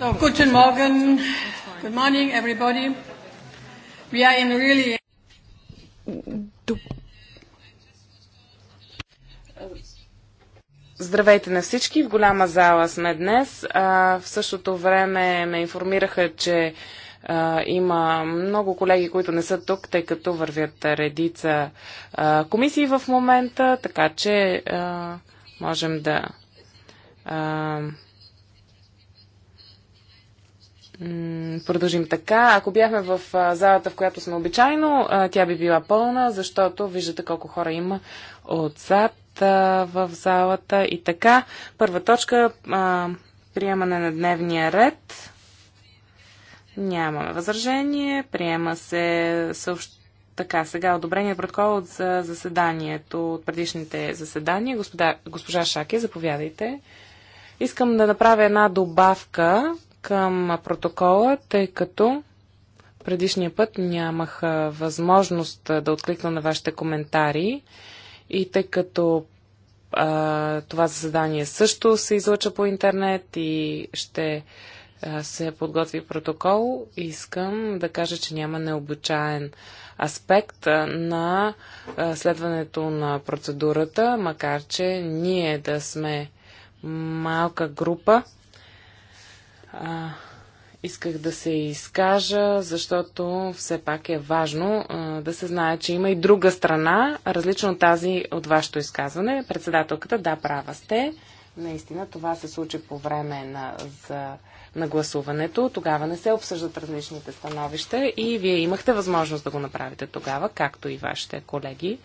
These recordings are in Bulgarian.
guten Morgen. Good morning, everybody. We are in really... Здравейте на всички! В голяма зала сме днес. в същото време ме информираха, че има много колеги, които не са тук, тъй като вървят редица комисии в момента, така че можем да продължим така. Ако бяхме в залата, в която сме обичайно, тя би била пълна, защото виждате колко хора има отзад в залата. И така, първа точка приемане на дневния ред. Нямаме възражение. Приема се съобщ... така, сега одобрение протокол от за заседанието, от предишните заседания. Господа... Госпожа Шаки, заповядайте. Искам да направя една добавка към протокола, тъй като предишния път нямах възможност да откликна на вашите коментари и тъй като а, това заседание също се излъча по интернет и ще а, се подготви протокол, искам да кажа, че няма необичаен аспект на а, следването на процедурата, макар че ние да сме малка група, а, исках да се изкажа, защото все пак е важно а, да се знае, че има и друга страна, различно от тази от вашето изказване. Председателката, да, права сте. Наистина това се случи по време на, за, на гласуването. Тогава не се обсъждат различните становища и вие имахте възможност да го направите тогава, както и вашите колеги.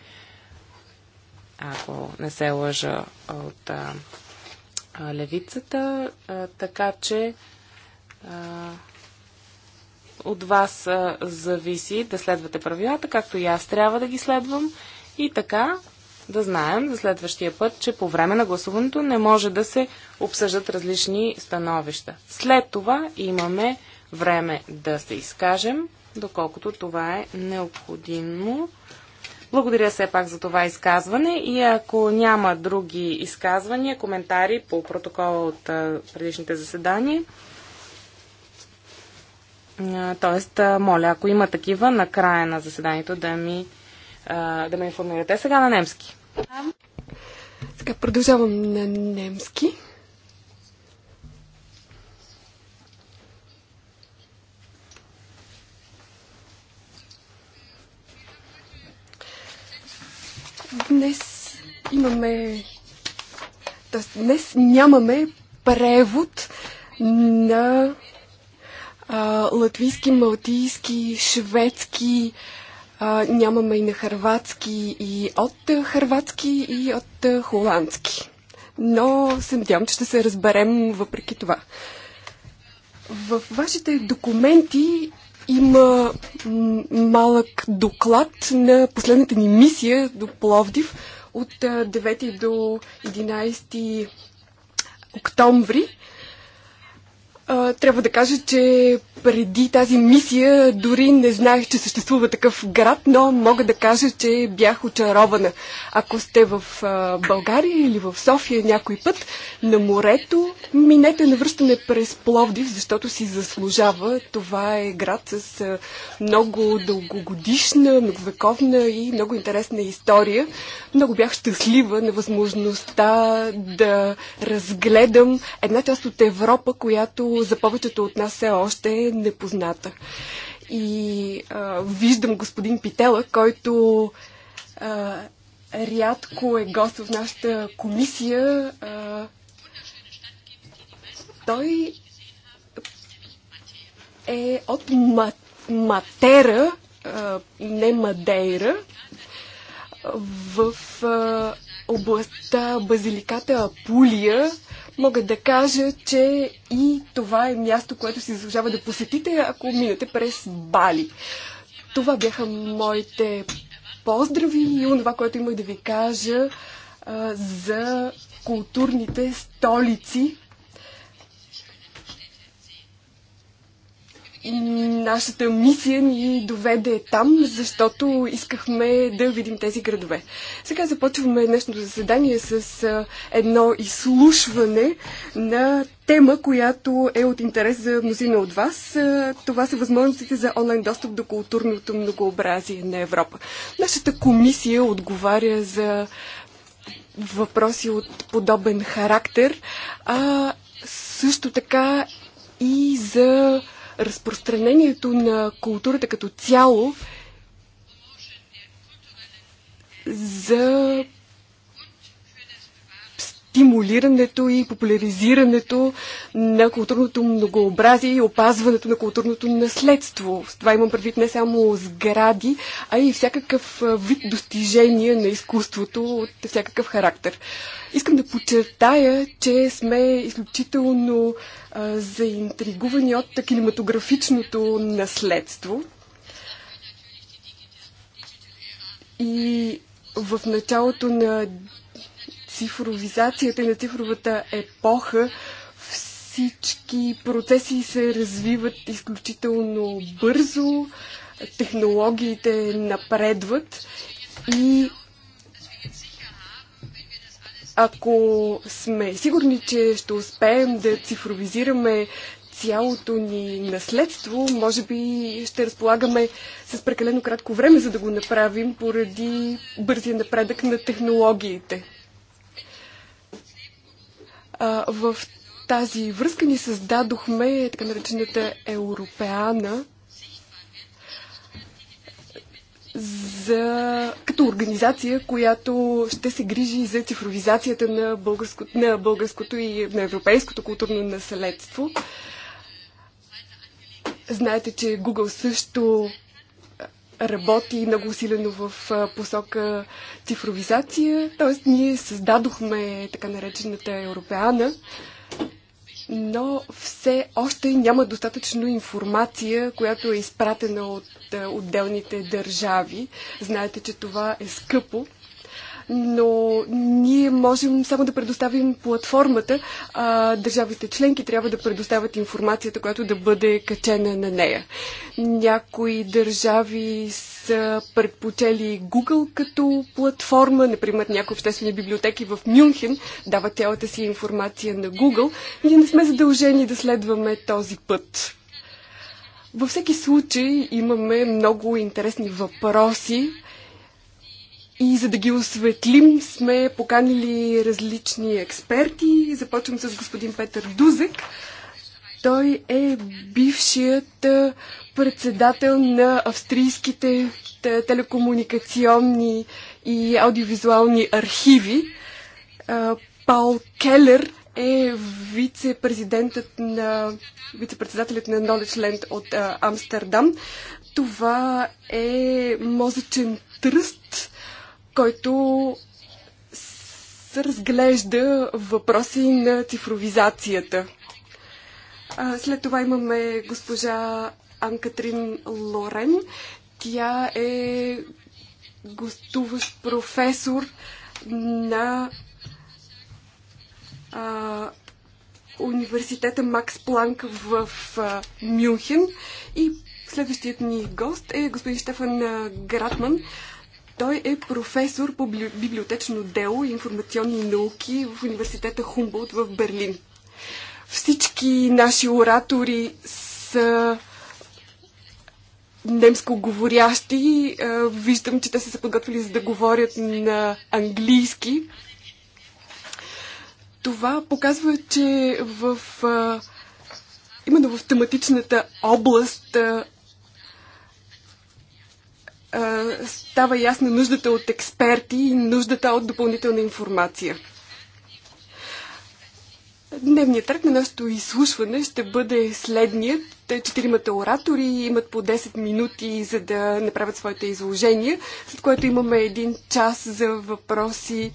Ако не се лъжа от а, а, левицата. А, така че от вас зависи да следвате правилата, както и аз трябва да ги следвам. И така да знаем за следващия път, че по време на гласуването не може да се обсъждат различни становища. След това имаме време да се изкажем, доколкото това е необходимо. Благодаря все пак за това изказване и ако няма други изказвания, коментари по протокола от предишните заседания, Тоест, моля, ако има такива, на края на заседанието да ми, да ме информирате. Сега на немски. Сега продължавам на немски. Днес имаме. Тоест, днес нямаме превод на а, латвийски, малтийски, шведски, а, нямаме и на хърватски, и от хърватски, и от холандски. Но се надявам, че ще се разберем въпреки това. В вашите документи има малък доклад на последната ни мисия до Пловдив от 9 до 11 октомври. А, трябва да кажа, че преди тази мисия дори не знаех, че съществува такъв град, но мога да кажа, че бях очарована. Ако сте в а, България или в София някой път, на морето минете на връщане през Пловдив, защото си заслужава. Това е град с а, много дългогодишна, многовековна и много интересна история. Много бях щастлива на възможността да разгледам една част от Европа, която за повечето от нас все още е непозната. И а, виждам господин Питела, който а, рядко е гост в нашата комисия. А, той е от Матера, а, не Мадейра, в а, областта Базиликата Апулия, мога да кажа, че и това е място, което си заслужава да посетите, ако минете през Бали. Това бяха моите поздрави и онова, което имах да ви кажа а, за културните столици И нашата мисия ни доведе там, защото искахме да видим тези градове. Сега започваме днешното заседание с едно изслушване на тема, която е от интерес за мнозина от вас. Това са възможностите за онлайн достъп до културното многообразие на Европа. Нашата комисия отговаря за въпроси от подобен характер, а също така и за разпространението на културата като цяло за стимулирането и популяризирането на културното многообразие и опазването на културното наследство. С това имам предвид не само сгради, а и всякакъв вид достижения на изкуството от всякакъв характер. Искам да подчертая, че сме изключително а, заинтригувани от кинематографичното наследство. И в началото на цифровизацията и на цифровата епоха всички процеси се развиват изключително бързо, технологиите напредват и ако сме сигурни, че ще успеем да цифровизираме цялото ни наследство, може би ще разполагаме с прекалено кратко време, за да го направим поради бързия напредък на технологиите. А, в тази връзка ни създадохме така наречената Европеана за, като организация, която ще се грижи за цифровизацията на, българско, на българското и на европейското културно наследство. Знаете, че Google също работи много усилено в посока цифровизация, т.е. ние създадохме така наречената Европеана, но все още няма достатъчно информация, която е изпратена от отделните държави. Знаете, че това е скъпо но ние можем само да предоставим платформата, а държавите членки трябва да предоставят информацията, която да бъде качена на нея. Някои държави са предпочели Google като платформа, например някои обществени библиотеки в Мюнхен дават цялата си информация на Google. Ние не сме задължени да следваме този път. Във всеки случай имаме много интересни въпроси, и за да ги осветлим, сме поканили различни експерти. Започвам с господин Петър Дузек. Той е бившият председател на австрийските телекомуникационни и аудиовизуални архиви. Пал Келер е вице-президентът на вице-председателят на Knowledge Land от Амстердам. Това е мозъчен тръст който се разглежда въпроси на цифровизацията. След това имаме госпожа Анкатрин Лорен. Тя е гостуващ професор на а, университета Макс Планк в а, Мюнхен. И следващият ни гост е господин Штефан Гратман, той е професор по библиотечно дело и информационни науки в университета Хумболт в Берлин. Всички наши оратори са немско говорящи. Виждам, че те са се подготвили за да говорят на английски. Това показва, че в, именно в тематичната област става ясна нуждата от експерти и нуждата от допълнителна информация. Дневният ред на нашето изслушване ще бъде следният. Четиримата оратори имат по 10 минути, за да направят своите изложения, след което имаме един час за въпроси,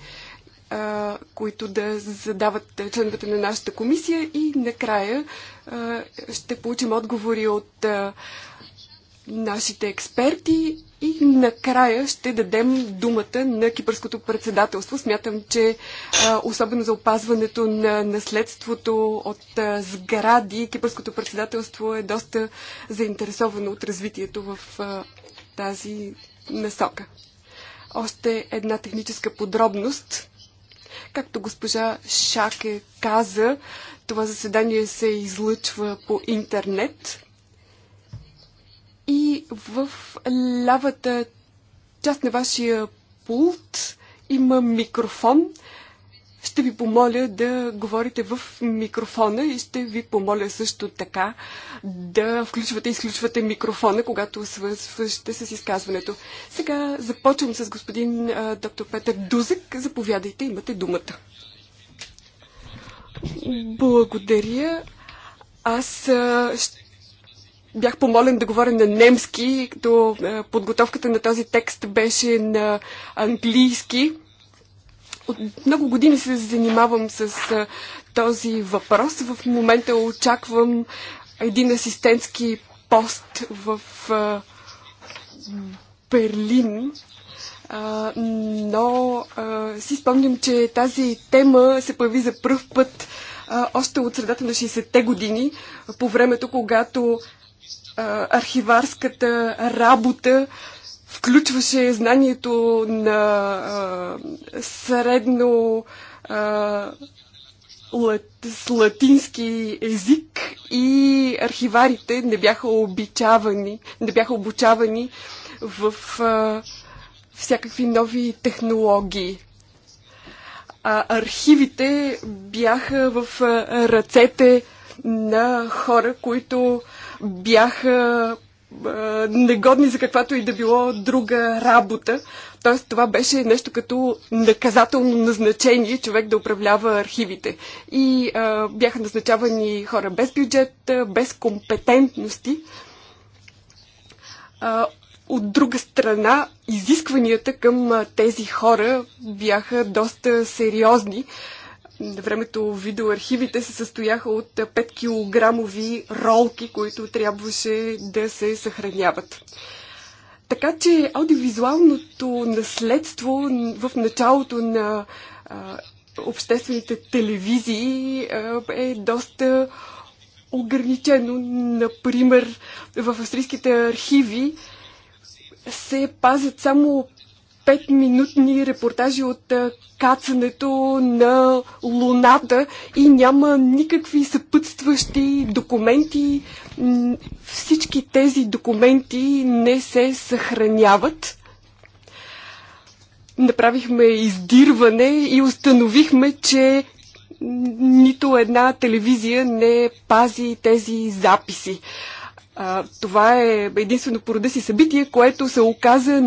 които да задават членовете на нашата комисия и накрая ще получим отговори от нашите експерти и накрая ще дадем думата на кипърското председателство. Смятам, че особено за опазването на наследството от сгради, кипърското председателство е доста заинтересовано от развитието в тази насока. Още една техническа подробност. Както госпожа Шаке каза, това заседание се излъчва по интернет и в лявата част на вашия пулт има микрофон. Ще ви помоля да говорите в микрофона и ще ви помоля също така да включвате и изключвате микрофона, когато свършите с изказването. Сега започвам с господин а, доктор Петър Дузек. Заповядайте, имате думата. Благодаря. Аз а, ще бях помолен да говоря на немски, като е, подготовката на този текст беше на английски. От много години се занимавам с е, този въпрос. В момента очаквам един асистентски пост в е, Берлин, но си спомням, че тази тема се появи за пръв път още от средата на 60-те години, по времето, когато архиварската работа включваше знанието на средно с латински език и архиварите не бяха обичавани, не бяха обучавани в а, всякакви нови технологии. А архивите бяха в ръцете на хора, които бяха негодни за каквато и да било друга работа. Тоест това беше нещо като наказателно назначение човек да управлява архивите. И а, бяха назначавани хора без бюджет, без компетентности. А, от друга страна, изискванията към тези хора бяха доста сериозни. А, на времето видеоархивите се състояха от 5 кг ролки, които трябваше да се съхраняват. Така че аудиовизуалното наследство в началото на а, обществените телевизии а, е доста ограничено. Например, в австрийските архиви се пазят само петминутни репортажи от кацането на Луната и няма никакви съпътстващи документи. Всички тези документи не се съхраняват. Направихме издирване и установихме, че нито една телевизия не пази тези записи. А, това е единствено порода си събитие, което се оказа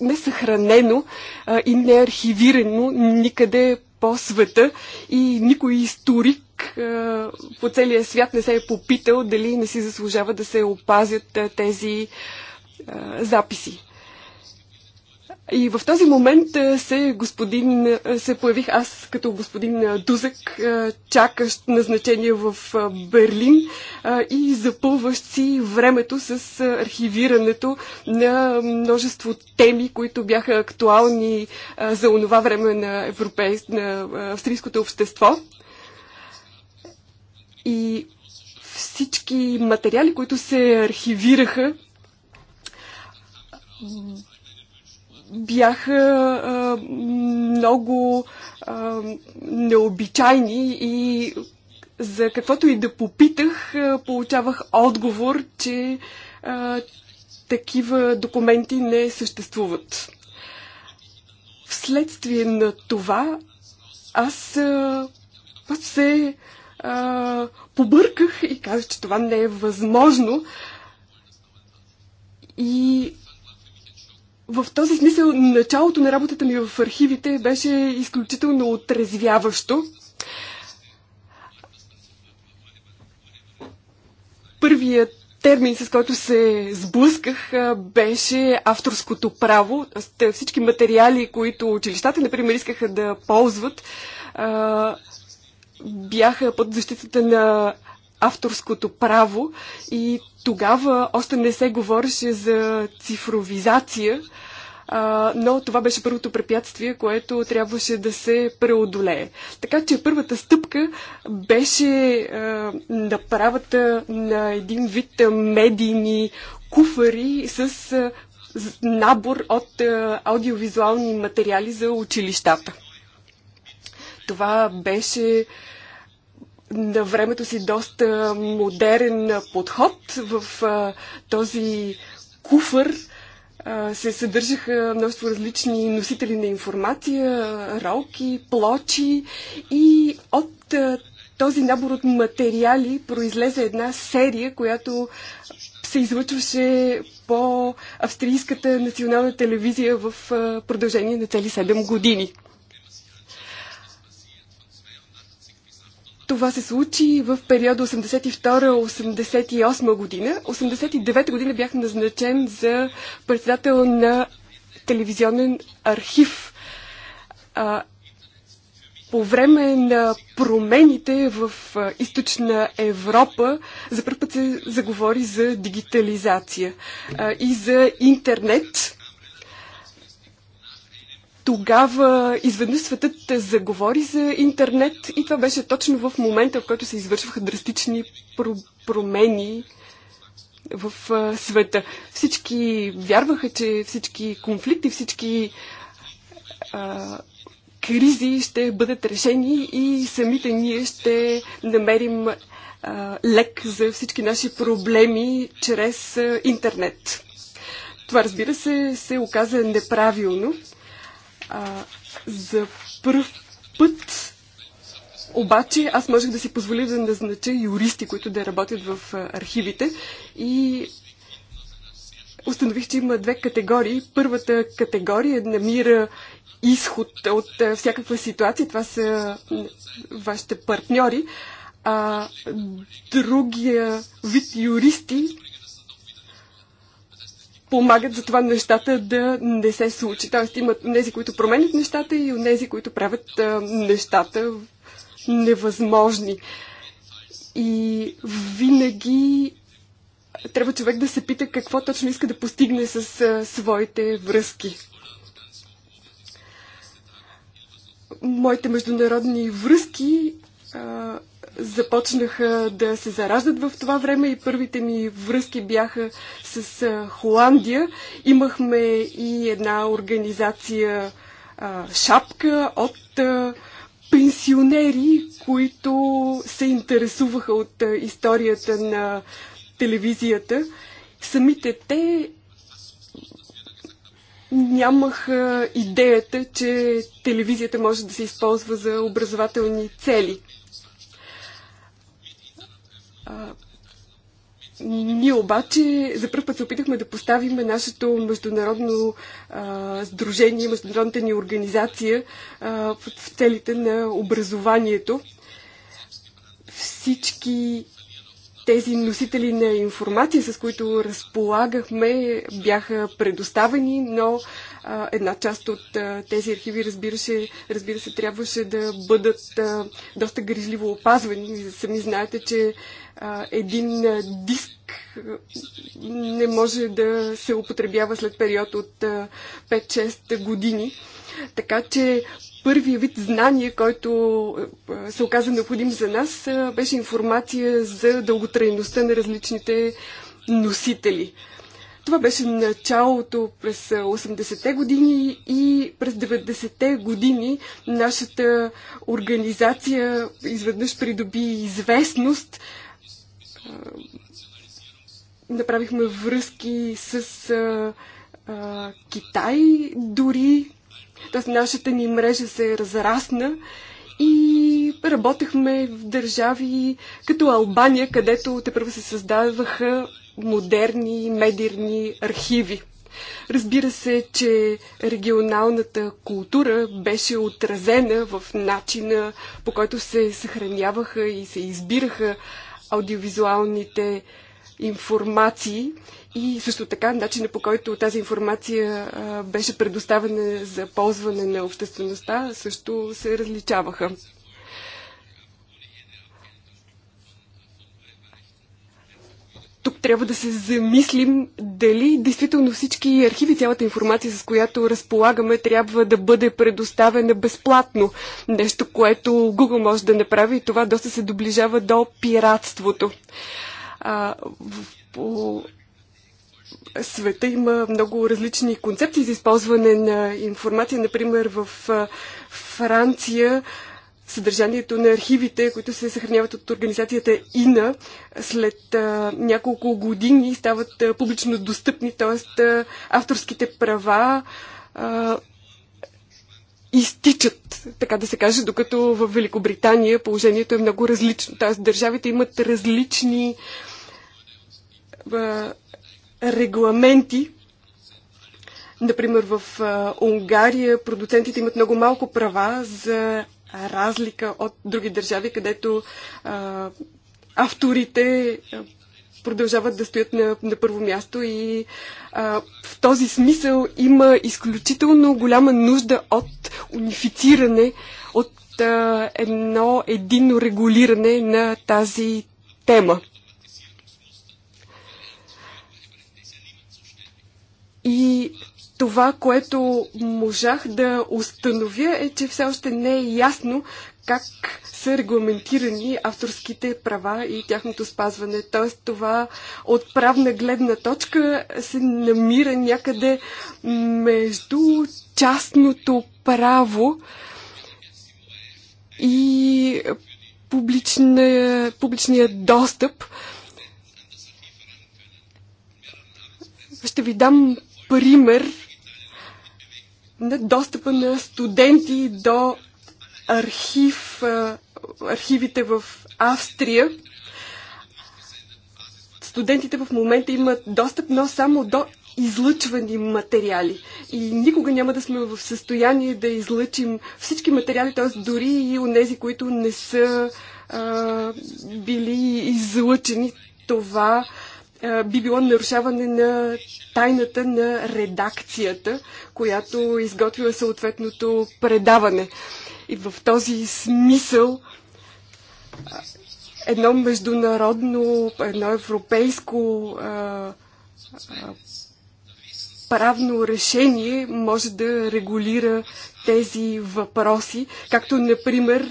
несъхранено а, и неархивирано никъде по света и никой историк а, по целия свят не се е попитал дали не си заслужава да се опазят а, тези а, записи. И в този момент е, се, господин, е, се появих аз като господин е, Дузък, чакащ назначение в Берлин и запълващ си времето с архивирането на множество теми, които бяха актуални за онова време на, европей... на австрийското общество. И всички материали, които се архивираха, бяха много необичайни и за каквото и да попитах, получавах отговор, че а, такива документи не съществуват. Вследствие на това, аз а, се а, побърках и казах, че това не е възможно. И в този смисъл началото на работата ми в архивите беше изключително отрезвяващо. Първият термин, с който се сблъсках, беше авторското право. Всички материали, които училищата, например, искаха да ползват, бяха под защитата на авторското право и тогава още не се говореше за цифровизация, а, но това беше първото препятствие, което трябваше да се преодолее. Така че първата стъпка беше а, направата на един вид медийни куфари с а, набор от а, аудиовизуални материали за училищата. Това беше а, на времето си доста модерен подход. В а, този куфър а, се съдържаха множество различни носители на информация, ролки, плочи и от а, този набор от материали произлезе една серия, която се излъчваше по австрийската национална телевизия в продължение на цели 7 години. Това се случи в периода 82-88 година. 89 година бях назначен за председател на телевизионен архив. А, по време на промените в източна Европа за първ път се заговори за дигитализация а, и за интернет тогава изведнъж светът заговори за интернет и това беше точно в момента, в който се извършваха драстични промени в света. Всички вярваха, че всички конфликти, всички а, кризи ще бъдат решени и самите ние ще намерим а, лек за всички наши проблеми чрез а, интернет. Това, разбира се, се оказа неправилно. А, за първ път обаче аз можех да си позволя да назнача юристи, които да работят в архивите и установих, че има две категории. Първата категория намира изход от всякаква ситуация. Това са вашите партньори. А другия вид юристи помагат за това нещата да не се случи. Тоест имат тези, които променят нещата и тези, които правят нещата невъзможни. И винаги трябва човек да се пита какво точно иска да постигне с а, своите връзки. Моите международни връзки а, започнаха да се зараждат в това време и първите ми връзки бяха с Холандия. Имахме и една организация а, шапка от а, пенсионери, които се интересуваха от а, историята на телевизията. Самите те нямаха идеята, че телевизията може да се използва за образователни цели – ние обаче за първ път се опитахме да поставим нашето международно а, сдружение, международната ни организация а, в целите на образованието. Всички тези носители на информация, с които разполагахме, бяха предоставени, но една част от тези архиви, разбира се, разбира се, трябваше да бъдат доста грижливо опазвани. Сами знаете, че един диск не може да се употребява след период от 5-6 години. Така че първият вид знание, който се оказа необходим за нас, беше информация за дълготрайността на различните носители. Това беше началото през 80-те години и през 90-те години нашата организация изведнъж придоби известност. Направихме връзки с а, а, Китай дори. Тоест нашата ни мрежа се разрасна и работехме в държави като Албания, където те първо се създаваха модерни медирни архиви. Разбира се, че регионалната култура беше отразена в начина по който се съхраняваха и се избираха аудиовизуалните информации и също така начина по който тази информация беше предоставена за ползване на обществеността също се различаваха. тук трябва да се замислим дали действително всички архиви, цялата информация, с която разполагаме, трябва да бъде предоставена безплатно. Нещо, което Google може да направи и това доста се доближава до пиратството. А, в, по света има много различни концепции за използване на информация. Например, в Франция съдържанието на архивите, които се съхраняват от организацията ИНА, след а, няколко години стават а, публично достъпни, т.е. авторските права а, изтичат, така да се каже, докато в Великобритания положението е много различно. Т.е. държавите имат различни а, регламенти, Например, в а, Унгария продуцентите имат много малко права за разлика от други държави, където а, авторите продължават да стоят на, на първо място и а, в този смисъл има изключително голяма нужда от унифициране, от а, едно единно регулиране на тази тема. И това, което можах да установя е, че все още не е ясно как са регламентирани авторските права и тяхното спазване. Тоест това от правна гледна точка се намира някъде между частното право и публичния, публичния достъп. Ще ви дам пример на достъпа на студенти до архив, архивите в Австрия. Студентите в момента имат достъп, но само до излъчвани материали. И никога няма да сме в състояние да излъчим всички материали, т.е. дори и тези, които не са а, били излъчени. Това би било нарушаване на тайната на редакцията, която изготвила съответното предаване. И в този смисъл едно международно, едно европейско а, а, правно решение може да регулира тези въпроси, както, например,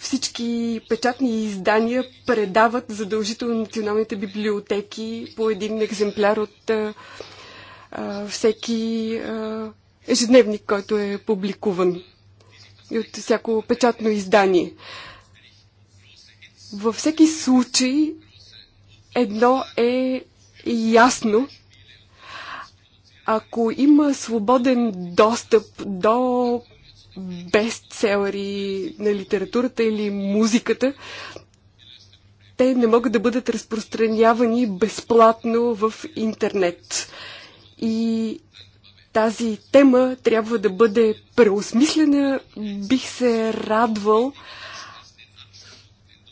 всички печатни издания предават задължително националните библиотеки по един екземпляр от а, а, всеки а, ежедневник, който е публикуван и от всяко печатно издание. Във всеки случай едно е ясно. Ако има свободен достъп до бестселери на литературата или музиката, те не могат да бъдат разпространявани безплатно в интернет. И тази тема трябва да бъде преосмислена. Бих се радвал,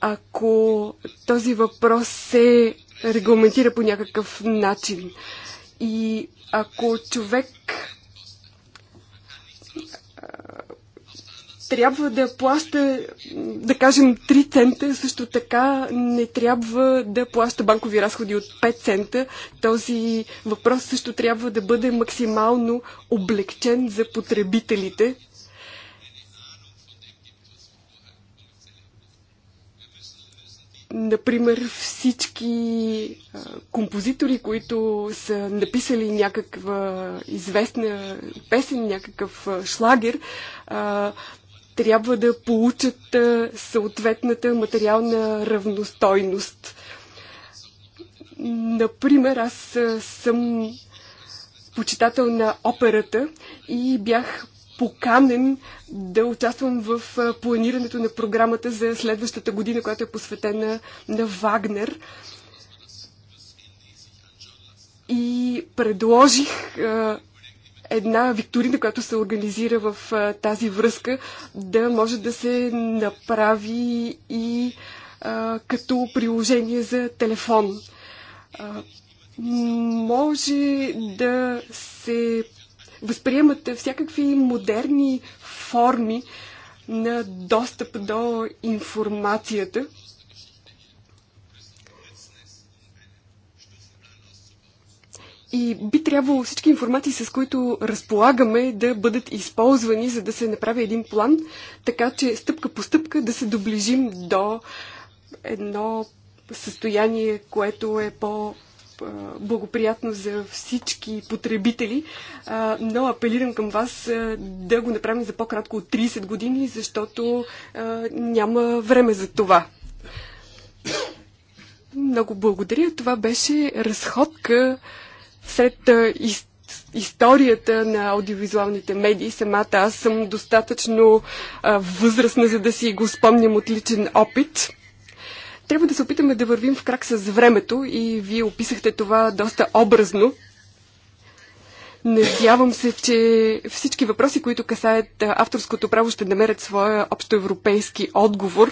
ако този въпрос се регламентира по някакъв начин. И ако човек трябва да плаща, да кажем, 3 цента, също така не трябва да плаща банкови разходи от 5 цента. Този въпрос също трябва да бъде максимално облегчен за потребителите. Например, всички композитори, които са написали някаква известна песен, някакъв шлагер, трябва да получат съответната материална равностойност. Например, аз съм почитател на операта и бях поканен да участвам в планирането на програмата за следващата година, която е посветена на Вагнер. И предложих една викторина, която се организира в тази връзка, да може да се направи и а, като приложение за телефон. А, може да се възприемат всякакви модерни форми на достъп до информацията, и би трябвало всички информации, с които разполагаме, да бъдат използвани, за да се направи един план, така че стъпка по стъпка да се доближим до едно състояние, което е по- благоприятно за всички потребители, но апелирам към вас да го направим за по-кратко от 30 години, защото няма време за това. Много благодаря. Това беше разходка сред из, историята на аудиовизуалните медии, самата аз съм достатъчно а, възрастна, за да си го спомням от личен опит. Трябва да се опитаме да вървим в крак с времето и вие описахте това доста образно. Надявам се, че всички въпроси, които касаят авторското право, ще намерят своя общоевропейски отговор.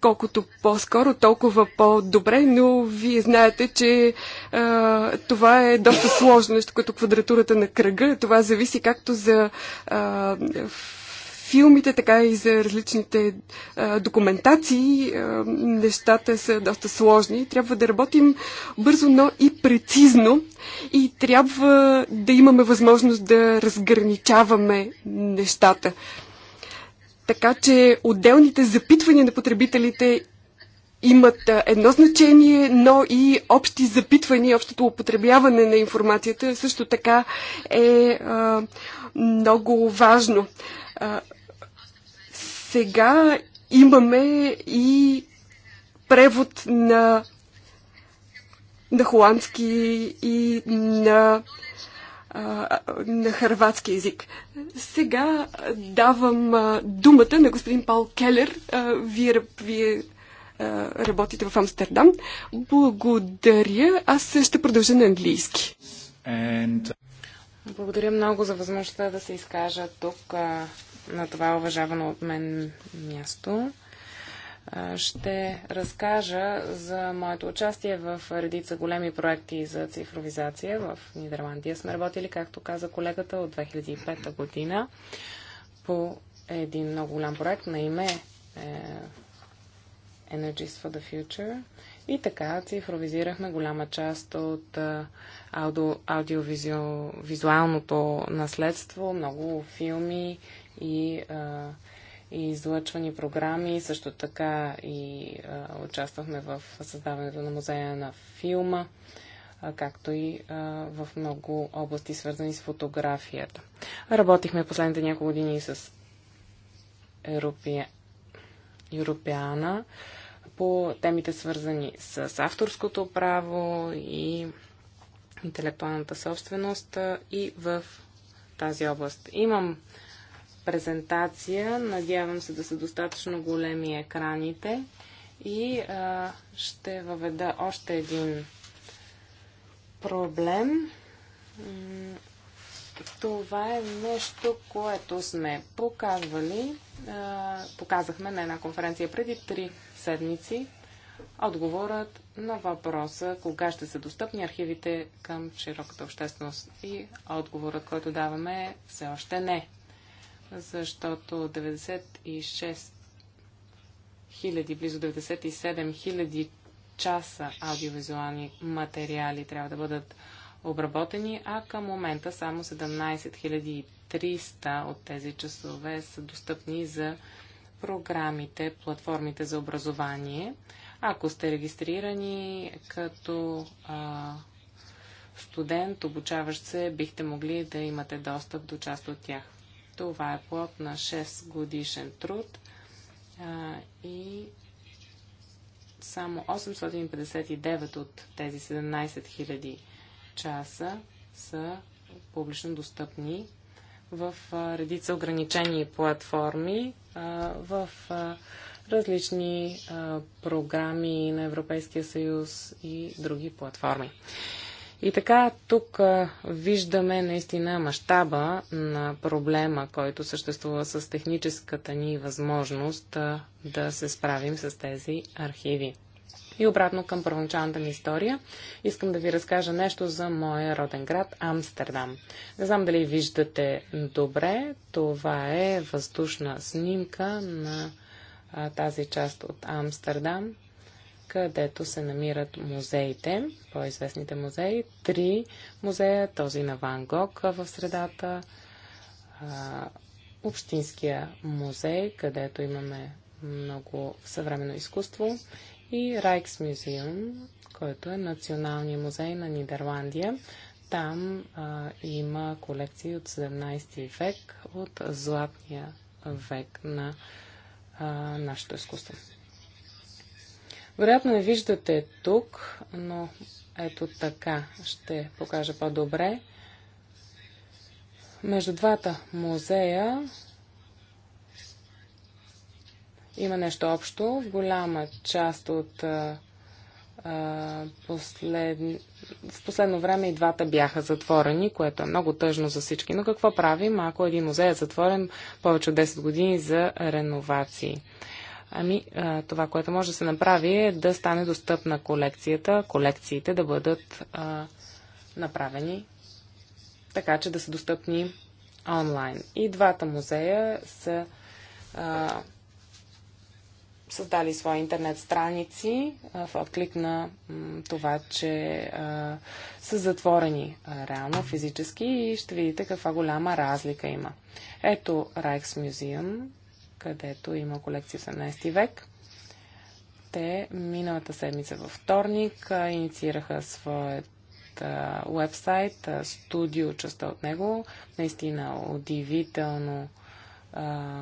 Колкото по-скоро, толкова по-добре, но вие знаете, че а, това е доста сложно, нещо като квадратурата на кръга. Това зависи както за а, филмите, така и за различните а, документации, а, нещата са доста сложни. Трябва да работим бързо, но и прецизно. И трябва да имаме възможност да разграничаваме нещата. Така че отделните запитвания на потребителите имат едно значение, но и общи запитвания, общото употребяване на информацията също така е а, много важно. А, сега имаме и превод на, на холандски и на, на харватски язик. Сега давам думата на господин Пал Келер. вие вие работите в Амстердам. Благодаря. Аз ще продължа на английски. And... Благодаря много за възможността да се изкажа тук на това уважавано от мен място, ще разкажа за моето участие в редица големи проекти за цифровизация. В Нидерландия сме работили, както каза колегата, от 2005 година по един много голям проект на име е, Energies for the Future. И така цифровизирахме голяма част от аудиовизуалното наследство, много филми, и а, и излъчвани програми, също така и а, участвахме в създаването на музея на филма, а, както и а, в много области, свързани с фотографията. Работихме последните няколко години с Европия... Европеана по темите свързани с авторското право и интелектуалната собственост и в тази област. Имам презентация. Надявам се да са достатъчно големи екраните и а, ще въведа още един проблем. Това е нещо, което сме показвали. А, показахме на една конференция преди три седмици. Отговорът на въпроса кога ще са достъпни архивите към широката общественост. И отговорът, който даваме е все още не защото 96 000, близо 97 000 часа аудиовизуални материали трябва да бъдат обработени, а към момента само 17 300 от тези часове са достъпни за програмите, платформите за образование. Ако сте регистрирани като а, студент, обучаващ се, бихте могли да имате достъп до част от тях. Това е плод на 6 годишен труд а, и само 859 от тези 17 000 часа са публично достъпни в а, редица ограничени платформи, а, в а, различни програми на Европейския съюз и други платформи. И така, тук виждаме наистина мащаба на проблема, който съществува с техническата ни възможност да се справим с тези архиви. И обратно към първоначалната ми история, искам да ви разкажа нещо за моя роден град Амстердам. Не знам дали виждате добре, това е въздушна снимка на тази част от Амстердам където се намират музеите, по-известните музеи. Три музея, този на Ван Гог в средата, Общинския музей, където имаме много съвременно изкуство и Райксмюзеум, който е Националния музей на Нидерландия. Там а, има колекции от 17 век, от златния век на а, нашето изкуство. Вероятно не виждате тук, но ето така ще покажа по-добре. Между двата музея има нещо общо. Голяма част от а, послед... в последно време и двата бяха затворени, което е много тъжно за всички. Но какво правим, ако един музей е затворен повече от 10 години за реновации? Ами, това, което може да се направи е да стане достъпна колекцията, колекциите да бъдат а, направени така, че да са достъпни онлайн. И двата музея са а, създали свои интернет страници в отклик на това, че а, са затворени а, реално физически и ще видите каква голяма разлика има. Ето Rijksmuseum, където има колекция 18 век. Те миналата седмица във вторник инициираха своят вебсайт, студио, частта от него. Наистина удивително а,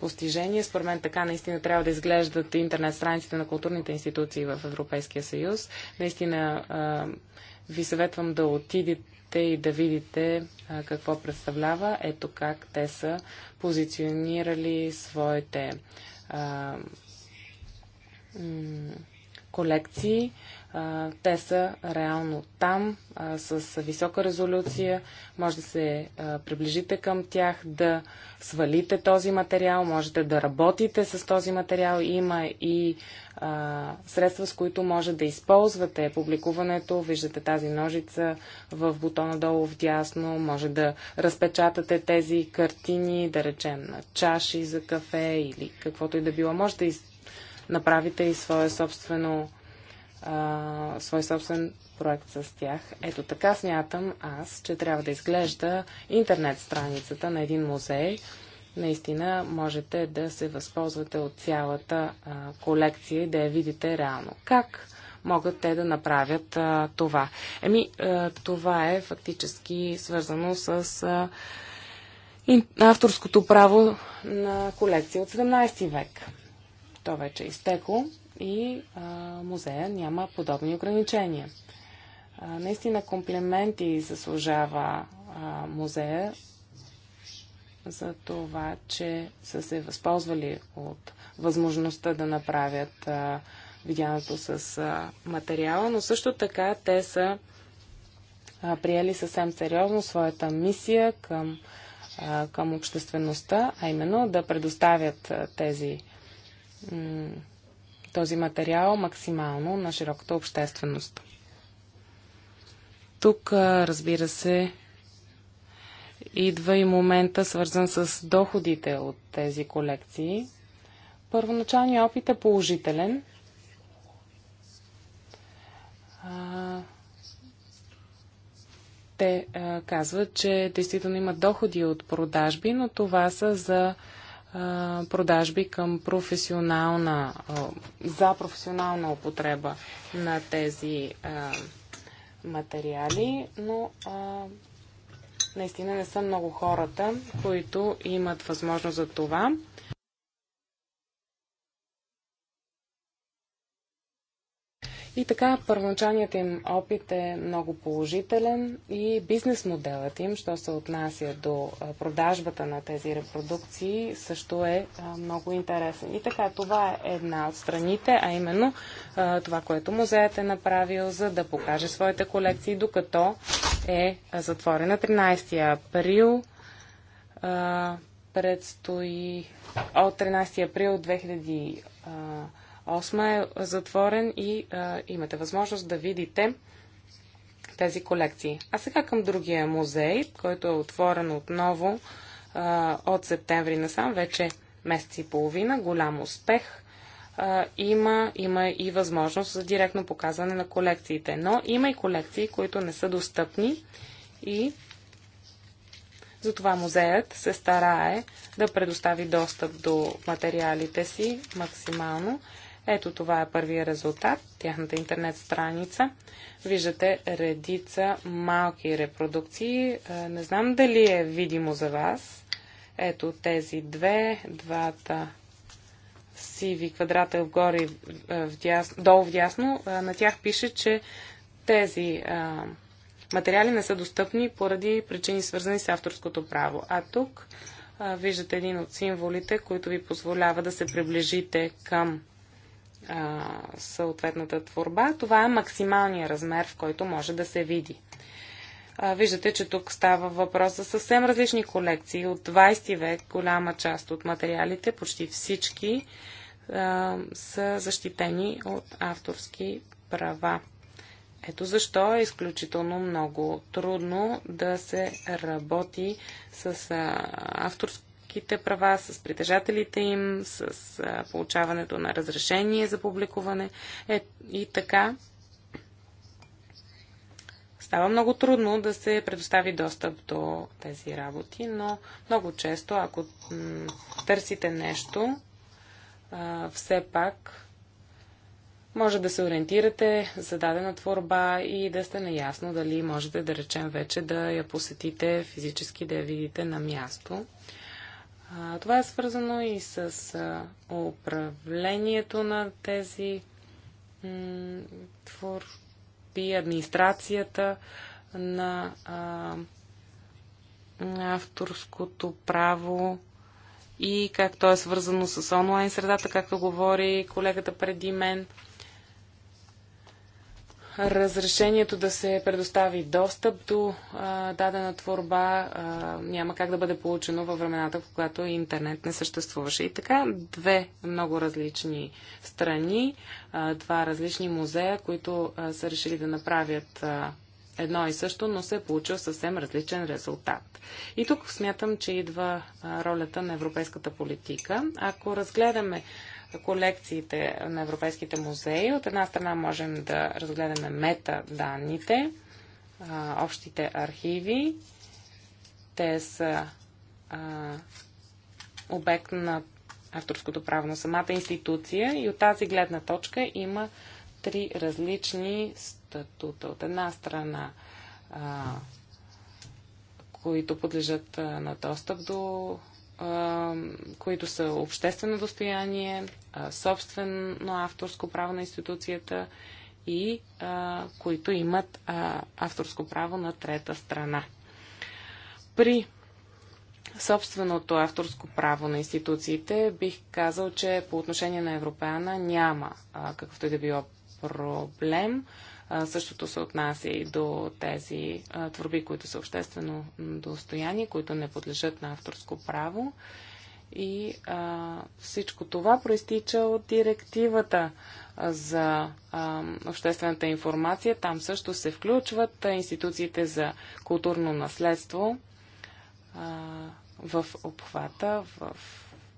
постижение. Според мен така наистина трябва да изглеждат интернет страниците на културните институции в Европейския съюз. Наистина а, ви съветвам да отидете и да видите а, какво представлява. Ето как те са позиционирали своите а, колекции те са реално там, а, с висока резолюция. Може да се а, приближите към тях, да свалите този материал, можете да работите с този материал. Има и средства, с които може да използвате публикуването. Виждате тази ножица в бутона долу в дясно. Може да разпечатате тези картини, да речем, на чаши за кафе или каквото и да било. Може да из... направите и свое собствено а, свой собствен проект с тях. Ето така смятам аз, че трябва да изглежда интернет страницата на един музей. Наистина можете да се възползвате от цялата а, колекция и да я видите реално. Как могат те да направят а, това? Еми, а, това е фактически свързано с. А, авторското право на колекция от 17 век. То вече е изтекло и а, музея няма подобни ограничения. А, наистина комплименти заслужава а, музея за това, че са се възползвали от възможността да направят а, видяното с а, материала, но също така те са а, приели съвсем сериозно своята мисия към, а, към обществеността, а именно да предоставят а, тези този материал максимално на широката общественост. Тук, разбира се, идва и момента, свързан с доходите от тези колекции. Първоначалният опит е положителен. Те казват, че действително има доходи от продажби, но това са за продажби към професионална, за професионална употреба на тези материали, но наистина не са много хората, които имат възможност за това. И така, първоначалният им опит е много положителен и бизнес моделът им, що се отнася до продажбата на тези репродукции, също е много интересен. И така, това е една от страните, а именно това, което музеят е направил, за да покаже своите колекции, докато е затворена 13 април. Предстои от 13 април 2000 8 е затворен и а, имате възможност да видите тези колекции. А сега към другия музей, който е отворен отново а, от септември насам, вече месец и половина, голям успех а, има, има и възможност за директно показване на колекциите. Но има и колекции, които не са достъпни и затова музеят се старае да предостави достъп до материалите си максимално ето това е първия резултат, тяхната интернет страница. Виждате редица малки репродукции. Е, не знам дали е видимо за вас. Ето тези две, двата сиви квадрата вгоре, е, вдясно, долу дясно. Е, на тях пише, че тези материали не са достъпни поради причини свързани с авторското право. А тук виждате един от символите, които ви позволява да се приближите към а, съответната творба. Това е максималният размер, в който може да се види. А, виждате, че тук става въпрос за съвсем различни колекции. От 20 век голяма част от материалите, почти всички, а, са защитени от авторски права. Ето защо е изключително много трудно да се работи с авторско авторските права, с притежателите им, с получаването на разрешение за публикуване е, и така. Става много трудно да се предостави достъп до тези работи, но много често, ако търсите нещо, все пак може да се ориентирате за дадена творба и да сте наясно дали можете да речем вече да я посетите физически, да я видите на място това е свързано и с управлението на тези творби, администрацията на, на авторското право и как то е свързано с онлайн средата, както говори колегата преди мен разрешението да се предостави достъп до а, дадена творба а, няма как да бъде получено във времената, когато интернет не съществуваше. И така, две много различни страни, а, два различни музея, които а, са решили да направят а, едно и също, но се е получил съвсем различен резултат. И тук смятам, че идва а, ролята на европейската политика. Ако разгледаме колекциите на европейските музеи. От една страна можем да разгледаме метаданните, общите архиви. Те са а, обект на авторското право на самата институция и от тази гледна точка има три различни статута. От една страна а, които подлежат на достъп до които са обществено достояние, собствено авторско право на институцията и които имат авторско право на трета страна. При собственото авторско право на институциите бих казал, че по отношение на Европеана няма какъвто и да било проблем същото се отнася и до тези творби, които са обществено достояние, които не подлежат на авторско право. И а, всичко това проистича от директивата за а, обществената информация. Там също се включват институциите за културно наследство а, в обхвата, в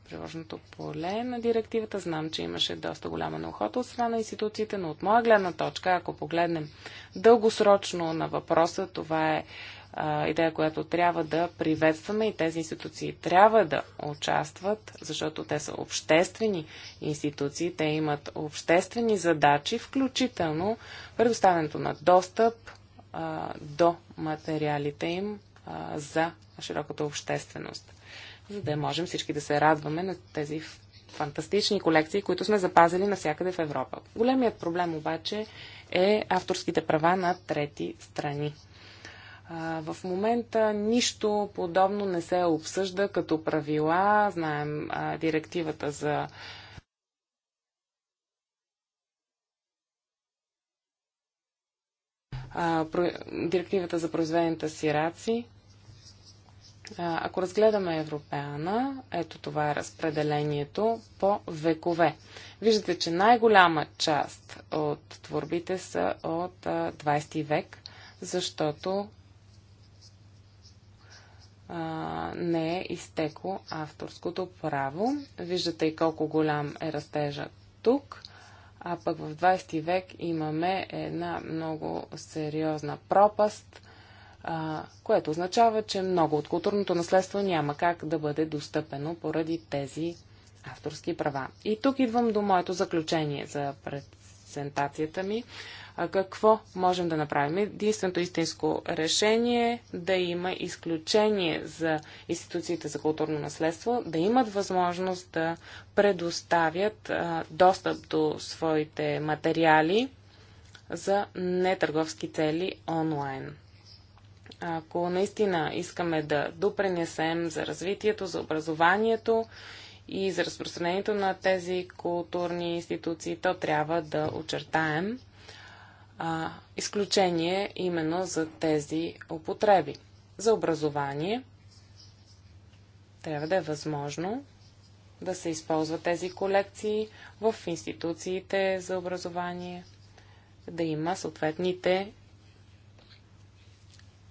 приложното поле на директивата. Знам, че имаше доста голяма наухота от страна на институциите, но от моя гледна точка, ако погледнем дългосрочно на въпроса, това е идея, която трябва да приветстваме и тези институции трябва да участват, защото те са обществени институции, те имат обществени задачи, включително предоставянето на достъп до материалите им за широката общественост за да можем всички да се радваме на тези фантастични колекции, които сме запазили навсякъде в Европа. Големият проблем обаче е авторските права на трети страни. в момента нищо подобно не се обсъжда като правила. Знаем директивата за директивата за произведените сираци, ако разгледаме Европеана, ето това е разпределението по векове. Виждате, че най-голяма част от творбите са от 20 век, защото не е изтекло авторското право. Виждате и колко голям е растежа тук. А пък в 20 век имаме една много сериозна пропаст – което означава, че много от културното наследство няма как да бъде достъпено поради тези авторски права. И тук идвам до моето заключение за презентацията ми. какво можем да направим? Единственото истинско решение е да има изключение за институциите за културно наследство, да имат възможност да предоставят достъп до своите материали за нетърговски цели онлайн. Ако наистина искаме да допренесем за развитието, за образованието и за разпространението на тези културни институции, то трябва да очертаем а, изключение именно за тези употреби. За образование трябва да е възможно да се използват тези колекции в институциите за образование, да има съответните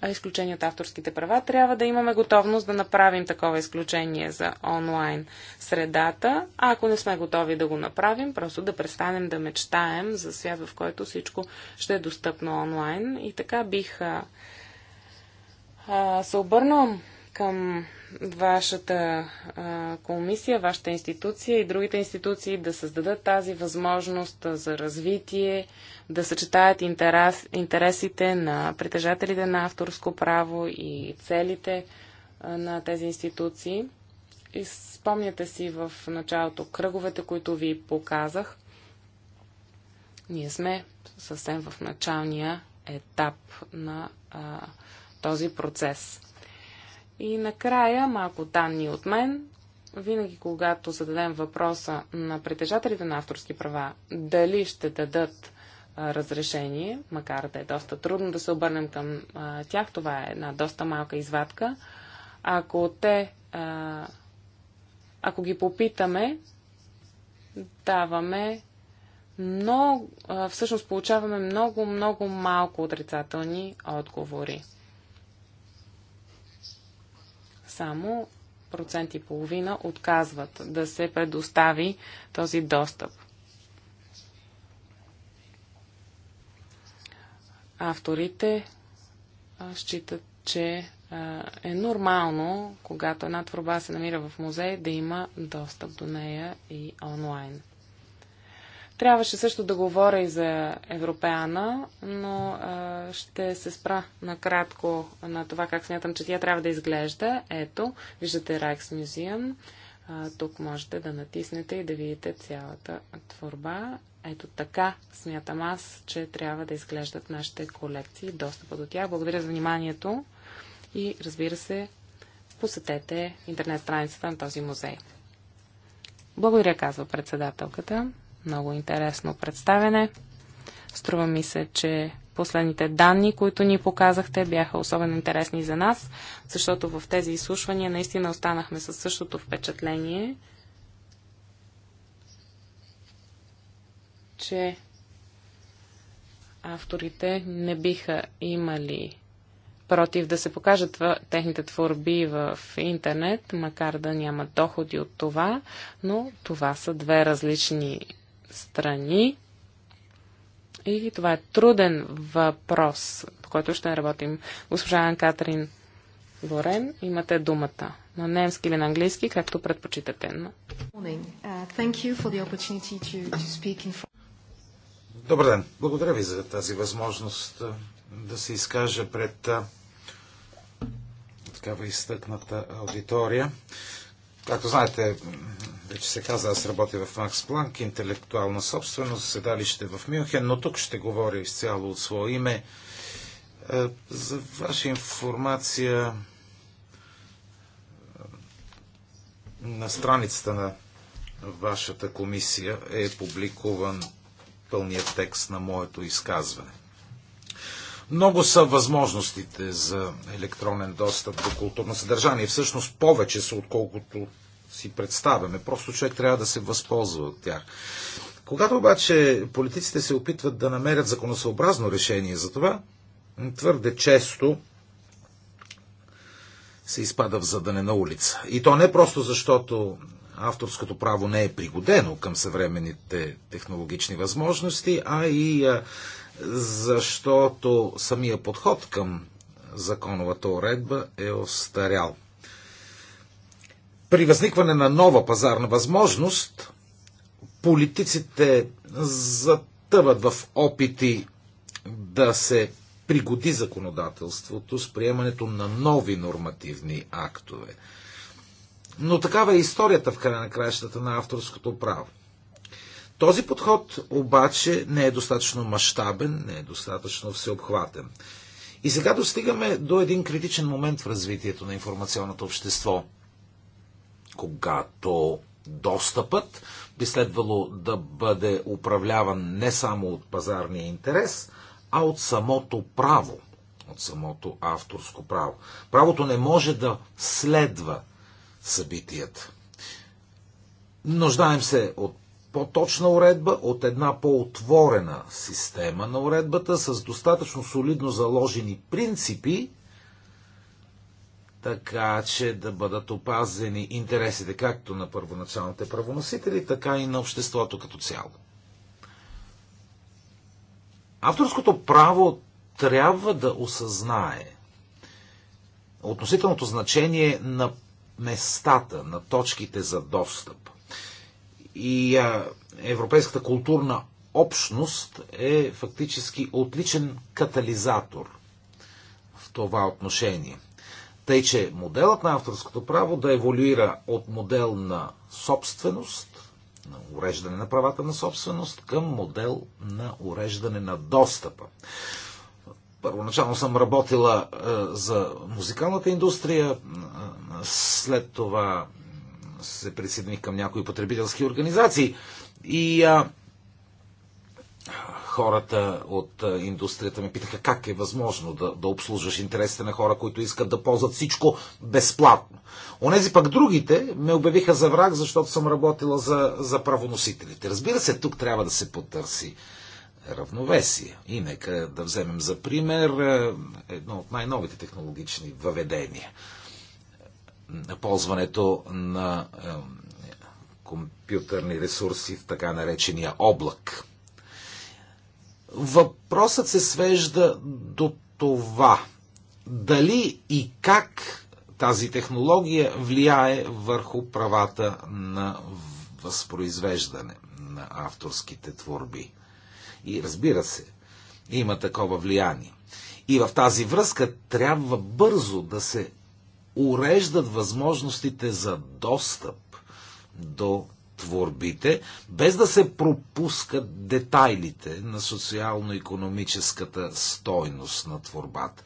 изключение от авторските права, трябва да имаме готовност да направим такова изключение за онлайн средата. А ако не сме готови да го направим, просто да престанем да мечтаем за свят, в който всичко ще е достъпно онлайн. И така бих а, а, се обърнал към вашата а, комисия, вашата институция и другите институции да създадат тази възможност за развитие, да съчетаят интерес, интересите на притежателите на авторско право и целите а, на тези институции. И спомняте си в началото кръговете, които ви показах. Ние сме съвсем в началния етап на а, този процес. И накрая малко данни от мен. Винаги, когато зададем въпроса на притежателите на авторски права, дали ще дадат разрешение, макар да е доста трудно да се обърнем към тях, това е една доста малка извадка. Ако те, ако ги попитаме, даваме много, всъщност получаваме много, много малко отрицателни отговори само процент и половина отказват да се предостави този достъп. Авторите считат, че е нормално, когато една творба се намира в музей, да има достъп до нея и онлайн. Трябваше също да говоря и за Европеана, но а, ще се спра накратко на това как смятам, че тя трябва да изглежда. Ето, виждате Райкс Мюзиъм. тук можете да натиснете и да видите цялата творба. Ето така смятам аз, че трябва да изглеждат нашите колекции, достъпа до тях. Благодаря за вниманието и разбира се, посетете интернет страницата на този музей. Благодаря, казва председателката. Много интересно представене. Струва ми се, че последните данни, които ни показахте, бяха особено интересни за нас, защото в тези изслушвания наистина останахме със същото впечатление, че авторите не биха имали против да се покажат техните творби в интернет, макар да нямат доходи от това, но това са две различни страни. И това е труден въпрос, по който ще работим. Госпожа Ан Катрин Лорен, имате думата. На немски или на английски, както предпочитате. Uh, Добър ден. Благодаря ви за тази възможност да се изкажа пред такава изтъкната аудитория. Както знаете, вече се каза, аз работя в Макс Планк, интелектуална собственост, седалище в Мюнхен, но тук ще говоря изцяло от свое име. Е, за ваша информация е, на страницата на вашата комисия е публикуван пълният текст на моето изказване. Много са възможностите за електронен достъп до културно съдържание. Всъщност повече са, отколкото си представяме. Просто човек трябва да се възползва от тях. Когато обаче политиците се опитват да намерят законосъобразно решение за това, твърде често се изпада в на улица. И то не просто защото авторското право не е пригодено към съвременните технологични възможности, а и защото самия подход към законовата уредба е остарял при възникване на нова пазарна възможност, политиците затъват в опити да се пригоди законодателството с приемането на нови нормативни актове. Но такава е историята в края на краищата на авторското право. Този подход обаче не е достатъчно мащабен, не е достатъчно всеобхватен. И сега достигаме до един критичен момент в развитието на информационното общество – когато достъпът би следвало да бъде управляван не само от пазарния интерес, а от самото право, от самото авторско право. Правото не може да следва събитията. Нуждаем се от по-точна уредба, от една по-отворена система на уредбата с достатъчно солидно заложени принципи, така че да бъдат опазени интересите както на първоначалните правоносители, така и на обществото като цяло. Авторското право трябва да осъзнае относителното значение на местата, на точките за достъп. И а, европейската културна общност е фактически отличен катализатор в това отношение. Тъй, че моделът на авторското право да еволюира от модел на собственост, на уреждане на правата на собственост, към модел на уреждане на достъпа. Първоначално съм работила е, за музикалната индустрия, е, след това се присъединих към някои потребителски организации и е, хората от индустрията ме питаха как е възможно да, да обслужваш интересите на хора, които искат да ползват всичко безплатно. Онези пък другите ме обявиха за враг, защото съм работила за, за правоносителите. Разбира се, тук трябва да се потърси равновесие. И нека да вземем за пример едно от най-новите технологични въведения. Ползването на компютърни ресурси в така наречения облак – Въпросът се свежда до това дали и как тази технология влияе върху правата на възпроизвеждане на авторските творби. И разбира се, има такова влияние. И в тази връзка трябва бързо да се уреждат възможностите за достъп до творбите, без да се пропускат детайлите на социално-економическата стойност на творбата.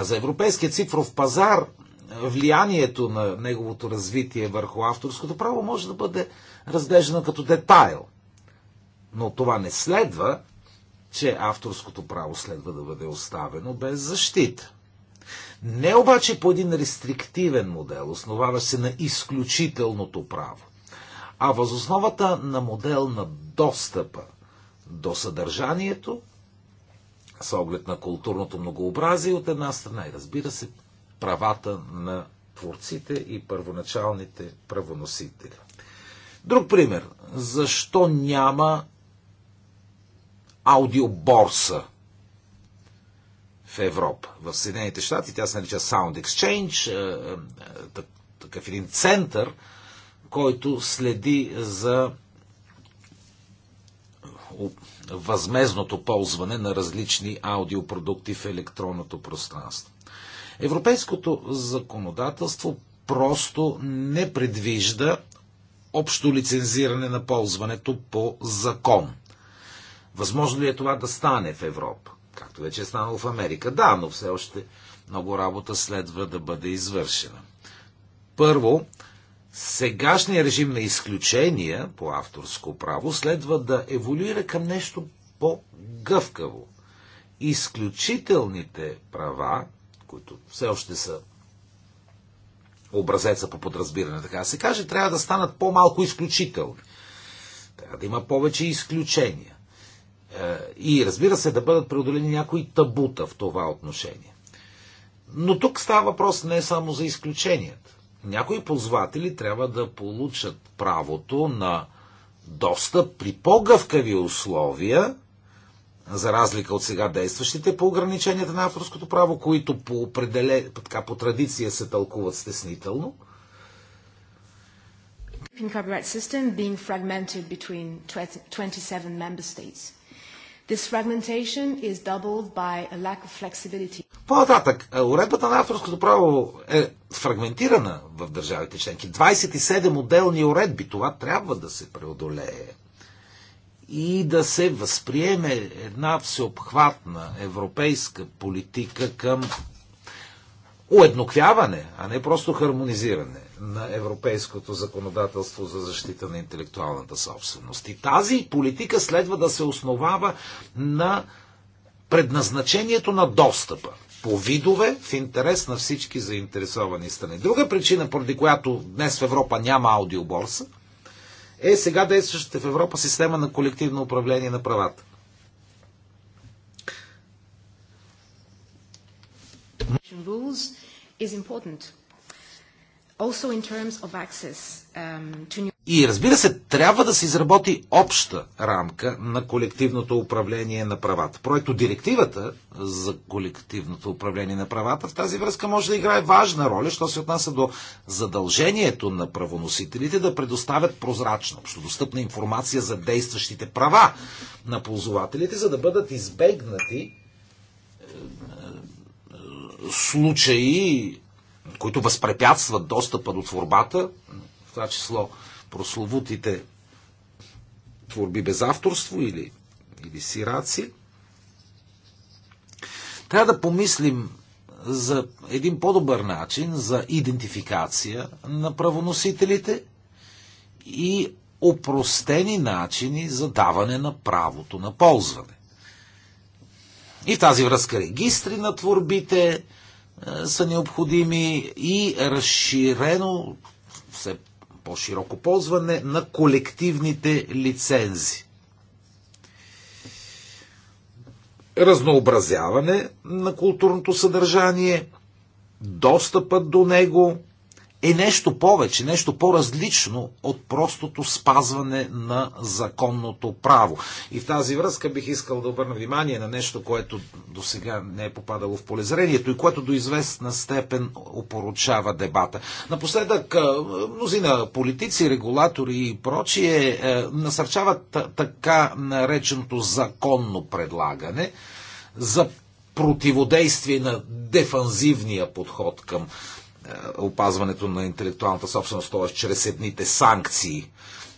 За европейския цифров пазар влиянието на неговото развитие върху авторското право може да бъде разглеждано като детайл. Но това не следва, че авторското право следва да бъде оставено без защита. Не обаче по един рестриктивен модел, основаващ се на изключителното право а възосновата на модел на достъпа до съдържанието, с оглед на културното многообразие от една страна и разбира се правата на творците и първоначалните правоносители. Друг пример. Защо няма аудиоборса в Европа? В Съединените щати тя се нарича Sound Exchange, е, е, е, такъв един център – който следи за възмезното ползване на различни аудиопродукти в електронното пространство. Европейското законодателство просто не предвижда общо лицензиране на ползването по закон. Възможно ли е това да стане в Европа? Както вече е станало в Америка. Да, но все още много работа следва да бъде извършена. Първо, Сегашния режим на изключения по авторско право следва да еволюира към нещо по-гъвкаво. Изключителните права, които все още са образеца по подразбиране, така да се каже, трябва да станат по-малко изключителни. Трябва да има повече изключения. Е, и разбира се, да бъдат преодолени някои табута в това отношение. Но тук става въпрос не само за изключенията някои ползватели трябва да получат правото на достъп при по-гъвкави условия, за разлика от сега действащите по ограниченията на авторското право, които по, определе, така, по традиция се тълкуват стеснително. European copyright system being fragmented between 27 member states. This fragmentation is doubled by a lack of flexibility. По-нататък, е, уредбата на авторското право е фрагментирана в държавите членки. 27 отделни уредби. Това трябва да се преодолее и да се възприеме една всеобхватна европейска политика към уедноквяване, а не просто хармонизиране на европейското законодателство за защита на интелектуалната собственост. И тази политика следва да се основава на предназначението на достъпа по видове в интерес на всички заинтересовани страни. Друга причина, поради която днес в Европа няма аудиоборса, е сега действащата в Европа система на колективно управление на правата. is important. Also in terms of access um, to new... И разбира се, трябва да се изработи обща рамка на колективното управление на правата. Проекто директивата за колективното управление на правата в тази връзка може да играе важна роля, що се отнася до задължението на правоносителите да предоставят прозрачна, общодостъпна информация за действащите права на ползвателите, за да бъдат избегнати случаи, които възпрепятстват достъпа до творбата, в това число прословутите творби без авторство или, или сираци. Трябва да помислим за един по-добър начин за идентификация на правоносителите и опростени начини за даване на правото на ползване. И в тази връзка регистри на творбите е, са необходими и разширено, все по-широко ползване на колективните лицензи. Разнообразяване на културното съдържание, достъпът до него – е нещо повече, нещо по-различно от простото спазване на законното право. И в тази връзка бих искал да обърна внимание на нещо, което до сега не е попадало в полезрението и което до известна степен опоручава дебата. Напоследък мнозина политици, регулатори и прочие насърчават така нареченото законно предлагане за противодействие на дефанзивния подход към е, опазването на интелектуалната собственост, т.е. чрез едните санкции.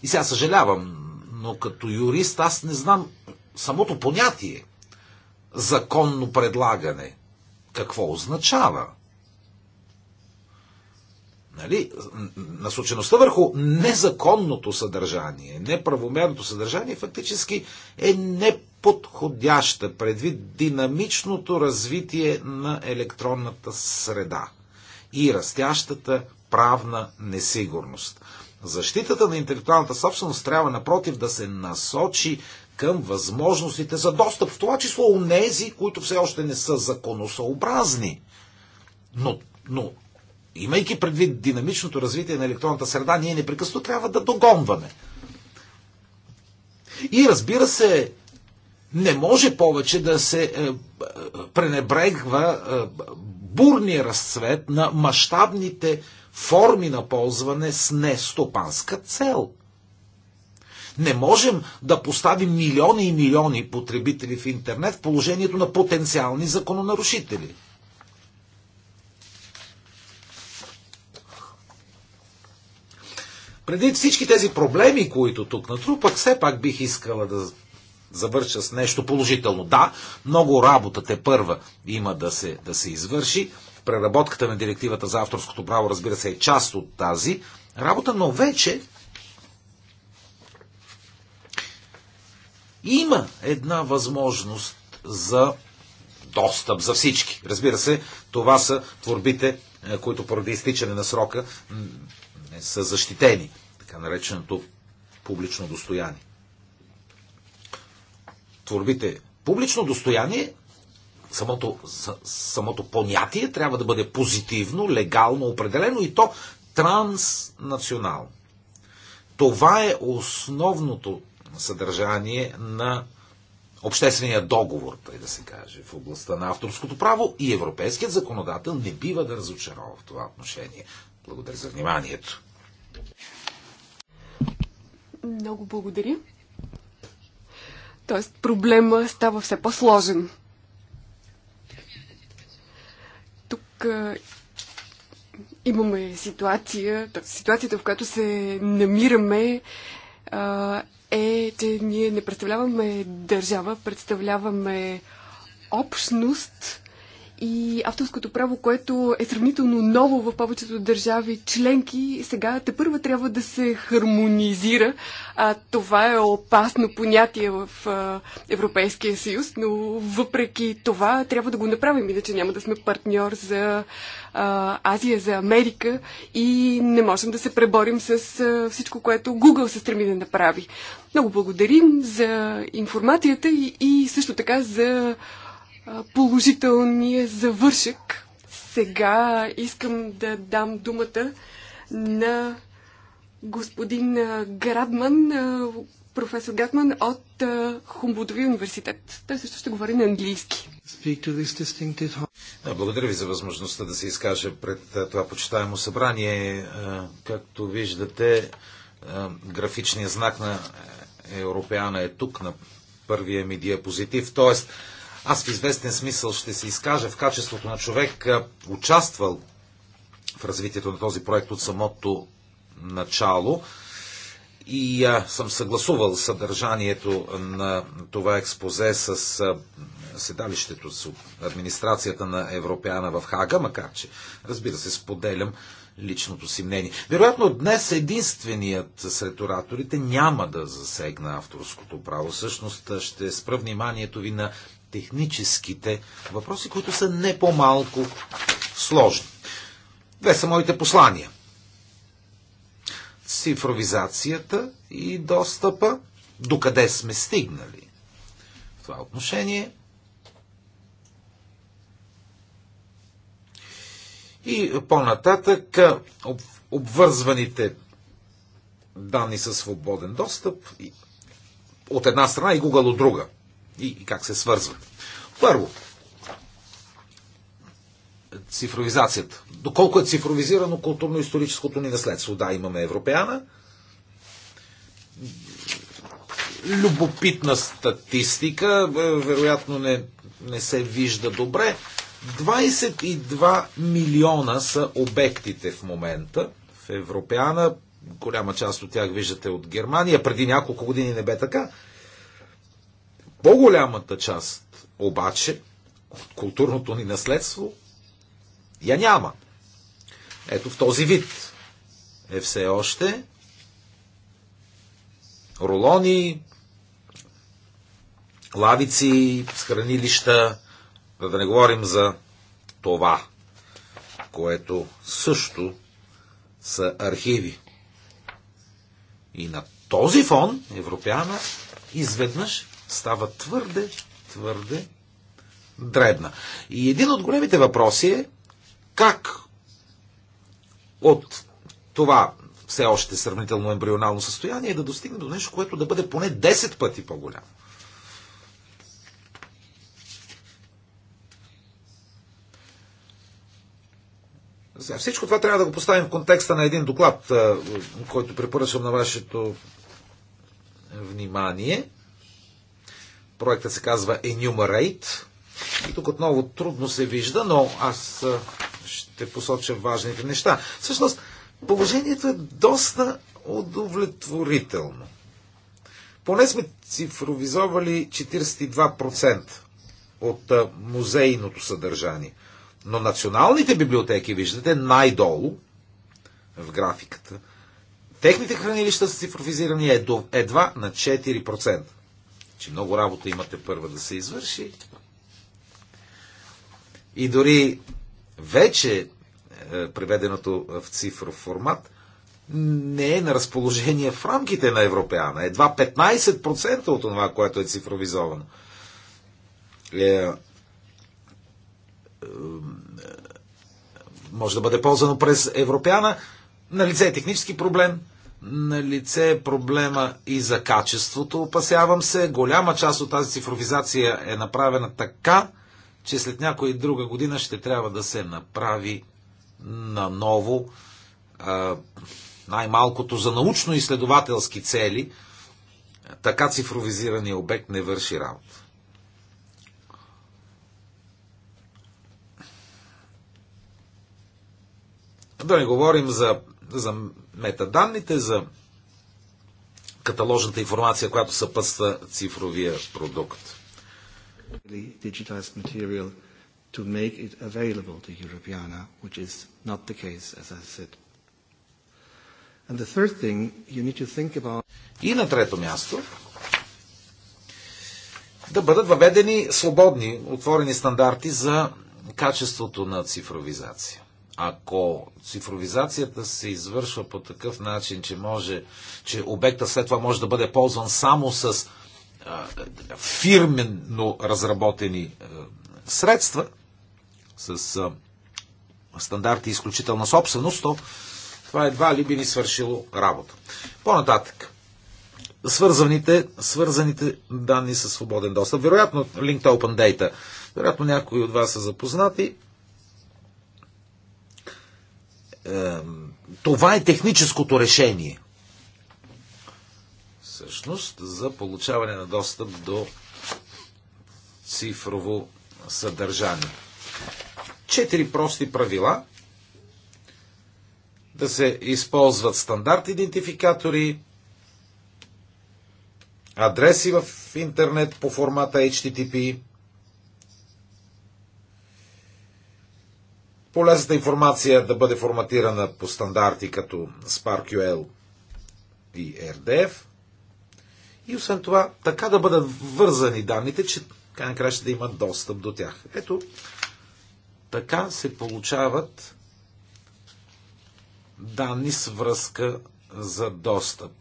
И сега съжалявам, но като юрист аз не знам самото понятие законно предлагане. Какво означава? Нали? Насочеността върху незаконното съдържание, неправомерното съдържание фактически е неподходяща предвид динамичното развитие на електронната среда и растящата правна несигурност. Защитата на интелектуалната собственост трябва, напротив, да се насочи към възможностите за достъп, в това число у нези, които все още не са законосъобразни. Но, но имайки предвид динамичното развитие на електронната среда, ние непрекъсно трябва да догонваме. И разбира се, не може повече да се е, е, пренебрегва е, бурния разцвет на мащабните форми на ползване с нестопанска цел. Не можем да поставим милиони и милиони потребители в интернет в положението на потенциални закононарушители. Преди всички тези проблеми, които тук натрупах, все пак бих искала да завърша с нещо положително. Да, много работа те първа има да се, да се извърши. Преработката на директивата за авторското право, разбира се, е част от тази работа, но вече има една възможност за достъп за всички. Разбира се, това са творбите, е, които поради изтичане на срока са защитени, така нареченото публично достояние творбите публично достояние, самото, самото понятие трябва да бъде позитивно, легално определено и то транснационално. Това е основното съдържание на обществения договор, тъй да се каже, в областта на авторското право и европейският законодател не бива да разочарова в това отношение. Благодаря за вниманието. Много благодаря. Тоест проблема става все по-сложен. Тук а, имаме ситуация, т.е. ситуацията, в която се намираме а, е, че ние не представляваме държава, представляваме общност, и авторското право, което е сравнително ново в повечето държави членки, сега те първа трябва да се хармонизира. А, това е опасно понятие в а, Европейския съюз, но въпреки това трябва да го направим, иначе няма да сме партньор за а, Азия, за Америка и не можем да се преборим с а, всичко, което Google се стреми да направи. Много благодарим за информацията и, и също така за положителния завършък. Сега искам да дам думата на господин Градман, професор Градман от Хумбудовия университет. Той също ще говори на английски. Благодаря ви за възможността да се изкажа пред това почитаемо събрание. Както виждате, графичният знак на Европеана е тук на първия ми диапозитив. Тоест, аз в известен смисъл ще се изкажа в качеството на човек, участвал в развитието на този проект от самото начало и а, съм съгласувал съдържанието на това експозе с а, седалището, с администрацията на Европеана в Хага, макар че, разбира се, споделям личното си мнение. Вероятно, днес единственият сред ораторите няма да засегна авторското право. Всъщност ще спра вниманието ви на техническите въпроси, които са не по-малко сложни. Две са моите послания. Цифровизацията и достъпа, докъде сме стигнали. В това отношение И по-нататък обвързваните данни със свободен достъп от една страна и Google от друга и, и как се свързва. Първо, цифровизацията. Доколко е цифровизирано културно-историческото ни наследство? Да, имаме Европеана. Любопитна статистика, вероятно не, не се вижда добре. 22 милиона са обектите в момента в Европеана. Голяма част от тях виждате от Германия. Преди няколко години не бе така. По-голямата част обаче от културното ни наследство я няма. Ето в този вид е все още рулони, лавици, хранилища, да, да не говорим за това, което също са архиви. И на този фон Европеана изведнъж става твърде, твърде дребна. И един от големите въпроси е как от това все още сравнително ембрионално състояние да достигне до нещо, което да бъде поне 10 пъти по-голямо. Всичко това трябва да го поставим в контекста на един доклад, който препоръчвам на вашето внимание – проекта се казва Enumerate. И тук отново трудно се вижда, но аз ще посоча важните неща. Всъщност, положението е доста удовлетворително. Поне сме цифровизовали 42% от музейното съдържание. Но националните библиотеки, виждате, най-долу в графиката, техните хранилища са цифровизирани едва на 4% че много работа имате първа да се извърши. И дори вече е, преведеното в цифров формат не е на разположение в рамките на Европеана. Едва 15% от това, което е цифровизовано. Е, е, е, може да бъде ползвано през Европеана. На лице е технически проблем – на лице е проблема и за качеството, опасявам се. Голяма част от тази цифровизация е направена така, че след някоя друга година ще трябва да се направи наново, най-малкото за научно-изследователски цели, така цифровизирания обект не върши работа. Да не говорим за за метаданните, за каталожната информация, която съпътства цифровия продукт. to make it available to Europeana, which is not the case, as I said. And the third thing you need to think about... И на трето място, да бъдат въведени свободни, отворени стандарти за качеството на цифровизация. Ако цифровизацията се извършва по такъв начин, че може, че обекта след това може да бъде ползван само с а, фирменно разработени а, средства, с а, стандарти изключителна собственост, то това едва ли би ни свършило работа. По-нататък. Свързаните, свързаните данни със свободен достъп. Вероятно, Linked Open Data. Вероятно някои от вас са запознати това е техническото решение. Всъщност, за получаване на достъп до цифрово съдържание. Четири прости правила. Да се използват стандарт идентификатори, адреси в интернет по формата HTTP, Полезната информация да бъде форматирана по стандарти като SparkQL и RDF. И освен това, така да бъдат вързани данните, че край накрая ще да имат достъп до тях. Ето, така се получават данни с връзка за достъп.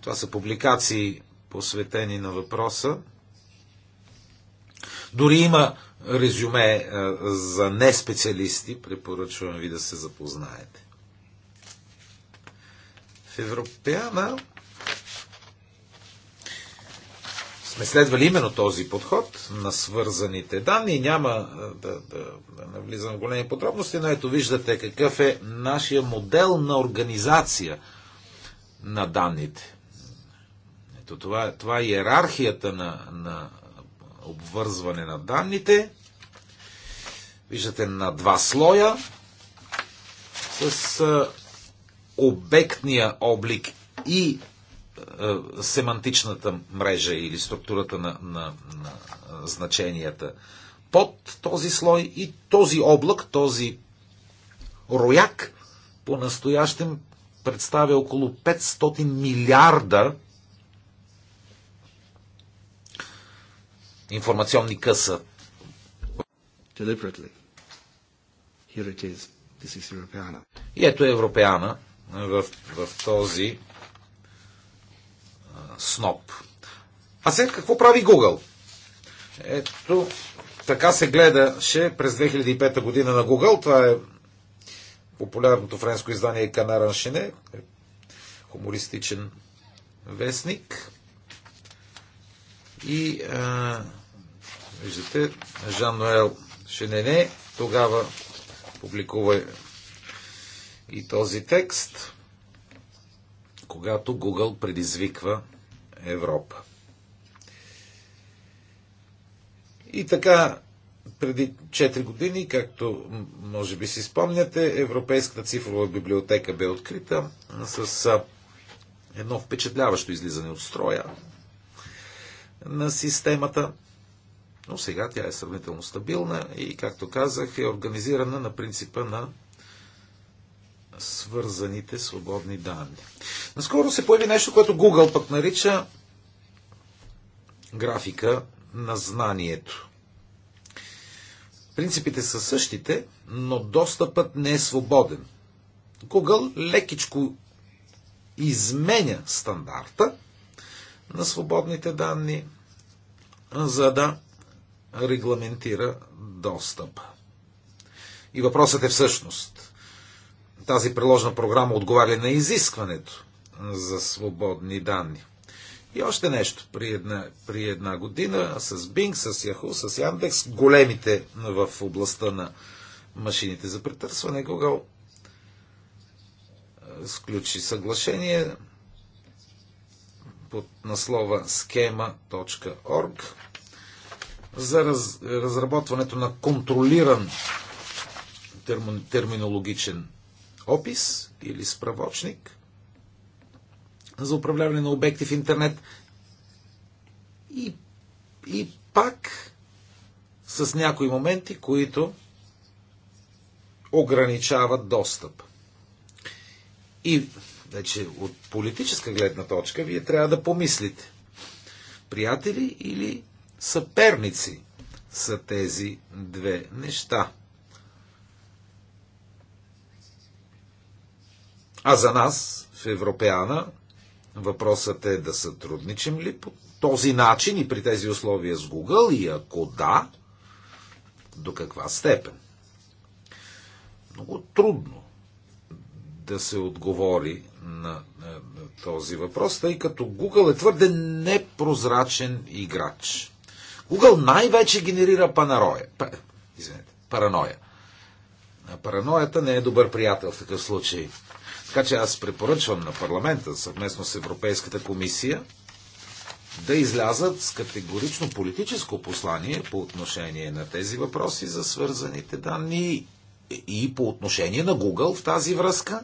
Това са публикации посветени на въпроса. Дори има резюме е, за неспециалисти, препоръчвам ви да се запознаете. В Европеана сме следвали именно този подход на свързаните данни. Няма е, да, да, да навлизам в големи подробности, но ето виждате какъв е нашия модел на организация на данните. Ето това, това е иерархията на, на обвързване на данните. Виждате на два слоя с обектния облик и семантичната мрежа или структурата на, на, на значенията под този слой и този облак, този рояк по-настоящем представя около 500 милиарда информационни къса. И ето е Европеана в, в този а, сноп. А сега какво прави Google? Ето, така се гледаше през 2005 година на Google. Това е популярното френско издание Канаран е, хумористичен вестник. И а, Виждате, Жан Ноел Шенене тогава публикува и този текст, когато Google предизвиква Европа. И така, преди 4 години, както може би си спомняте, Европейската цифрова библиотека бе открита с едно впечатляващо излизане от строя на системата – но сега тя е сравнително стабилна и, както казах, е организирана на принципа на свързаните свободни данни. Наскоро се появи нещо, което Google пък нарича графика на знанието. Принципите са същите, но достъпът не е свободен. Google лекичко изменя стандарта на свободните данни, за да регламентира достъп. И въпросът е всъщност, тази приложна програма отговаря на изискването за свободни данни. И още нещо, при една, при една година с Bing, с Yahoo, с Яндекс, големите в областта на машините за претърсване, Google е, сключи съглашение под наслова schema.org за раз, разработването на контролиран терм, терминологичен опис или справочник за управляване на обекти в интернет и, и пак с някои моменти, които ограничават достъп. И вече от политическа гледна точка вие трябва да помислите. Приятели или съперници са тези две неща. А за нас, в Европеана, въпросът е да сътрудничим ли по този начин и при тези условия с Google и ако да, до каква степен? Много трудно да се отговори на, на, на този въпрос, тъй като Google е твърде непрозрачен играч. Google най-вече генерира панароя. Извинете, параноя. Параноята не е добър приятел в такъв случай. Така че аз препоръчвам на парламента съвместно с Европейската комисия да излязат с категорично политическо послание по отношение на тези въпроси за свързаните данни и по отношение на Google в тази връзка.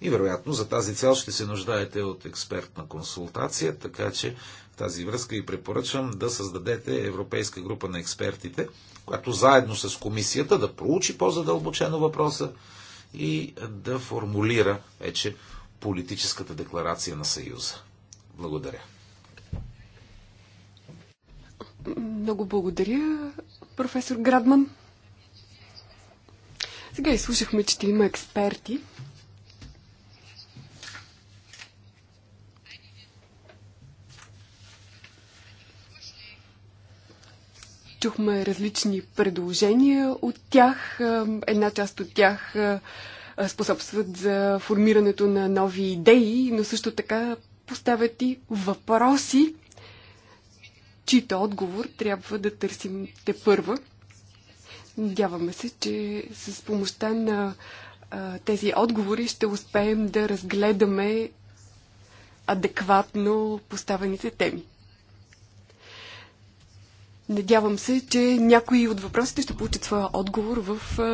И вероятно за тази цел ще се нуждаете от експертна консултация, така че в тази връзка ви препоръчвам да създадете Европейска група на експертите, която заедно с комисията да проучи по-задълбочено въпроса и да формулира вече политическата декларация на Съюза. Благодаря. Много благодаря, професор Градман. Сега изслушахме има експерти. Чухме различни предложения от тях. Е, една част от тях е, е, способстват за формирането на нови идеи, но също така поставят и въпроси, чийто отговор трябва да търсим те първа. Надяваме се, че с помощта на а, тези отговори ще успеем да разгледаме адекватно поставените теми. Надявам се, че някои от въпросите ще получат своя отговор в а,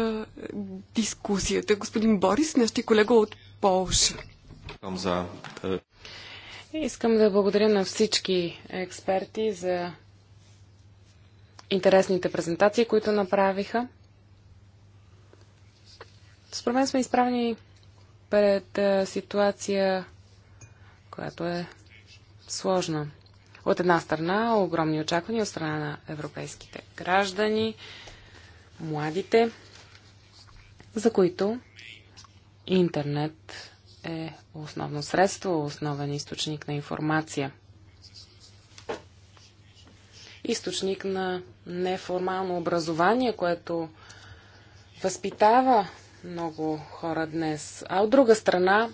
е, дискусията. Господин Борис, нашия колега от Полша. Е, Искам да благодаря на всички експерти за интересните презентации, които направиха. Според мен сме изправени пред е, ситуация, която е сложна. От една страна огромни очаквания от страна на европейските граждани, младите, за които интернет е основно средство, основен източник на информация. Източник на неформално образование, което възпитава много хора днес. А от друга страна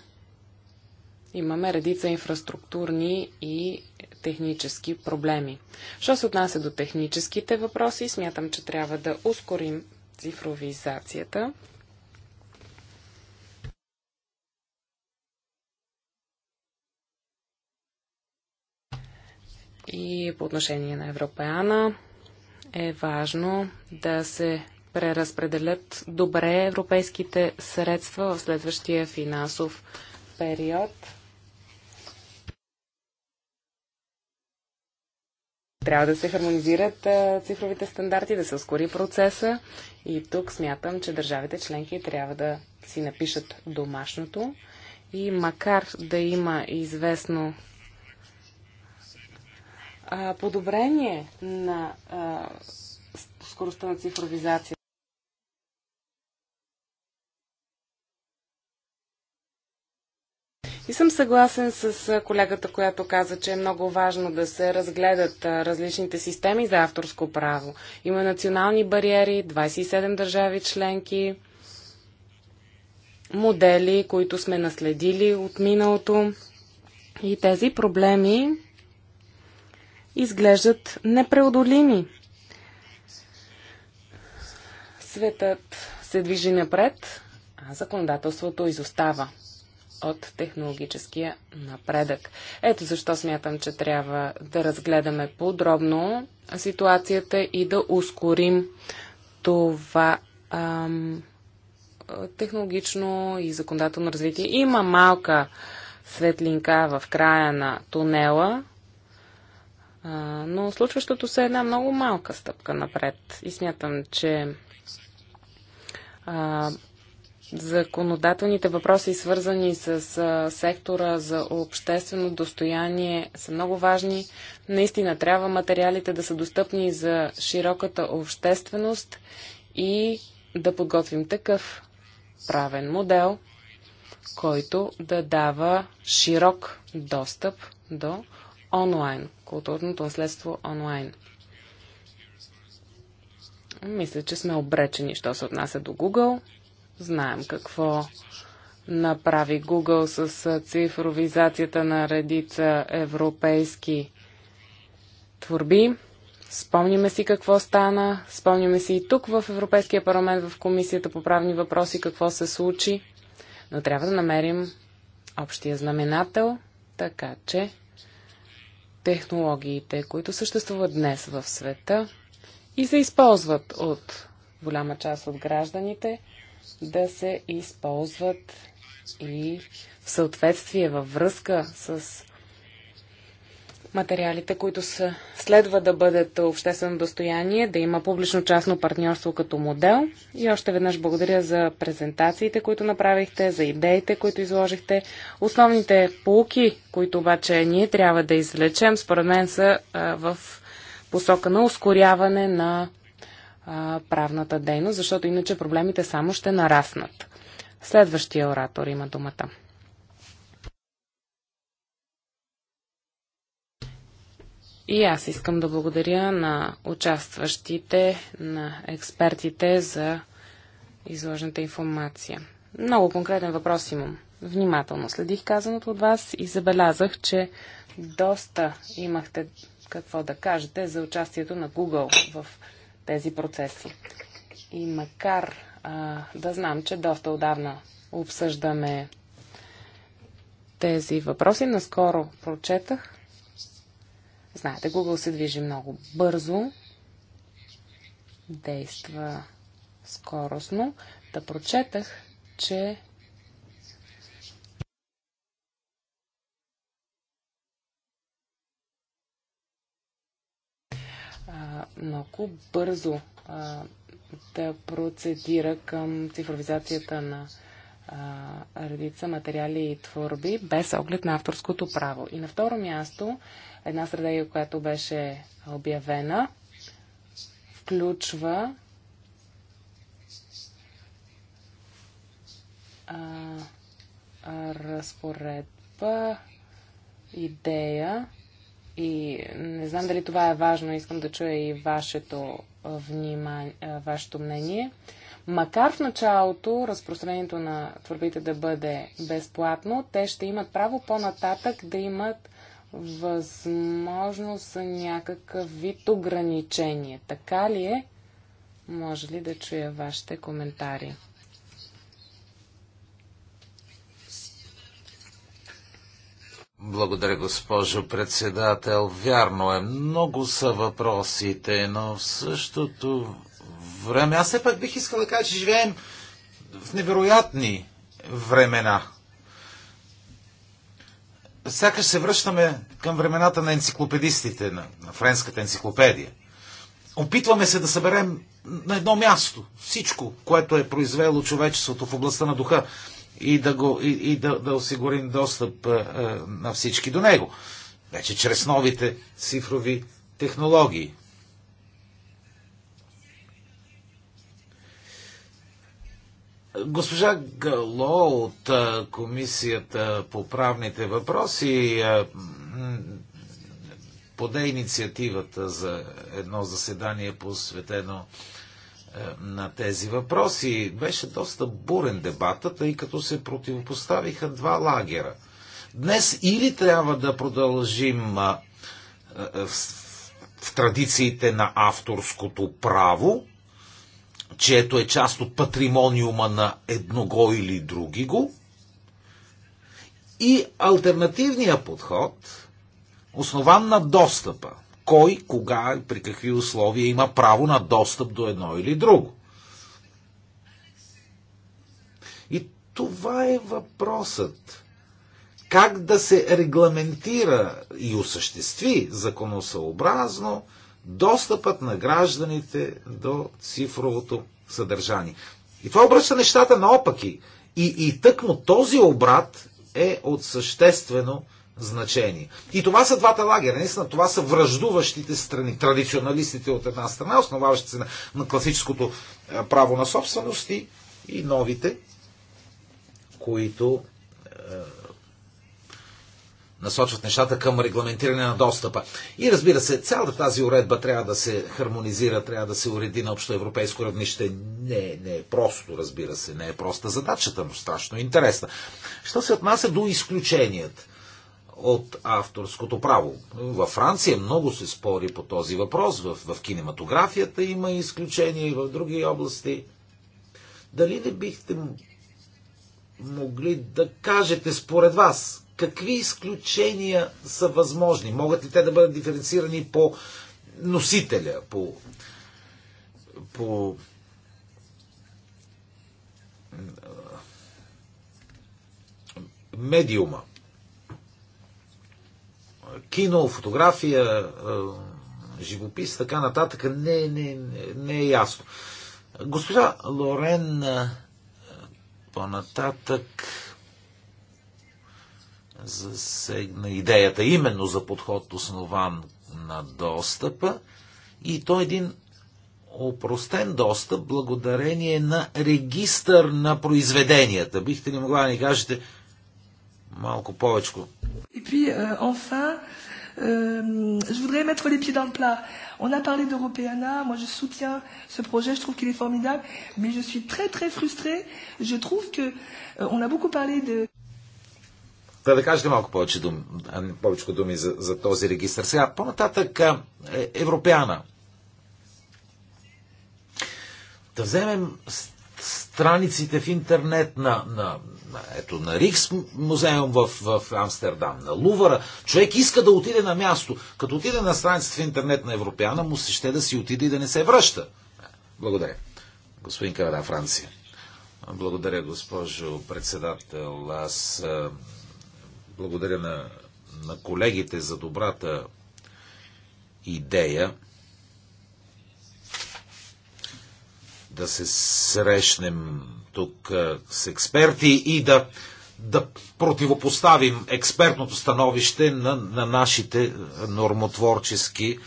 имаме редица инфраструктурни и технически проблеми. Що се отнася до техническите въпроси, смятам, че трябва да ускорим цифровизацията. И по отношение на Европеана е важно да се преразпределят добре европейските средства в следващия финансов период Трябва да се хармонизират а, цифровите стандарти, да се ускори процеса и тук смятам, че държавите членки трябва да си напишат домашното и макар да има известно а, подобрение на а, скоростта на цифровизация, И съм съгласен с колегата, която каза, че е много важно да се разгледат различните системи за авторско право. Има национални бариери, 27 държави членки, модели, които сме наследили от миналото. И тези проблеми изглеждат непреодолими. Светът се движи напред, а законодателството изостава от технологическия напредък. Ето защо смятам, че трябва да разгледаме подробно ситуацията и да ускорим това ам, технологично и законодателно развитие. Има малка светлинка в края на тунела, а, но случващото се е една много малка стъпка напред. И смятам, че а, законодателните въпроси, свързани с а, сектора за обществено достояние, са много важни. Наистина трябва материалите да са достъпни за широката общественост и да подготвим такъв правен модел, който да дава широк достъп до онлайн, културното наследство онлайн. Мисля, че сме обречени, що се отнася до Google Знаем какво направи Google с цифровизацията на редица европейски творби. Спомняме си какво стана, спомняме си и тук в Европейския парламент, в Комисията по правни въпроси какво се случи, но трябва да намерим общия знаменател, така че технологиите, които съществуват днес в света и се използват от голяма част от гражданите, да се използват и в съответствие във връзка с материалите, които са, следва да бъдат обществено достояние, да има публично-частно партньорство като модел. И още веднъж благодаря за презентациите, които направихте, за идеите, които изложихте. Основните полуки, които обаче ние трябва да извлечем, според мен са а, в посока на ускоряване на а, правната дейност, защото иначе проблемите само ще нараснат. Следващия оратор има думата. И аз искам да благодаря на участващите, на експертите за изложената информация. Много конкретен въпрос имам. Внимателно следих казаното от вас и забелязах, че доста имахте какво да кажете за участието на Google в тези процеси. И макар а, да знам, че доста отдавна обсъждаме тези въпроси, наскоро прочетах. Знаете, Google се движи много бързо, действа скоростно. Да прочетах, че много бързо а, да процедира към цифровизацията на а, редица материали и творби без оглед на авторското право. И на второ място, една стратегия, която беше обявена, включва а, разпоредба, идея и не знам дали това е важно, искам да чуя и вашето, внима... вашето мнение. Макар в началото разпространението на творбите да бъде безплатно, те ще имат право по-нататък да имат възможност за някакъв вид ограничение. Така ли е? Може ли да чуя вашите коментари? Благодаря, госпожо председател. Вярно е, много са въпросите, но в същото време... Аз все пак бих искал да кажа, че живеем в невероятни времена. Сякаш се връщаме към времената на енциклопедистите, на, на френската енциклопедия. Опитваме се да съберем на едно място всичко, което е произвело човечеството в областта на духа и да, го, и, и да, да осигурим достъп а, е, а, е, на всички до него. Вече чрез новите цифрови технологии. Госпожа Гало от е, Комисията по правните въпроси поде инициативата за едно заседание посветено светено е, на тези въпроси. Беше доста бурен дебатът, тъй като се противопоставиха два лагера. Днес или трябва да продължим в традициите на авторското право, чието е част от патримониума на едного или други го, и альтернативния подход, основан на достъпа, кой, кога, при какви условия има право на достъп до едно или друго. И това е въпросът. Как да се регламентира и осъществи законосъобразно достъпът на гражданите до цифровото съдържание. И това обръща нещата наопаки. И, и тъкмо този обрат е от съществено значение. И това са двата лагера. Наистина, това са връждуващите страни. Традиционалистите от една страна, основаващи се на, на класическото е, право на собственост и, и новите, които е, насочват нещата към регламентиране на достъпа. И разбира се, цялата тази уредба трябва да се хармонизира, трябва да се уреди на общо европейско равнище. Не, не е просто, разбира се, не е проста задачата, но страшно интересна. Що се отнася до изключенията? от авторското право. Във Франция много се спори по този въпрос. В, в кинематографията има изключения и в други области. Дали не бихте могли да кажете според вас какви изключения са възможни? Могат ли те да бъдат диференцирани по носителя, по, по медиума? кино, фотография, живопис, така нататък, не, не, не е ясно. Госпожа Лорен по-нататък засегна идеята именно за подход основан на достъпа и то е един опростен достъп благодарение на регистър на произведенията. Бихте ли могла да ни кажете малко повече Et puis, euh, enfin, euh, je voudrais mettre les pieds dans le plat. On a parlé d'Europeana, moi je soutiens ce projet, je trouve qu'il est formidable, mais je suis très très frustrée. Je trouve que euh, on a beaucoup parlé de. Та да кажете малко повече думи, повече думи за, за този регистр. Сега, по-нататък, Европеана. Да вземем страниците в интернет на, на, на, ето, на Рикс музеум в, в Амстердам, на Лувара. Човек иска да отиде на място. Като отиде на страницата в интернет на Европеана, му се ще да си отиде и да не се връща. Благодаря. Господин Кавада, Франция. Благодаря, госпожо председател. Аз благодаря на, на колегите за добрата идея. да се срещнем тук с експерти и да, да противопоставим експертното становище на, на нашите нормотворчески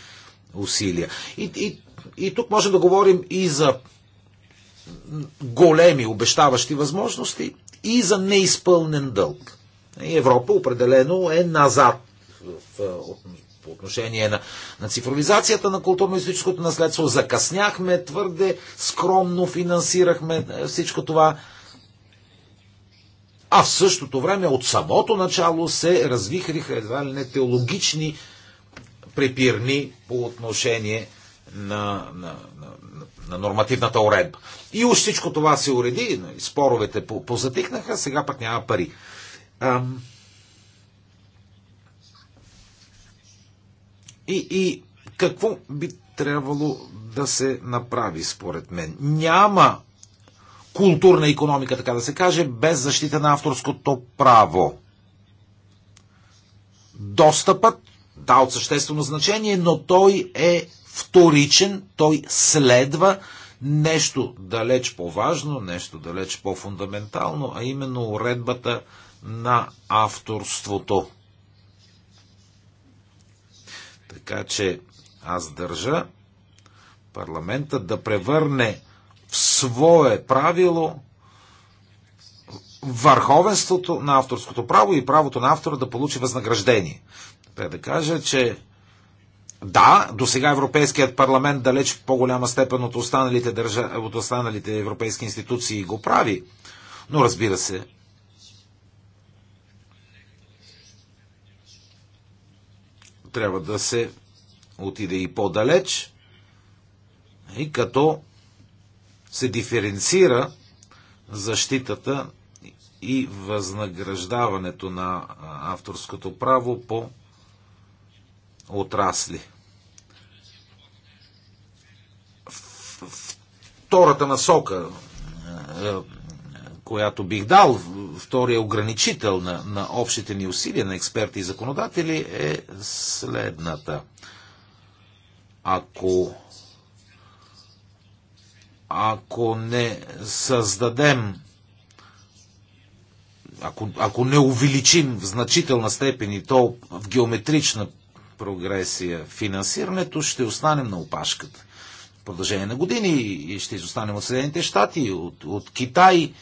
усилия. И, и, и тук можем да говорим и за големи обещаващи възможности и за неизпълнен дълг. Европа определено е назад в по отношение на, на цифровизацията на културно-историческото наследство. Закъсняхме твърде скромно, финансирахме е, всичко това. А в същото време от самото начало се развихриха едва ли не теологични препирни по отношение на, на, на, на нормативната уредба. И уж всичко това се уреди, нали, споровете позатихнаха, сега пък няма пари. Ам... и, и какво би трябвало да се направи, според мен? Няма културна економика, така да се каже, без защита на авторското право. Достъпът, да, от съществено значение, но той е вторичен, той следва нещо далеч по-важно, нещо далеч по-фундаментално, а именно уредбата на авторството. Така че аз държа парламентът да превърне в свое правило върховенството на авторското право и правото на автора да получи възнаграждение. Те да кажа, че да, до сега Европейският парламент далеч в по-голяма степен от останалите, държа... от останалите европейски институции го прави, но разбира се, трябва да се отиде и по-далеч и като се диференцира защитата и възнаграждаването на авторското право по отрасли. Втората насока, която бих дал, втория ограничител на, на общите ни усилия на експерти и законодатели е следната. Ако ако не създадем ако, ако не увеличим в значителна степен и то в геометрична прогресия финансирането, ще останем на опашката. В продължение на години и ще изостанем от Съединените щати, от, от Китай,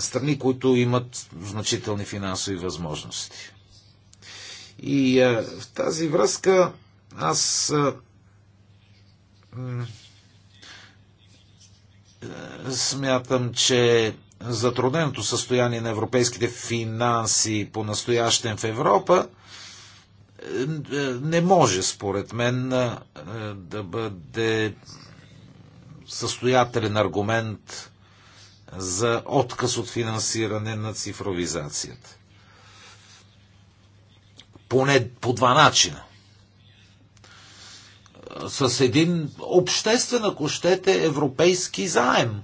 страни, които имат значителни финансови възможности. И а, в тази връзка аз а, смятам, че затрудненото състояние на европейските финанси по настоящен в Европа не може, според мен, да бъде състоятелен аргумент за отказ от финансиране на цифровизацията. Поне по два начина. С един обществен, ако щете, европейски заем.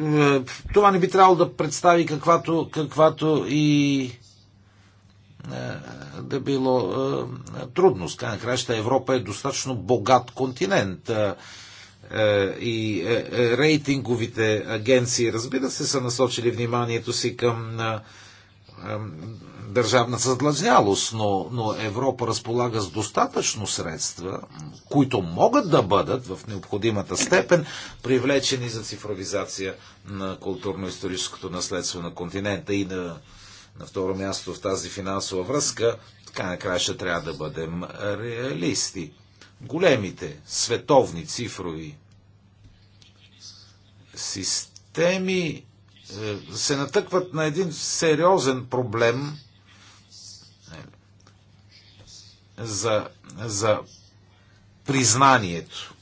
Е, това не би трябвало да представи каквато, каквато и е, да било е, трудност. Край на краща Европа е достатъчно богат континент. Е, и е, е, рейтинговите агенции, разбира се, са насочили вниманието си към държавна съдлъжнялост, но, но Европа разполага с достатъчно средства, които могат да бъдат в необходимата степен привлечени за цифровизация на културно-историческото наследство на континента и на, на второ място в тази финансова връзка. Така накрая ще трябва да бъдем реалисти големите световни цифрови системи е, се натъкват на един сериозен проблем е, за, за признанието.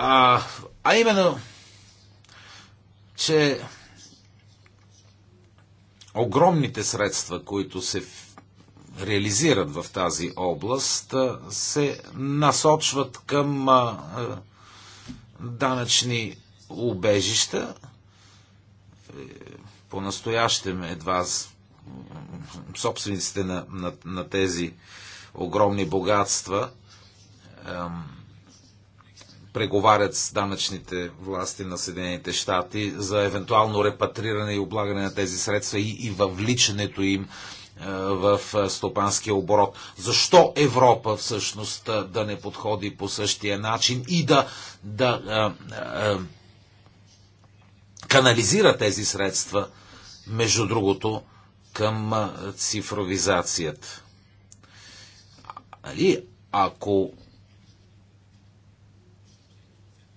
А, а именно, че огромните средства, които се реализират в тази област, се насочват към данъчни убежища. Е, по-настоящем едва собствениците на, на, на тези огромни богатства преговарят с данъчните власти на Съединените щати за евентуално репатриране и облагане на тези средства и, и въвличането им е, в е, стопанския оборот. Защо Европа всъщност е, да не подходи по същия начин и да, да а, а, канализира тези средства, между другото, към цифровизацията? Али, ако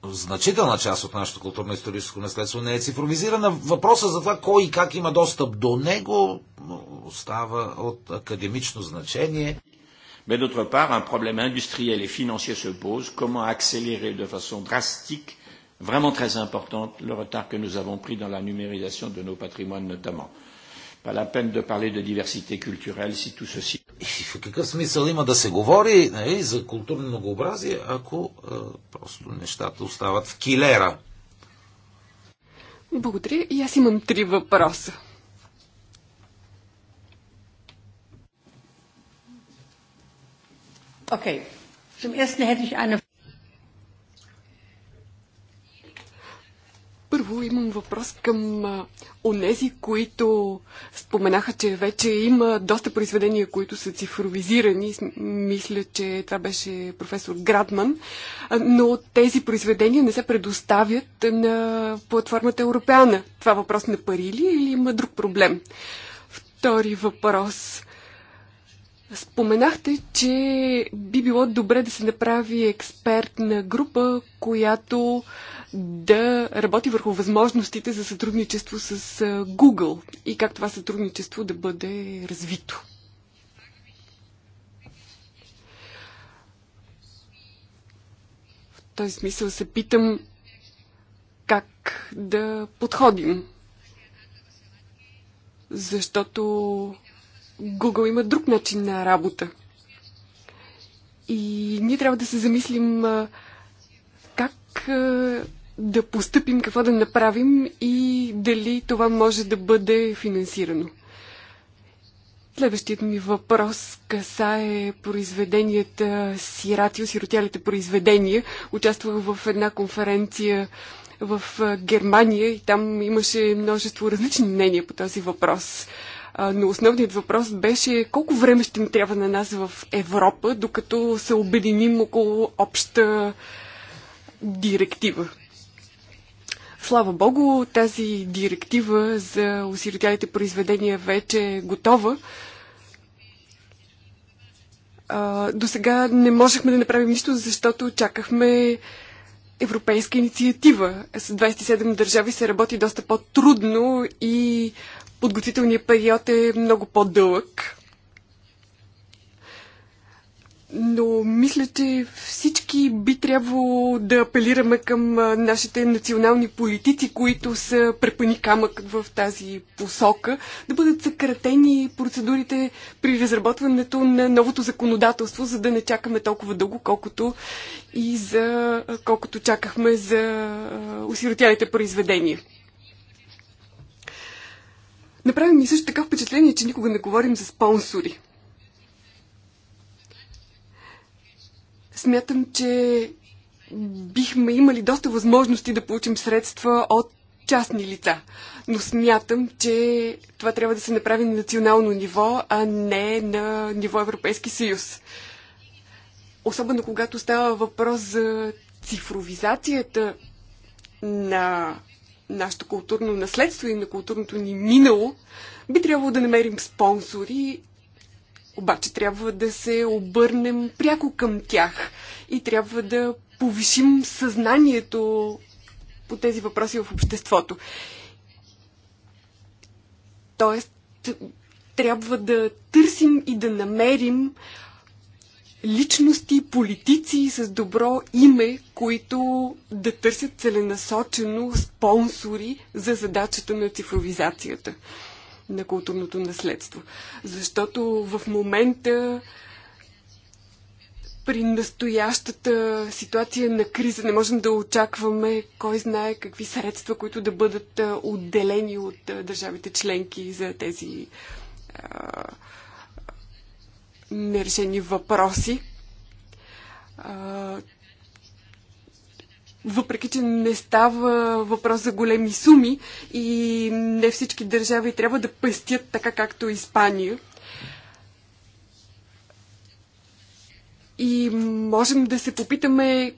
значителна част от нашето културно-историческо наследство не е цифровизирана. Въпроса за това кой и как има достъп до него остава от академично значение. Mais d'autre part, un problème industriel et financier se pose. Comment accélérer de façon drastique, vraiment très importante, le retard que nous avons pris dans la numérisation de nos patrimoines notamment Pas la peine de parler de diversité culturelle si tout ceci... И в какъв смисъл има да се говори нали, за културно многообразие, ако а, просто нещата остават в килера? Благодаря. И аз имам три въпроса. Окей. Okay. Zum ersten hätte ich eine Първо имам въпрос към онези, които споменаха, че вече има доста произведения, които са цифровизирани. Мисля, че това беше професор Градман. Но тези произведения не се предоставят на платформата Европеана. Това въпрос на пари ли е, или има друг проблем? Втори въпрос. Споменахте, че би било добре да се направи експертна група, която да работи върху възможностите за сътрудничество с Google и как това сътрудничество да бъде развито. В този смисъл се питам как да подходим. Защото Google има друг начин на работа. И ние трябва да се замислим как да поступим, какво да направим и дали това може да бъде финансирано. Следващият ми въпрос касае произведенията Сиратио, сиротялите произведения. Участвах в една конференция в Германия и там имаше множество различни мнения по този въпрос. Но основният въпрос беше колко време ще ни трябва на нас в Европа, докато се обединим около обща директива. Слава Богу, тази директива за осиротялите произведения вече е готова. До сега не можехме да направим нищо, защото чакахме европейска инициатива. С 27 държави се работи доста по-трудно и подготвителният период е много по-дълъг но мисля, че всички би трябвало да апелираме към нашите национални политици, които са препани камък в тази посока, да бъдат съкратени процедурите при разработването на новото законодателство, за да не чакаме толкова дълго, колкото и за колкото чакахме за осиротялите произведения. Направи ми също така впечатление, че никога не говорим за спонсори. Смятам, че бихме имали доста възможности да получим средства от частни лица. Но смятам, че това трябва да се направи на национално ниво, а не на ниво Европейски съюз. Особено когато става въпрос за цифровизацията на нашето културно наследство и на културното ни минало, би трябвало да намерим спонсори обаче трябва да се обърнем пряко към тях и трябва да повишим съзнанието по тези въпроси в обществото. Тоест, трябва да търсим и да намерим личности, политици с добро име, които да търсят целенасочено спонсори за задачата на цифровизацията на културното наследство. Защото в момента при настоящата ситуация на криза не можем да очакваме кой знае какви средства, които да бъдат отделени от държавите членки за тези а, нерешени въпроси. А, въпреки че не става въпрос за големи суми и не всички държави трябва да пъстят, така както Испания. И можем да се попитаме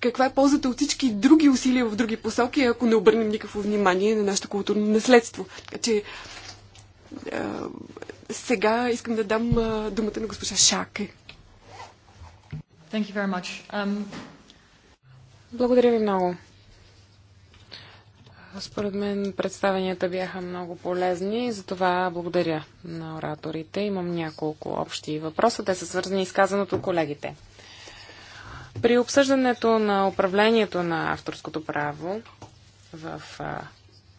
каква е ползата от всички други усилия в други посоки, ако не обърнем никакво внимание на нашето културно наследство. Така че а, сега искам да дам а, думата на госпожа Шаке. Thank you very much. Um, благодаря ви много. Според мен представенията бяха много полезни, затова благодаря на ораторите. Имам няколко общи въпроса. Те са свързани с казаното колегите. При обсъждането на управлението на авторското право в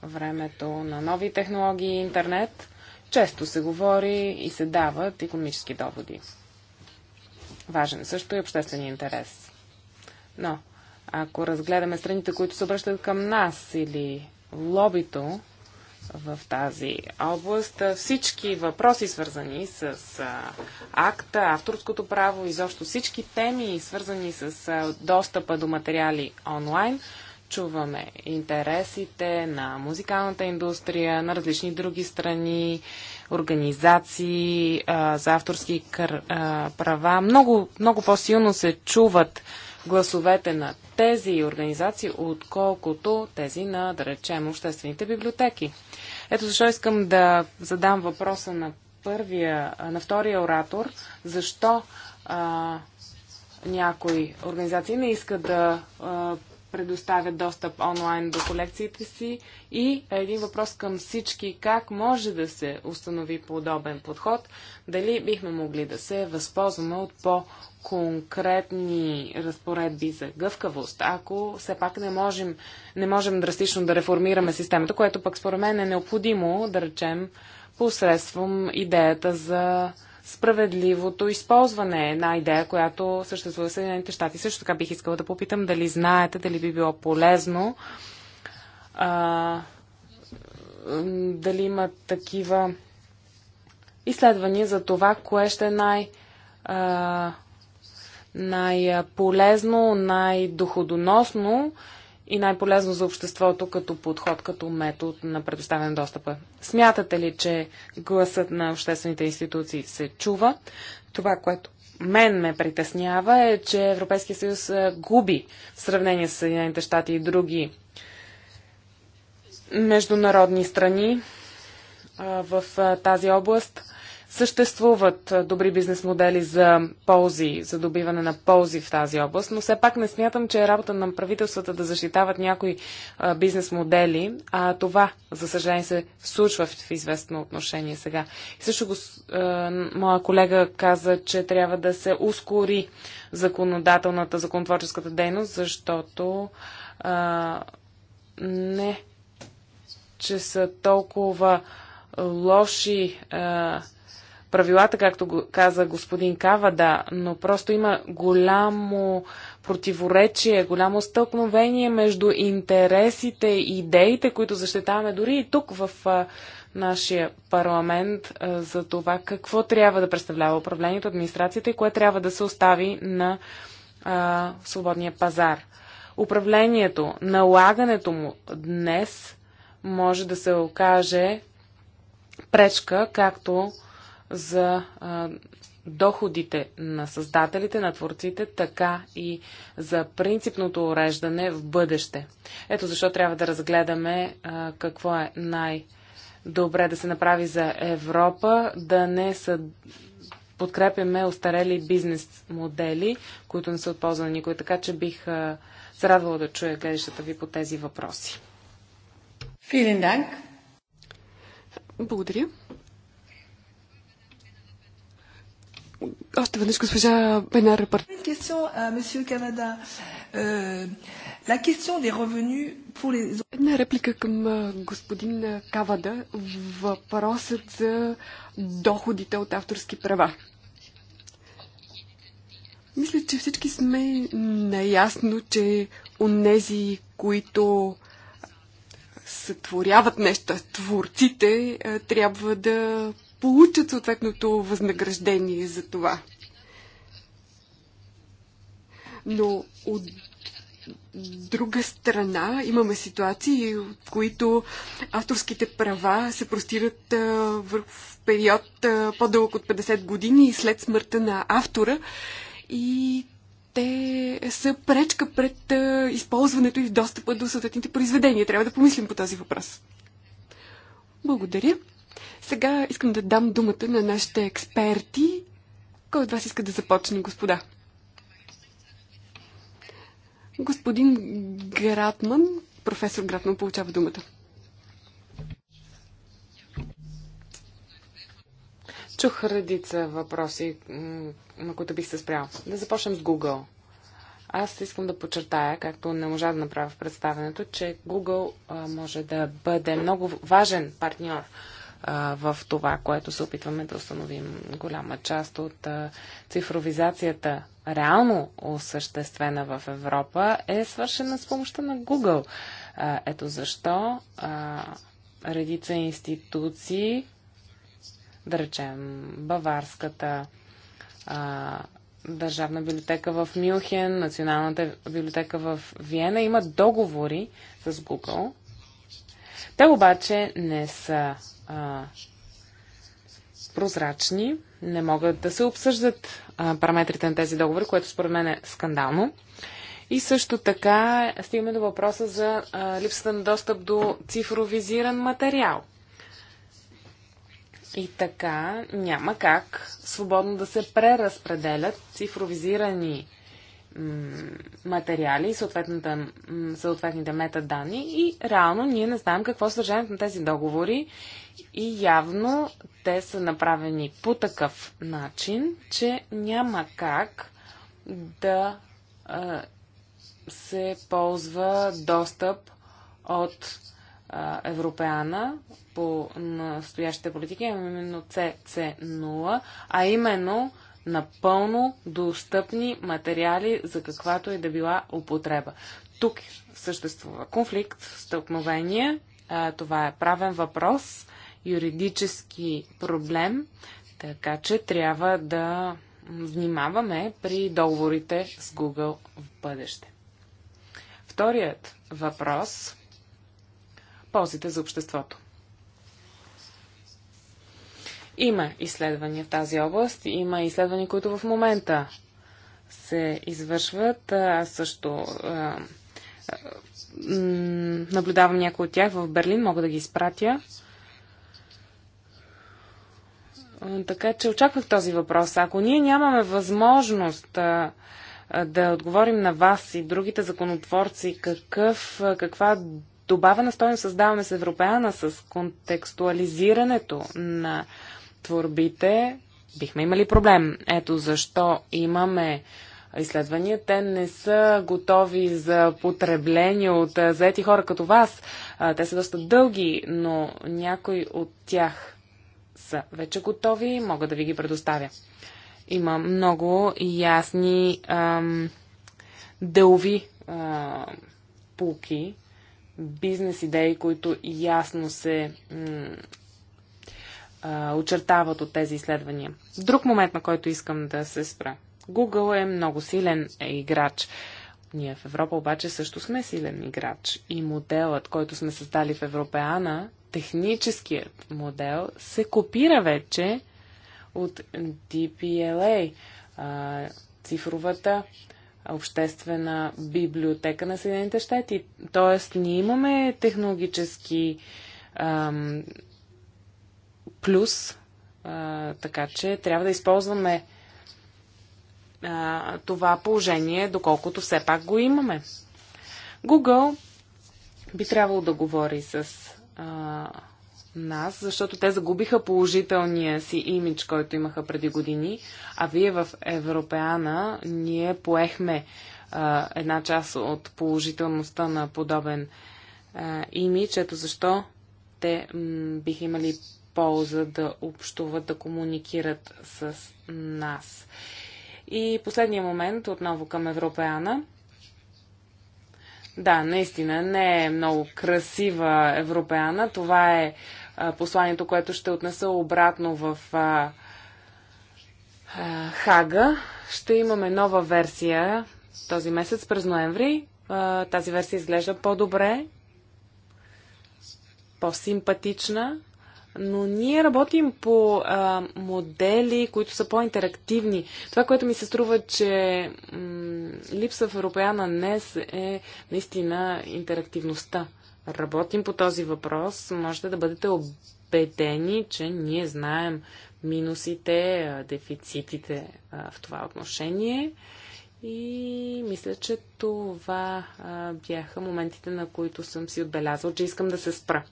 времето на нови технологии и интернет, често се говори и се дават економически доводи. Важен също и е обществен интерес. Но ако разгледаме страните, които се обръщат към нас или лобито в тази област, всички въпроси, свързани с акта, авторското право, изобщо всички теми, свързани с достъпа до материали онлайн, чуваме интересите на музикалната индустрия, на различни други страни, организации а, за авторски кър, а, права. Много, много по-силно се чуват гласовете на тези организации, отколкото тези на, да речем, обществените библиотеки. Ето защо искам да задам въпроса на първия, на втория оратор, защо а, някои организации не искат да а, предоставят достъп онлайн до колекциите си и един въпрос към всички как може да се установи подобен подход, дали бихме могли да се възползваме от по- конкретни разпоредби за гъвкавост, ако все пак не можем, не можем драстично да реформираме системата, което пък според мен е необходимо, да речем, посредством идеята за справедливото използване. Една идея, която съществува в Съединените щати. Също така бих искала да попитам дали знаете, дали би било полезно а, дали има такива изследвания за това, кое ще е най- а, най-полезно, най-доходоносно и най-полезно за обществото като подход, като метод на предоставяне достъпа. Смятате ли, че гласът на обществените институции се чува? Това, което мен ме притеснява е, че Европейския съюз губи в сравнение с Съединените щати и други международни страни в тази област. Съществуват добри бизнес модели за ползи, за добиване на ползи в тази област, но все пак не смятам, че е работа на правителствата да защитават някои бизнес модели, а това, за съжаление, се случва в, известно отношение сега. И също го, е, моя колега каза, че трябва да се ускори законодателната, законотворческата дейност, защото е, не, че са толкова лоши е, правилата, както го каза господин Кавада, но просто има голямо противоречие, голямо стълкновение между интересите и идеите, които защитаваме дори и тук в нашия парламент за това какво трябва да представлява управлението, администрацията и кое трябва да се остави на а, свободния пазар. Управлението, налагането му днес може да се окаже пречка както за а, доходите на създателите, на творците, така и за принципното уреждане в бъдеще. Ето защо трябва да разгледаме а, какво е най-добре да се направи за Европа, да не са подкрепяме остарели бизнес модели, които не са от никой. Така че бих а, се радвала да чуя гледащата ви по тези въпроси. Филин Благодаря. Още веднъж госпожа Бенар Репарт. Euh, Една реплика към господин Кавада. Въпросът за доходите от авторски права. Мисля, че всички сме наясно, че онези, които сътворяват неща, творците, трябва да получат съответното възнаграждение за това. Но от друга страна имаме ситуации, от които авторските права се простират в период по-дълъг от 50 години след смъртта на автора и те са пречка пред използването и достъпа до съответните произведения. Трябва да помислим по този въпрос. Благодаря. Сега искам да дам думата на нашите експерти. Кой от вас иска да започне, господа? Господин Гратман, професор Гратман получава думата. Чух редица въпроси, на които бих се спрял. Да започнем с Google. Аз искам да подчертая, както не можа да направя в представенето, че Google може да бъде много важен партньор в това, което се опитваме да установим. Голяма част от цифровизацията, реално осъществена в Европа, е свършена с помощта на Google. Ето защо редица институции, да речем Баварската Държавна библиотека в Мюнхен, Националната библиотека в Виена имат договори с Google. Те обаче не са прозрачни, не могат да се обсъждат параметрите на тези договори, което според мен е скандално. И също така стигаме до въпроса за липсата на достъп до цифровизиран материал. И така няма как свободно да се преразпределят цифровизирани материали и съответните метаданни и реално ние не знаем какво е съдържанието на тези договори и явно те са направени по такъв начин, че няма как да а, се ползва достъп от а, Европеана по настоящите политики, именно CC0, а именно напълно достъпни материали за каквато и да била употреба. Тук съществува конфликт, стълкновение. Това е правен въпрос, юридически проблем, така че трябва да внимаваме при договорите с Google в бъдеще. Вторият въпрос – ползите за обществото. Има изследвания в тази област, има изследвания, които в момента се извършват. Аз също а, а, наблюдавам някои от тях в Берлин, мога да ги изпратя. Така че очаквах този въпрос. Ако ние нямаме възможност а, да отговорим на вас и другите законотворци, какъв, каква добавена стоеност създаваме с Европеана, с контекстуализирането на творбите, бихме имали проблем. Ето защо имаме изследвания. Те не са готови за потребление от заети хора като вас. Те са доста дълги, но някои от тях са вече готови и мога да ви ги предоставя. Има много ясни ам, делови а, пулки, бизнес идеи, които ясно се а, очертават от тези изследвания. Друг момент, на който искам да се спра. Google е много силен играч. Ние в Европа обаче също сме силен играч и моделът, който сме създали в Европеана, техническият модел, се копира вече от DPLA, цифровата обществена библиотека на Съединените щати. Тоест, ние имаме технологически ам, плюс, а, така че трябва да използваме а, това положение, доколкото все пак го имаме. Google би трябвало да говори с а, нас, защото те загубиха положителния си имидж, който имаха преди години, а вие в Европеана ние поехме а, една част от положителността на подобен а, имидж. Ето защо те м, биха имали полза да общуват, да комуникират с нас. И последния момент, отново към Европеана. Да, наистина не е много красива Европеана. Това е посланието, което ще отнеса обратно в а, а, Хага. Ще имаме нова версия този месец през ноември. А, тази версия изглежда по-добре, по-симпатична но ние работим по а, модели, които са по-интерактивни. Това, което ми се струва, че м- липса в Европеяна днес е наистина интерактивността. Работим по този въпрос. Можете да бъдете убедени, че ние знаем минусите, дефицитите а, в това отношение. И мисля, че това а, бяха моментите, на които съм си отбелязал, че искам да се спра.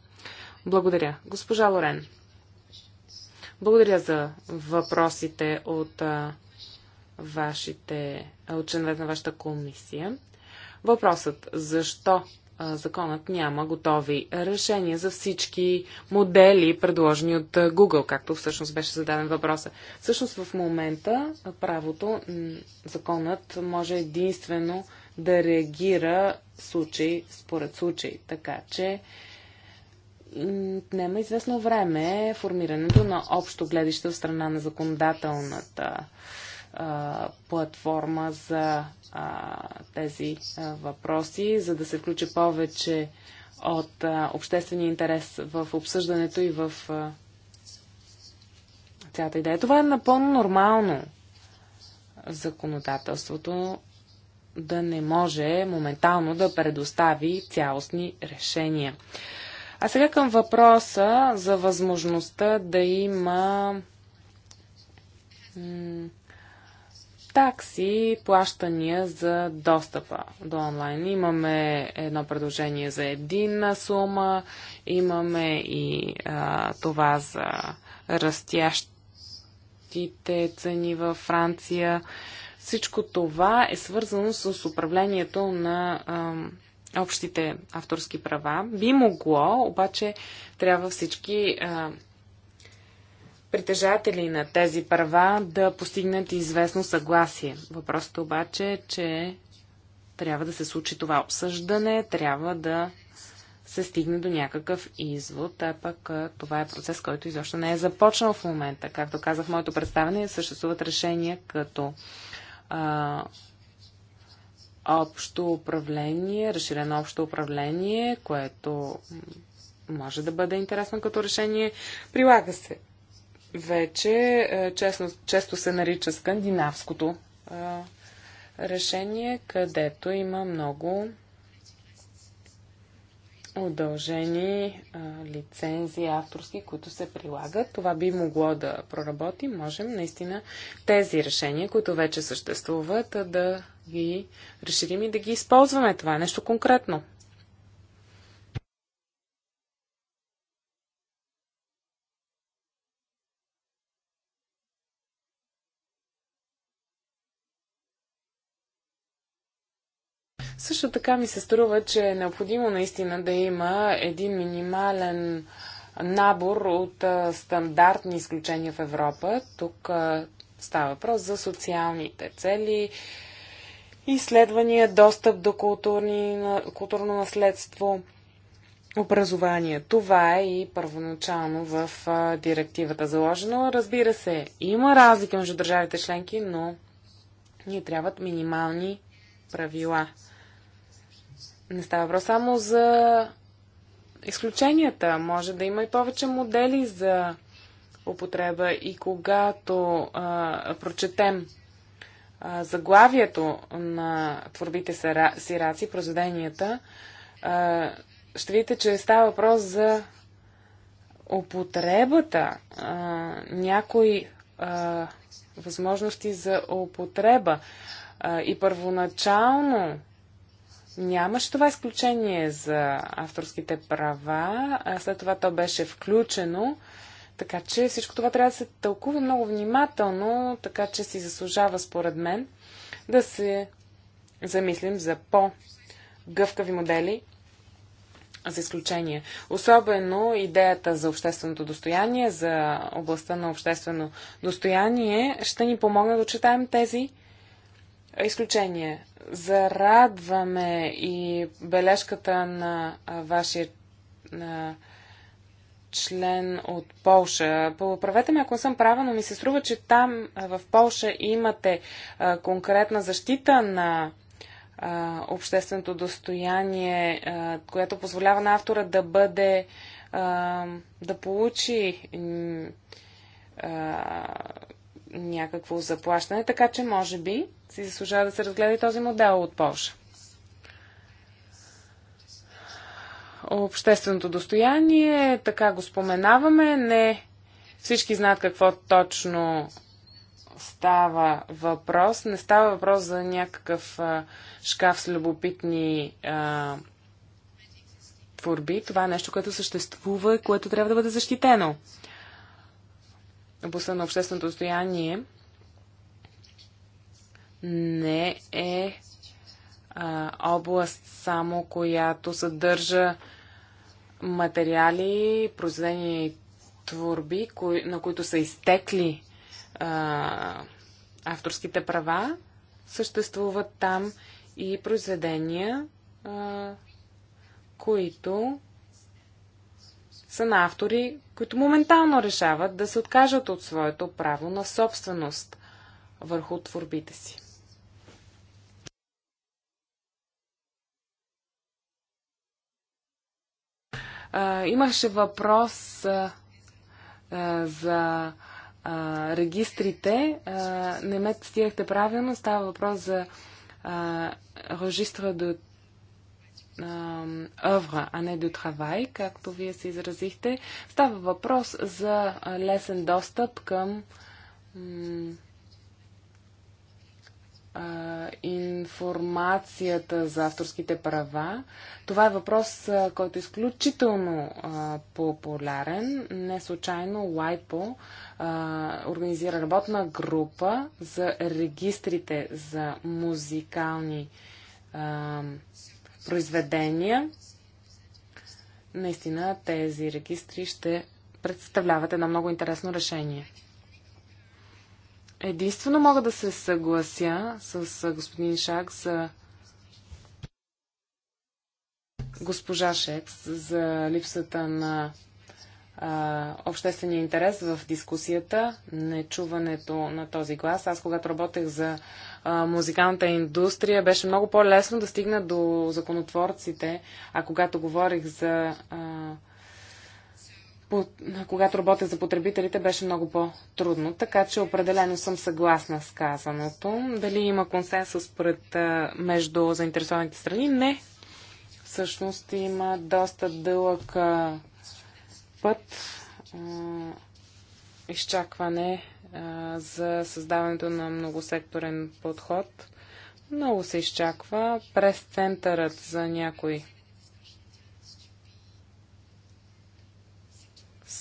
Благодаря. Госпожа Лорен. Благодаря за въпросите от вашите, от членовете на вашата комисия. Въпросът защо законът няма готови решения за всички модели, предложени от Google, както всъщност беше зададен въпроса. Всъщност в момента правото, законът може единствено да реагира случай според случай. Така че отнема известно време формирането на общо гледище в страна на законодателната а, платформа за а, тези а, въпроси, за да се включи повече от а, обществения интерес в обсъждането и в а, цялата идея. Това е напълно нормално законодателството да не може моментално да предостави цялостни решения. А сега към въпроса за възможността да има такси, плащания за достъпа до онлайн. Имаме едно предложение за единна сума, имаме и а, това за растящите цени във Франция. Всичко това е свързано с управлението на А, общите авторски права. Би могло, обаче трябва всички а, притежатели на тези права да постигнат известно съгласие. Въпросът обаче е, че трябва да се случи това обсъждане, трябва да се стигне до някакъв извод, а пък това е процес, който изобщо не е започнал в момента. Както казах в моето представяне, съществуват решения като а, общо управление, разширено общо управление, което може да бъде интересно като решение. Прилага се. Вече е, честно, често се нарича скандинавското е, решение, където има много удължени е, лицензии авторски, които се прилагат. Това би могло да проработи. Можем наистина тези решения, които вече съществуват, да ги решили и да ги използваме. Това е нещо конкретно. Също така ми се струва, че е необходимо наистина да има един минимален набор от стандартни изключения в Европа. Тук става въпрос за социалните цели, изследвания, достъп до културни, културно наследство, образование. Това е и първоначално в директивата заложено. Разбира се, има разлика между държавите членки, но ни трябват минимални правила. Не става въпрос само за изключенията. Може да има и повече модели за употреба и когато а, прочетем заглавието на творбите сираци, произведенията, ще видите, че става въпрос за употребата, някои възможности за употреба. и първоначално нямаше това изключение за авторските права, а след това то беше включено така че всичко това трябва да се тълкува много внимателно, така че си заслужава според мен да се замислим за по-гъвкави модели за изключение. Особено идеята за общественото достояние, за областта на обществено достояние ще ни помогне да четаем тези изключения. Зарадваме и бележката на вашия на член от Полша. Поправете ме, ако съм права, но ми се струва, че там в Полша имате а, конкретна защита на а, общественото достояние, а, която позволява на автора да бъде да получи някакво заплащане, така че може би си заслужава да се разгледа и този модел от Польша. общественото достояние, така го споменаваме, не всички знаят какво точно става въпрос. Не става въпрос за някакъв а, шкаф с любопитни а, творби. Това е нещо, което съществува и което трябва да бъде защитено. Областта на общественото достояние не е а, област само, която съдържа материали, произведени творби, кои, на които са изтекли а, авторските права, съществуват там и произведения, а, които са на автори, които моментално решават да се откажат от своето право на собственост върху творбите си. имаше въпрос а, за а, регистрите. А, не ме цитирахте правилно. Става въпрос за регистра до œuvre, а не до Травай, както вие се изразихте. Става въпрос за лесен достъп към информацията за авторските права. Това е въпрос, който е изключително популярен. Не случайно Лайпо организира работна група за регистрите за музикални произведения. Наистина тези регистри ще представляват едно много интересно решение. Единствено мога да се съглася с господин Шак за госпожа Шекс за липсата на а, обществения интерес в дискусията, нечуването на този глас. Аз, когато работех за а, музикалната индустрия, беше много по-лесно да стигна до законотворците, а когато говорих за а, когато работя за потребителите, беше много по-трудно. Така че определено съм съгласна с казаното. Дали има консенсус пред, между заинтересованите страни? Не. Всъщност има доста дълъг път изчакване за създаването на многосекторен подход. Много се изчаква. Прес центърът за някои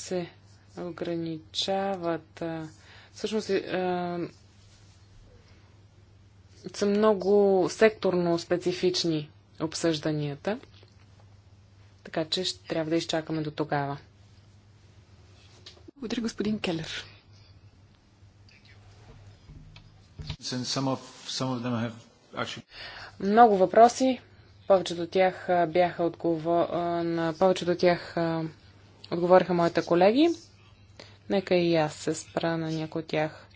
се ограничават. Всъщност е, са много секторно специфични обсъжданията, така че ще трябва да изчакаме до тогава. Благодаря, господин Келер. Много въпроси. Повечето от тях бяха отговор... на повечето от тях отговориха моите колеги. Нека и аз се спра на някой от тях.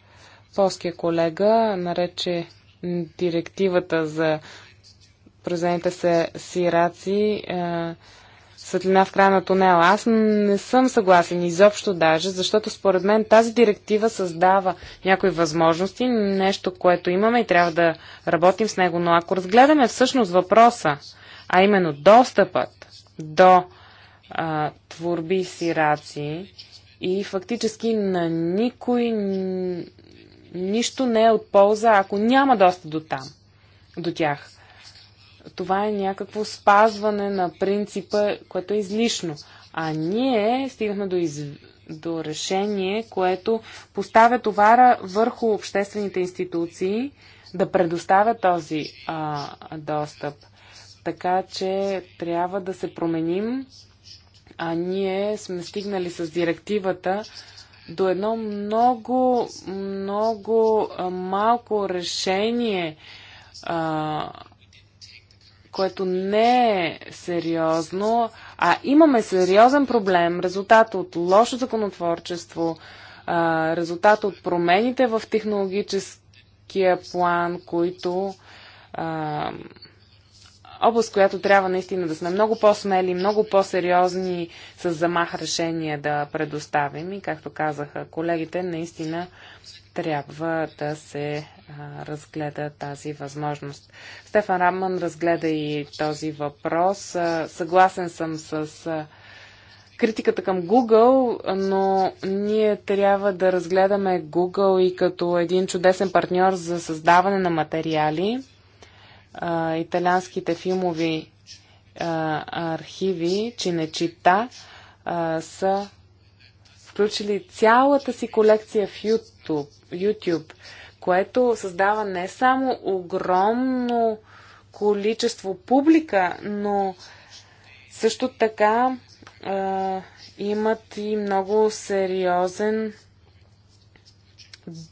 Полския колега нарече директивата за произведените се сираци е, светлина в края на тунела. Аз не съм съгласен изобщо даже, защото според мен тази директива създава някои възможности, нещо, което имаме и трябва да работим с него. Но ако разгледаме всъщност въпроса, а именно достъпът до а, творби сираци и фактически на никой нищо не е от полза, ако няма доста до там, до тях. Това е някакво спазване на принципа, което е излишно. А ние стигнахме до, из... до решение, което поставя товара върху обществените институции да предоставят този а, достъп. Така че трябва да се променим а ние сме стигнали с директивата до едно много, много малко решение, а, което не е сериозно, а имаме сериозен проблем, резултат от лошо законотворчество, а, резултат от промените в технологическия план, които а, област, която трябва наистина да сме много по-смели, много по-сериозни с замах решение да предоставим. И както казаха колегите, наистина трябва да се а, разгледа тази възможност. Стефан Рамман разгледа и този въпрос. А, съгласен съм с а, критиката към Google, но ние трябва да разгледаме Google и като един чудесен партньор за създаване на материали а, филмови а, архиви Чинечита а, са включили цялата си колекция в YouTube, YouTube, което създава не само огромно количество публика, но също така а, имат и много сериозен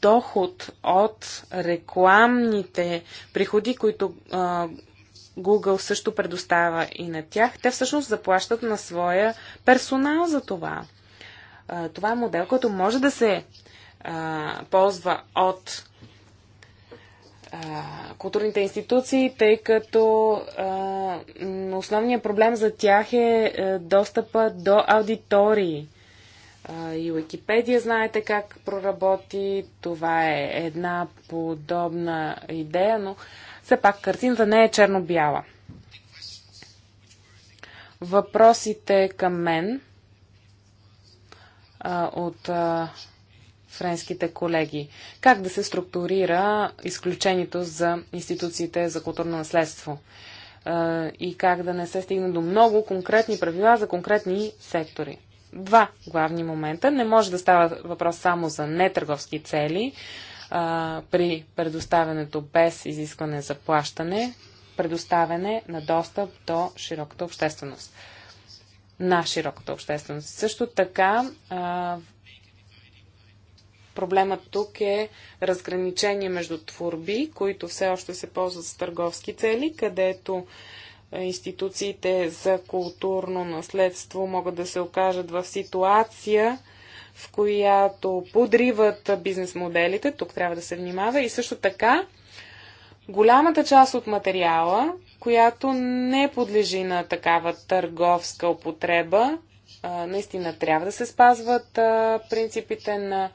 доход от рекламните приходи, които а, Google също предоставя и на тях, те всъщност заплащат на своя персонал за това. А, това е модел, който може да се а, ползва от културните институции, тъй като а, основният проблем за тях е, е достъпа до аудитории и Уикипедия знаете как проработи. Това е една подобна идея, но все пак картината не е черно-бяла. Въпросите към мен а, от а, френските колеги. Как да се структурира изключението за институциите за културно наследство? А, и как да не се стигне до много конкретни правила за конкретни сектори? два главни момента. Не може да става въпрос само за нетърговски цели а, при предоставянето без изискване за плащане, предоставяне на достъп до широката общественост. На широката общественост. Също така, а, проблемът тук е разграничение между творби, които все още се ползват с търговски цели, където институциите за културно наследство могат да се окажат в ситуация, в която подриват бизнес моделите, тук трябва да се внимава, и също така голямата част от материала, която не подлежи на такава търговска употреба, наистина трябва да се спазват принципите на,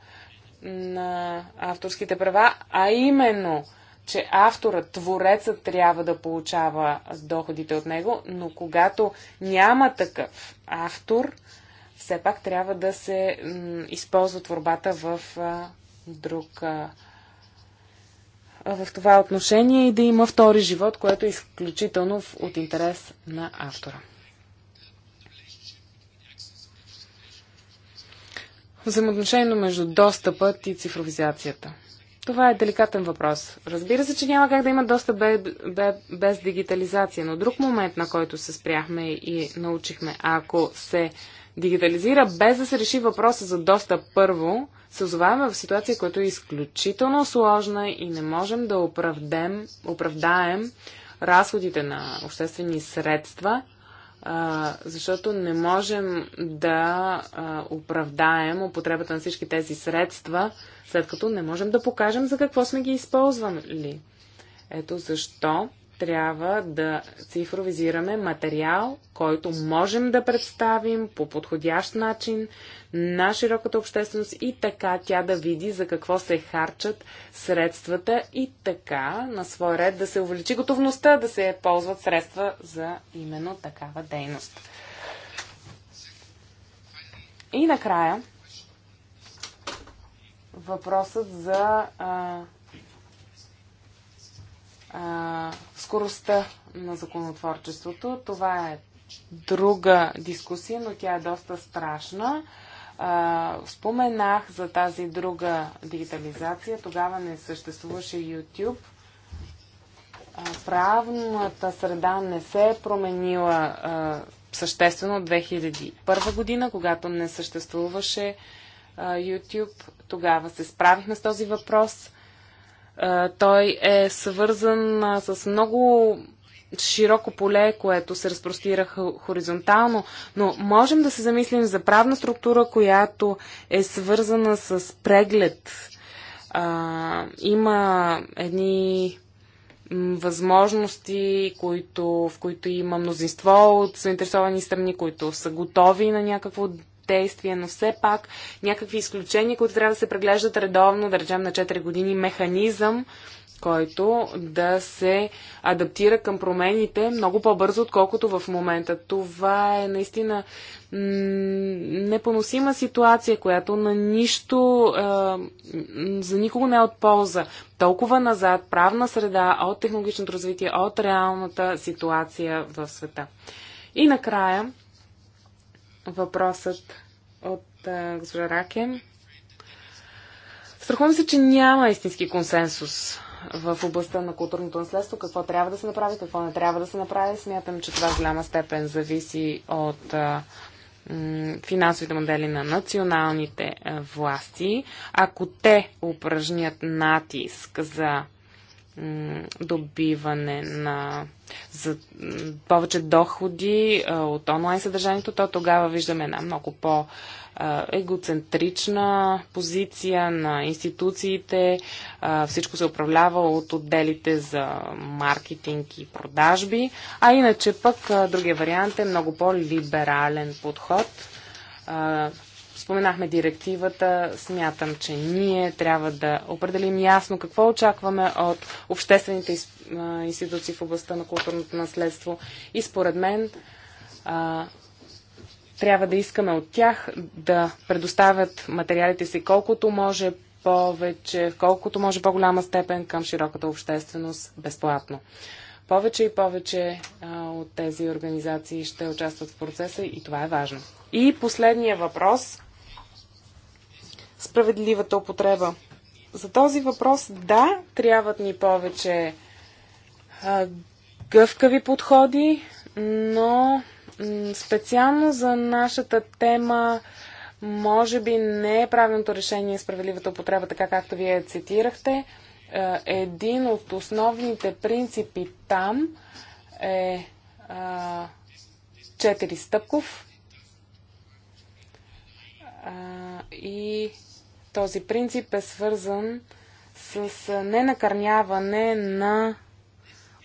на авторските права, а именно – че авторът, творецът трябва да получава доходите от него, но когато няма такъв автор, все пак трябва да се използва творбата в а, друг. А, в това отношение и да има втори живот, което е изключително от интерес на автора. Взаимоотношението между достъпът и цифровизацията. Това е деликатен въпрос. Разбира се, че няма как да има доста бе, бе, без дигитализация, но друг момент, на който се спряхме и научихме, ако се дигитализира без да се реши въпроса за доста първо, се озоваваме в ситуация, която е изключително сложна и не можем да оправдаем разходите на обществени средства а, защото не можем да а, оправдаем употребата на всички тези средства, след като не можем да покажем за какво сме ги използвали. Ето защо трябва да цифровизираме материал, който можем да представим по подходящ начин на широката общественост и така тя да види за какво се харчат средствата и така на свой ред да се увеличи готовността да се ползват средства за именно такава дейност. И накрая въпросът за а, а, скоростта на законотворчеството. Това е друга дискусия, но тя е доста страшна. А, споменах за тази друга дигитализация. Тогава не съществуваше YouTube. А, правната среда не се е променила а, съществено от 2001 година, когато не съществуваше YouTube. Тогава се справихме с този въпрос – той е свързан с много широко поле, което се разпростира хоризонтално, но можем да се замислим за правна структура, която е свързана с преглед. има едни възможности, които, в които има мнозинство от заинтересовани страни, които са готови на някакво действия, но все пак някакви изключения, които трябва да се преглеждат редовно, да речем на 4 години, механизъм, който да се адаптира към промените много по-бързо, отколкото в момента. Това е наистина непоносима ситуация, която на нищо, е, за никого не е от полза. Толкова назад правна среда от технологичното развитие, от реалната ситуация в света. И накрая, въпросът от а, госпожа Ракен. Страхувам се, че няма истински консенсус в областта на културното наследство, какво трябва да се направи, какво не трябва да се направи. Смятам, че това в голяма степен зависи от а, финансовите модели на националните а, власти. Ако те упражнят натиск за добиване на за повече доходи а, от онлайн съдържанието, то тогава виждаме една много по- егоцентрична позиция на институциите. А, всичко се управлява от отделите за маркетинг и продажби. А иначе пък а, другия вариант е много по-либерален подход. Споменахме директивата. Смятам, че ние трябва да определим ясно какво очакваме от обществените институции в областта на културното наследство. И според мен а, трябва да искаме от тях да предоставят материалите си колкото може повече, в колкото може по-голяма степен към широката общественост безплатно. Повече и повече а, от тези организации ще участват в процеса и това е важно. И последния въпрос – справедливата употреба. За този въпрос, да, трябват ни повече а, гъвкави подходи, но специално за нашата тема може би не е правилното решение справедливата употреба, така както вие цитирахте. Един от основните принципи там е четиристъпков и този принцип е свързан с ненакърняване на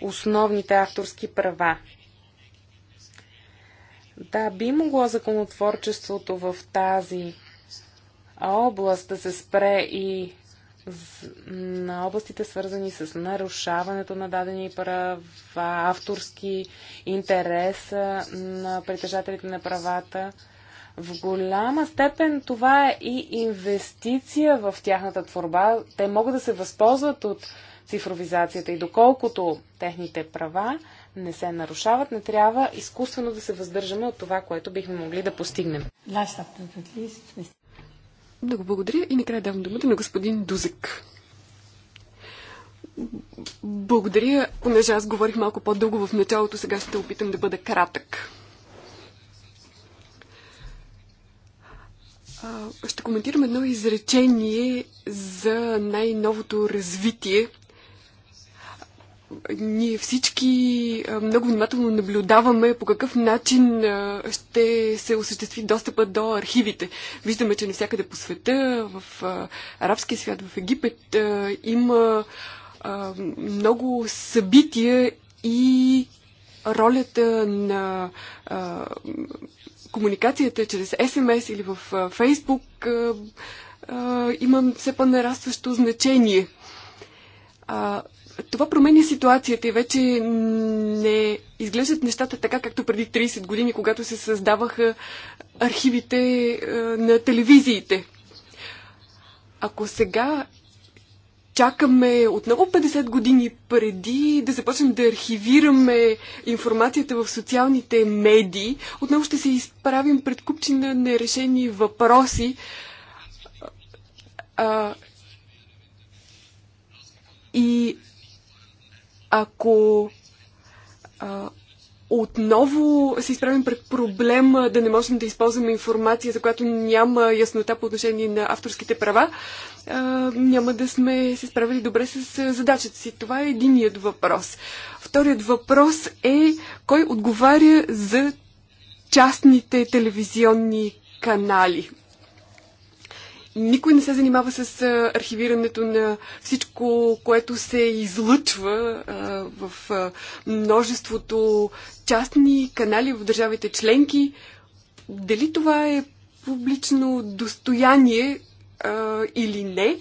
основните авторски права. Да, би могло законотворчеството в тази област да се спре и на областите свързани с нарушаването на дадени права, авторски интерес на притежателите на правата в голяма степен това е и инвестиция в тяхната творба. Те могат да се възползват от цифровизацията и доколкото техните права не се нарушават, не трябва изкуствено да се въздържаме от това, което бихме могли да постигнем. Много благодаря и накрая давам думата на господин Дузек. Благодаря, понеже аз говорих малко по-дълго в началото, сега ще опитам да бъда кратък. Ще коментирам едно изречение за най-новото развитие. Ние всички много внимателно наблюдаваме по какъв начин ще се осъществи достъпа до архивите. Виждаме, че навсякъде по света, в арабския свят, в Египет, има много събития и ролята на комуникацията чрез СМС или в Фейсбук има все по-нарастващо значение. А, това променя ситуацията и вече не изглеждат нещата така, както преди 30 години, когато се създаваха архивите на телевизиите. Ако сега чакаме отново 50 години преди да започнем да архивираме информацията в социалните медии, отново ще се изправим пред купчина нерешени въпроси. А, и ако а, отново се изправим пред проблема да не можем да използваме информация, за която няма яснота по отношение на авторските права, а, няма да сме се справили добре с задачата си. Това е единият въпрос. Вторият въпрос е кой отговаря за частните телевизионни канали. Никой не се занимава с архивирането на всичко, което се излъчва в множеството частни канали в държавите членки. Дали това е публично достояние или не?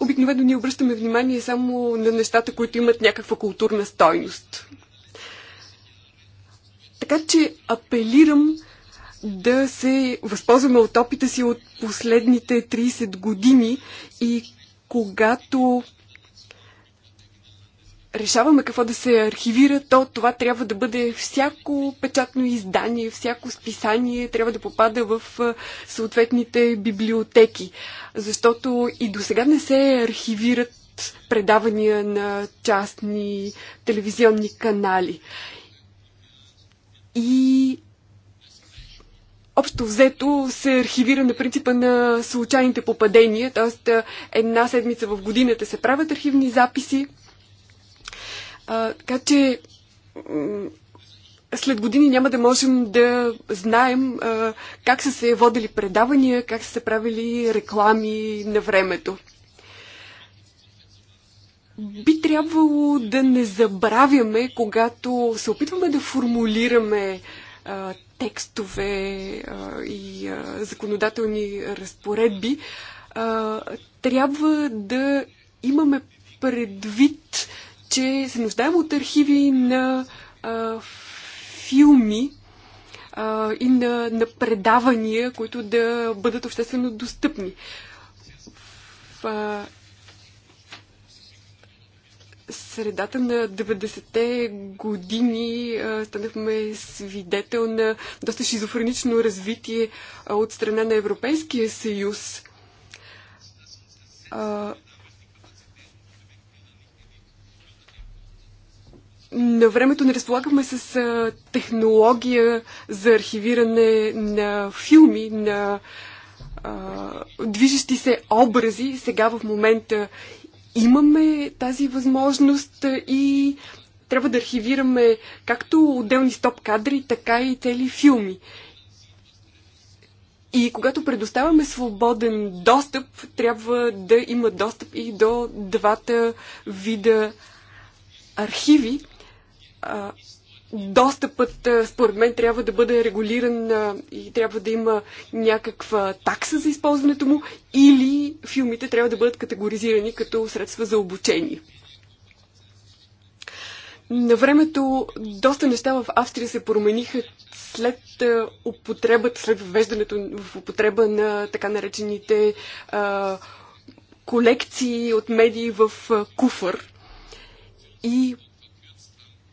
Обикновено ние обръщаме внимание само на нещата, които имат някаква културна стойност. Така че апелирам да се възползваме от опита си от последните 30 години и когато решаваме какво да се архивира, то това трябва да бъде всяко печатно издание, всяко списание трябва да попада в съответните библиотеки. Защото и до сега не се архивират предавания на частни телевизионни канали. И общо взето се архивира на принципа на случайните попадения, т.е. една седмица в годината се правят архивни записи. А, така че след години няма да можем да знаем а, как са се водили предавания, как са се правили реклами на времето. Би трябвало да не забравяме, когато се опитваме да формулираме а, текстове и законодателни разпоредби, трябва да имаме предвид, че се нуждаем от архиви на а, филми а, и на, на предавания, които да бъдат обществено достъпни. В а, средата на 90-те години станахме свидетел на доста шизофренично развитие от страна на Европейския съюз. на времето не разполагахме с технология за архивиране на филми, на движещи се образи. Сега в момента имаме тази възможност и трябва да архивираме както отделни стоп кадри, така и цели филми. И когато предоставяме свободен достъп, трябва да има достъп и до двата вида архиви достъпът, според мен, трябва да бъде регулиран и трябва да има някаква такса за използването му или филмите трябва да бъдат категоризирани като средства за обучение. На времето доста неща в Австрия се промениха след употребата, след въвеждането в употреба на така наречените а, колекции от медии в куфър. И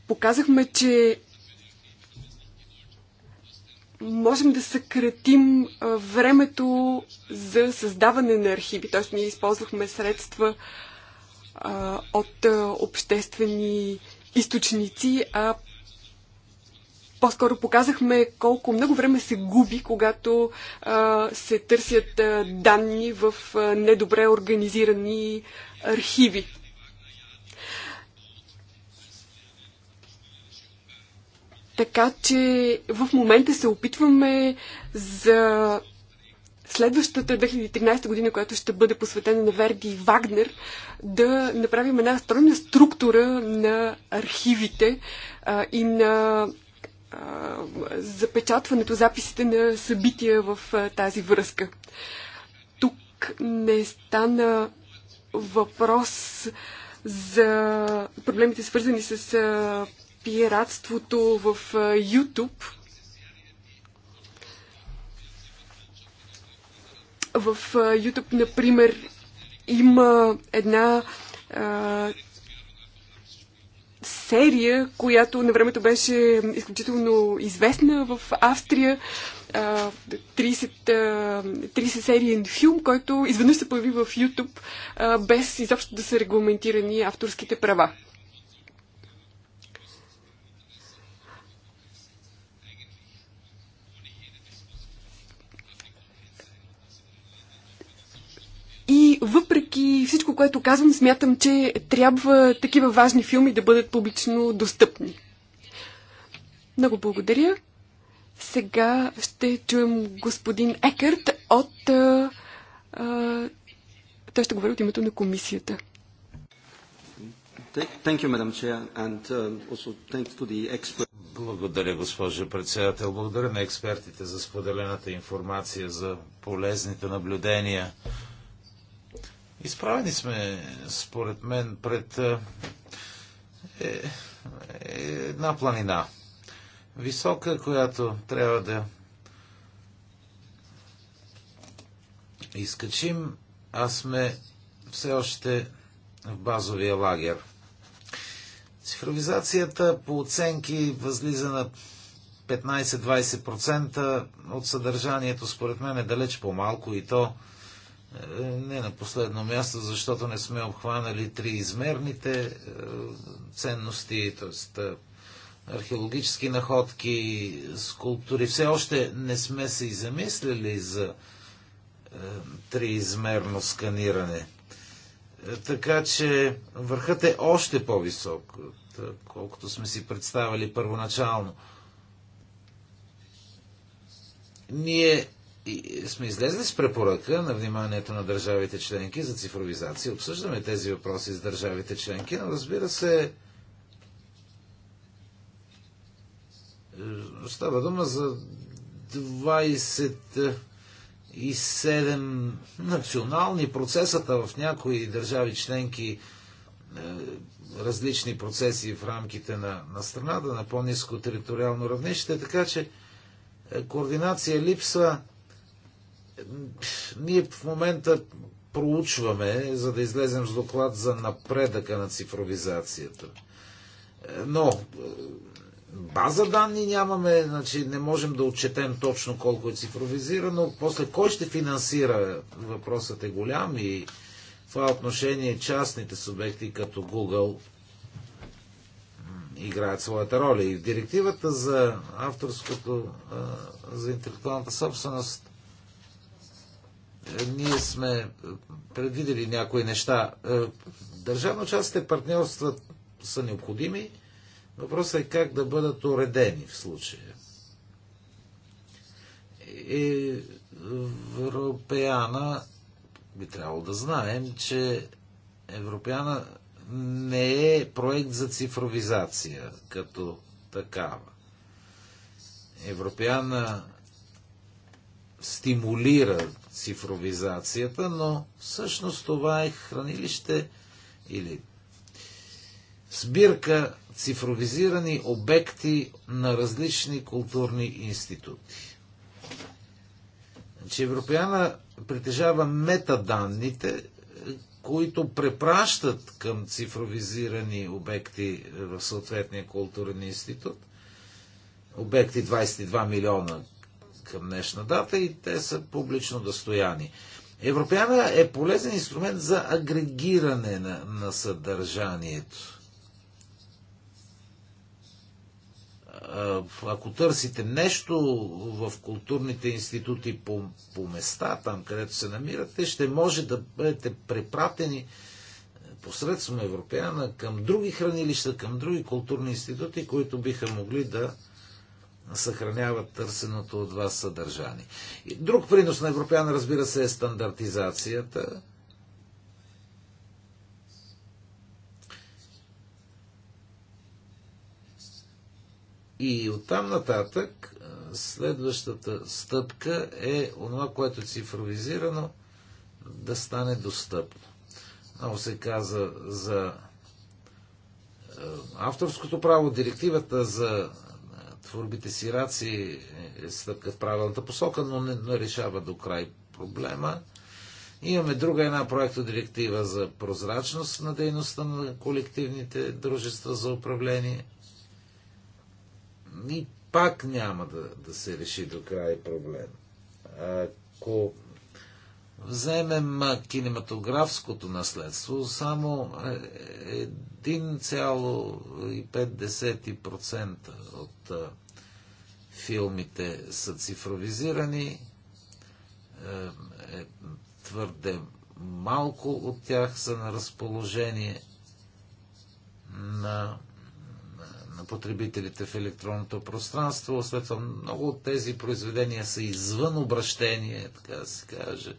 показахме, че можем да съкратим времето за създаване на архиви. Т.е. ние използвахме средства от обществени източници, а по-скоро показахме колко много време се губи, когато а, се търсят а, данни в а, недобре организирани архиви. Така че в момента се опитваме за следващата 2013 година, която ще бъде посветена на Верди и Вагнер, да направим една стройна структура на архивите а, и на а, запечатването, записите на събития в а, тази връзка. Тук не стана въпрос за проблемите свързани с а, пиратството в YouTube. В YouTube, например, има една а, серия, която на времето беше изключително известна в Австрия. 30, 30 сериен филм, който изведнъж се появи в YouTube, без изобщо да са регламентирани авторските права. въпреки всичко, което казвам, смятам, че трябва такива важни филми да бъдат публично достъпни. Много благодаря. Сега ще чуем господин Екърт от... А, а, той ще говори от името на комисията. Благодаря, госпожо председател. Благодаря на експертите за споделената информация, за полезните наблюдения. Изправени сме, според мен, пред е, е, една планина. Висока, която трябва да изкачим, а сме все още в базовия лагер. Цифровизацията по оценки възлиза на 15-20% от съдържанието, според мен е далеч по-малко и то не на последно място, защото не сме обхванали триизмерните е, ценности, т.е. археологически находки, скулптури. Все още не сме се и замислили за е, триизмерно сканиране. Е, така че върхът е още по-висок, колкото сме си представили първоначално. Ние и сме излезли с препоръка на вниманието на държавите членки за цифровизация. Обсъждаме тези въпроси с държавите членки, но разбира се, е, става дума за 27 национални процесата в някои държави членки е, различни процеси в рамките на, на страната, на по-низко териториално равнище, така че е, координация липсва. Ние в момента проучваме, за да излезем с доклад за напредъка на цифровизацията. Но база данни нямаме, значи не можем да отчетем точно колко е цифровизирано. После кой ще финансира? Въпросът е голям и в това отношение частните субекти като Google играят своята роля. И в директивата за авторското, за интелектуалната собственост ние сме е, предвидели някои неща. Е, държавно-частните партньорства са необходими. Въпросът е как да бъдат уредени в случая. Европеяна би трябвало да знаем, че Европеяна не е проект за цифровизация като такава. Европеяна стимулира цифровизацията, но всъщност това е хранилище или сбирка цифровизирани обекти на различни културни институти. Че значи, Европеяна притежава метаданните, които препращат към цифровизирани обекти в съответния културен институт. Обекти 22 милиона към днешна дата и те са публично достояни. Европеана е полезен инструмент за агрегиране на, на съдържанието. Ако търсите нещо в културните институти по, по места, там където се намирате, ще може да бъдете препратени е, посредством Европеана към други хранилища, към други културни институти, които биха могли да съхраняват търсеното от вас съдържание. И друг принос на Европеана, разбира се, е стандартизацията. И оттам нататък следващата стъпка е онова, което е цифровизирано, да стане достъпно. Много се каза за авторското право, директивата за творбите си раци е, е стъпка в правилната посока, но не, не решава до край проблема. Имаме друга една директива за прозрачност на дейността на колективните дружества за управление. И пак няма да, да се реши до край проблем. Ако вземем кинематографското наследство, само е, 1,5% от филмите са цифровизирани. Е, е, твърде малко от тях са на разположение на, на потребителите в електронното пространство. Освен това, много от тези произведения са извън обращение, така да се каже.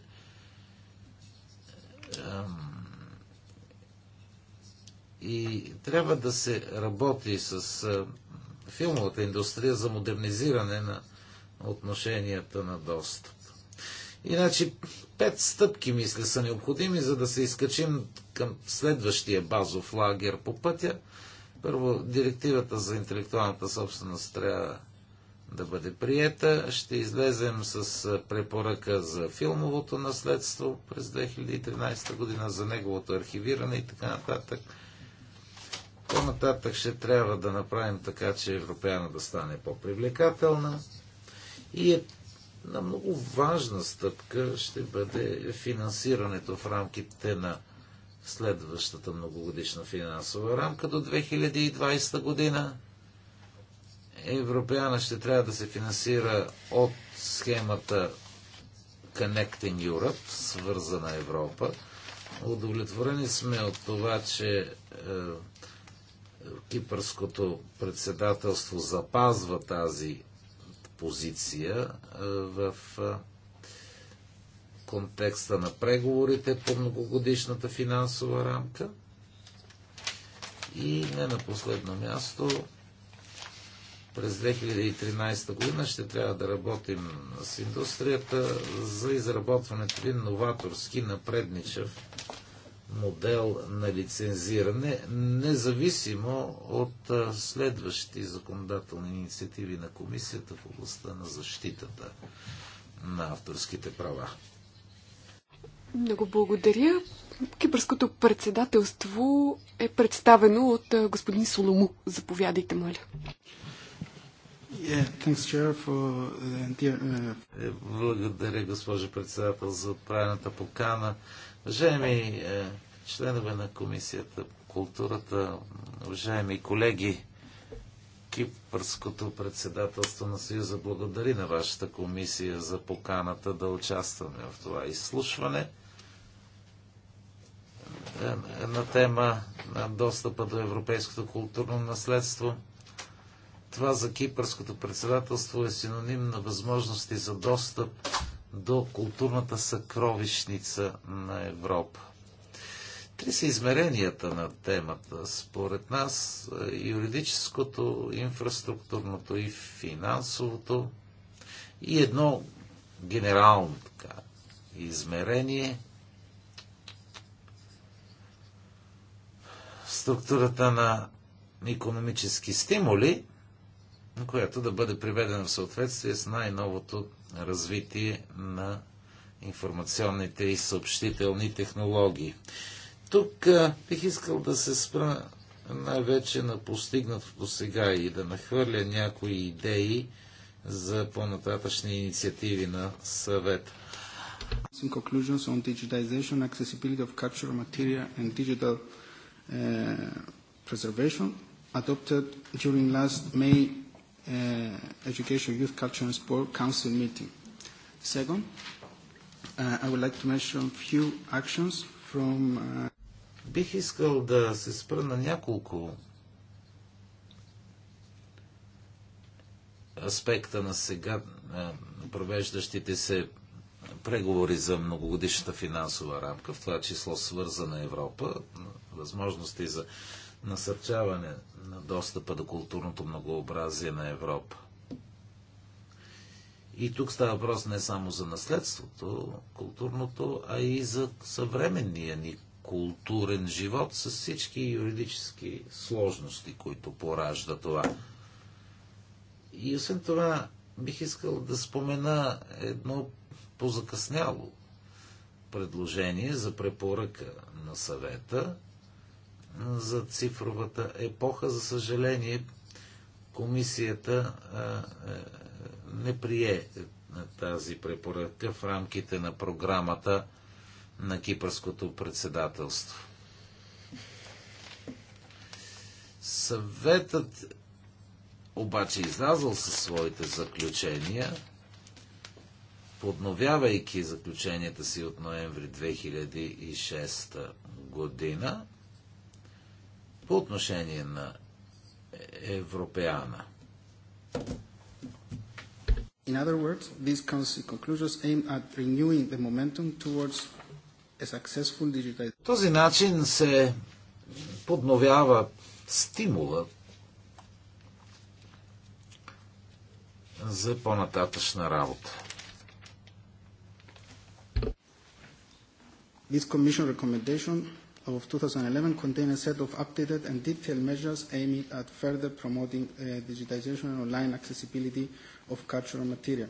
И трябва да се работи с филмовата индустрия за модернизиране на отношенията на достъп. Иначе пет стъпки, мисля, са необходими, за да се изкачим към следващия базов лагер по пътя. Първо, директивата за интелектуалната собственост трябва да бъде приета. Ще излезем с препоръка за филмовото наследство през 2013 година, за неговото архивиране и така нататък. По-нататък ще трябва да направим така, че Европеяна да стане по-привлекателна. И е на много важна стъпка ще бъде финансирането в рамките на следващата многогодишна финансова рамка до 2020 година. Европеяна ще трябва да се финансира от схемата Connecting Europe, свързана Европа. Удовлетворени сме от това, че е, Кипърското председателство запазва тази позиция е, в е, контекста на преговорите по многогодишната финансова рамка. И не на последно място, през 2013 година ще трябва да работим с индустрията за изработването един новаторски напредничав модел на лицензиране, независимо от следващи законодателни инициативи на комисията в областта на защитата на авторските права. Много благодаря. Кипърското председателство е представено от господин Солому. Заповядайте, моля. Yeah, thanks, Chair, for the... Uh, uh, е, благодаря, госпожо председател, за отправената покана. Уважаеми е, членове на Комисията по културата, уважаеми колеги, Кипърското председателство на Съюза благодари на вашата комисия за поканата да участваме в това изслушване е, на тема на достъпа до европейското културно наследство. Това за Кипърското председателство е синоним на възможности за достъп до културната съкровищница на Европа. Три са измеренията на темата. Според нас е, юридическото, инфраструктурното и финансовото и едно генерално така, измерение структурата на економически стимули, която да бъде приведена в съответствие с най-новото развитие на информационните и съобщителни технологии. Тук а, бих искал да се спра най-вече на постигнатото сега и да нахвърля някои идеи за по-нататъчни инициативи на съвет. In conclusions on digitization, accessibility of capture material and digital uh, preservation adopted during last May uh, Education, Youth, Culture and Sport Council meeting. Second, uh, I would like to mention a few actions from... Uh... Бих искал да се спра на няколко аспекта на сега е, провеждащите се преговори за многогодишната финансова рамка, в това число свързана Европа, възможности за uh, насърчаване на достъпа до културното многообразие на Европа. И тук става въпрос не само за наследството, културното, а и за съвременния ни културен живот с всички юридически сложности, които поражда това. И освен това, бих искал да спомена едно позакъсняло предложение за препоръка на съвета – за цифровата епоха. За съжаление, комисията не прие тази препоръка в рамките на програмата на кипърското председателство. Съветът обаче излязъл със своите заключения, подновявайки заключенията си от ноември 2006 година, по отношение на Европеана. In other words, these council conclusions aim at renewing the momentum towards a successful digitization. Този начин се подновява стимула за по-нататъчна работа. This commission recommendation of 2011 contain a set of updated and detailed measures aimed at further promoting uh, digitization and online accessibility of cultural material.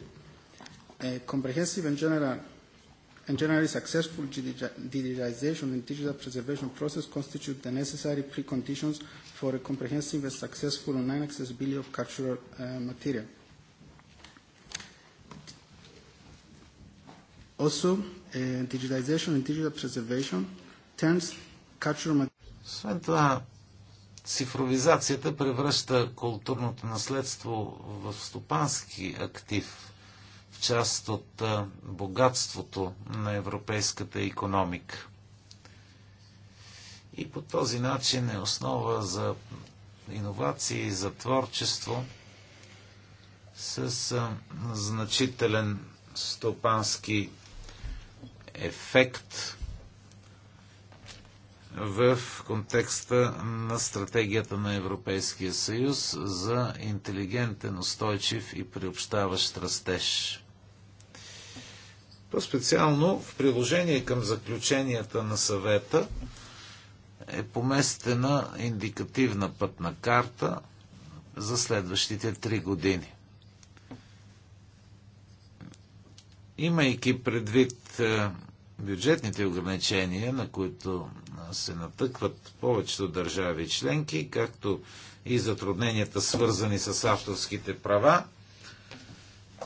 A comprehensive and general and generally successful digitization and digital preservation process constitute the necessary preconditions for a comprehensive and successful online accessibility of cultural uh, material. Also, uh, digitization and digital preservation turns освен това, цифровизацията превръща културното наследство в стопански актив, в част от богатството на европейската економика. И по този начин е основа за иновации, за творчество с значителен стопански ефект, в контекста на стратегията на Европейския съюз за интелигентен, устойчив и приобщаващ растеж. По-специално в приложение към заключенията на съвета е поместена индикативна пътна карта за следващите три години. Имайки предвид е, бюджетните ограничения, на които се натъкват повечето държави членки, както и затрудненията свързани с авторските права,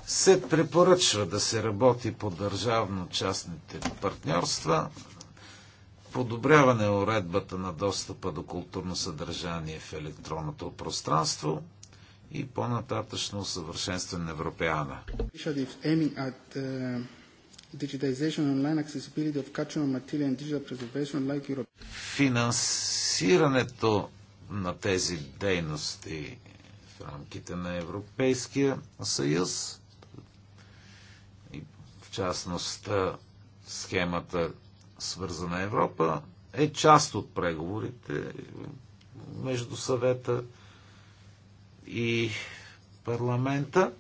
се препоръчва да се работи по държавно-частните партньорства, подобряване уредбата на достъпа до културно съдържание в електронното пространство и по-нататъчно усъвършенстване на Европеана digitization, online accessibility of cultural material and digital preservation like Europe. Финансирането на тези дейности в рамките на Европейския съюз и в частност схемата свързана Европа е част от преговорите между съвета и парламента.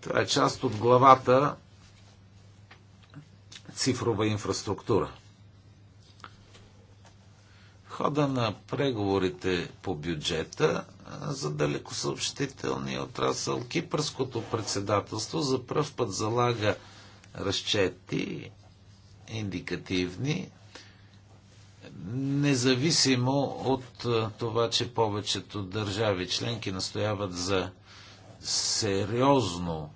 Това е част от главата цифрова инфраструктура. В хода на преговорите по бюджета за далекосъобщителния отрасъл Кипърското председателство за пръв път залага разчети индикативни, независимо от това, че повечето държави членки настояват за сериозно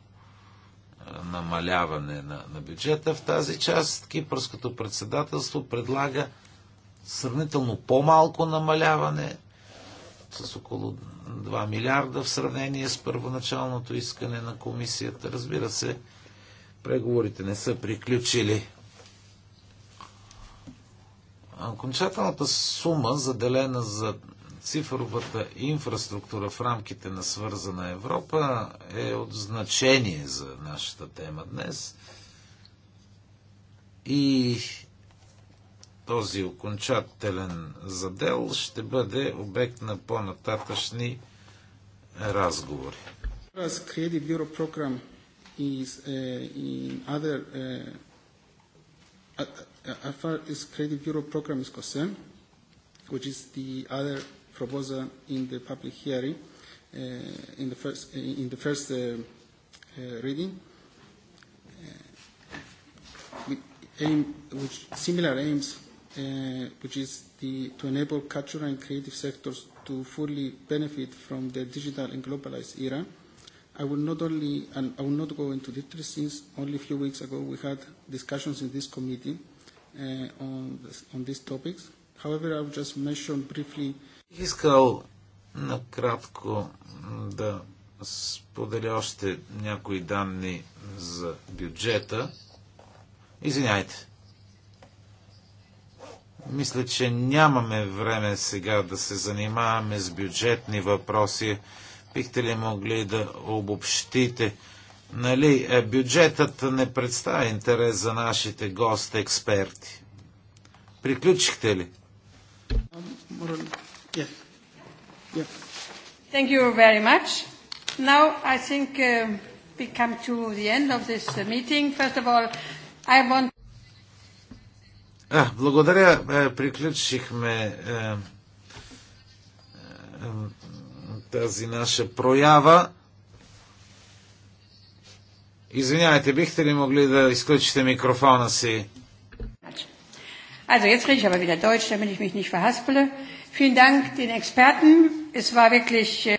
намаляване на, бюджета. В тази част Кипърското председателство предлага сравнително по-малко намаляване с около 2 милиарда в сравнение с първоначалното искане на комисията. Разбира се, преговорите не са приключили. Окончателната сума, заделена за цифровата инфраструктура в рамките на свързана Европа е от значение за нашата тема днес. И този окончателен задел ще бъде обект на по-нататъчни разговори. is uh, in other uh, as far as program is concerned, which is the other proposal in the public hearing uh, in the first, in the first uh, uh, reading. Uh, aim, which similar aims, uh, which is the, to enable cultural and creative sectors to fully benefit from the digital and globalized era. I will not only, and I will not go into detail since only a few weeks ago we had discussions in this committee uh, on, this, on these topics. However, I will just mention briefly Искал накратко да споделя още някои данни за бюджета. Извиняйте. Мисля, че нямаме време сега да се занимаваме с бюджетни въпроси. Бихте ли могли да обобщите? Нали, е, бюджетът не представя интерес за нашите гост-експерти. Приключихте ли? Yes. Yes. Thank you very much. Now I think uh, we come to the end of this uh, meeting. First of all, I want. А, благодаря. Приключихме е, е, тази наша проява. Извинявайте, бихте ли могли да изключите микрофона си? Also jetzt rede ich aber wieder Deutsch, damit ich mich nicht verhaspele. Vielen Dank den Experten. Es war wirklich äh,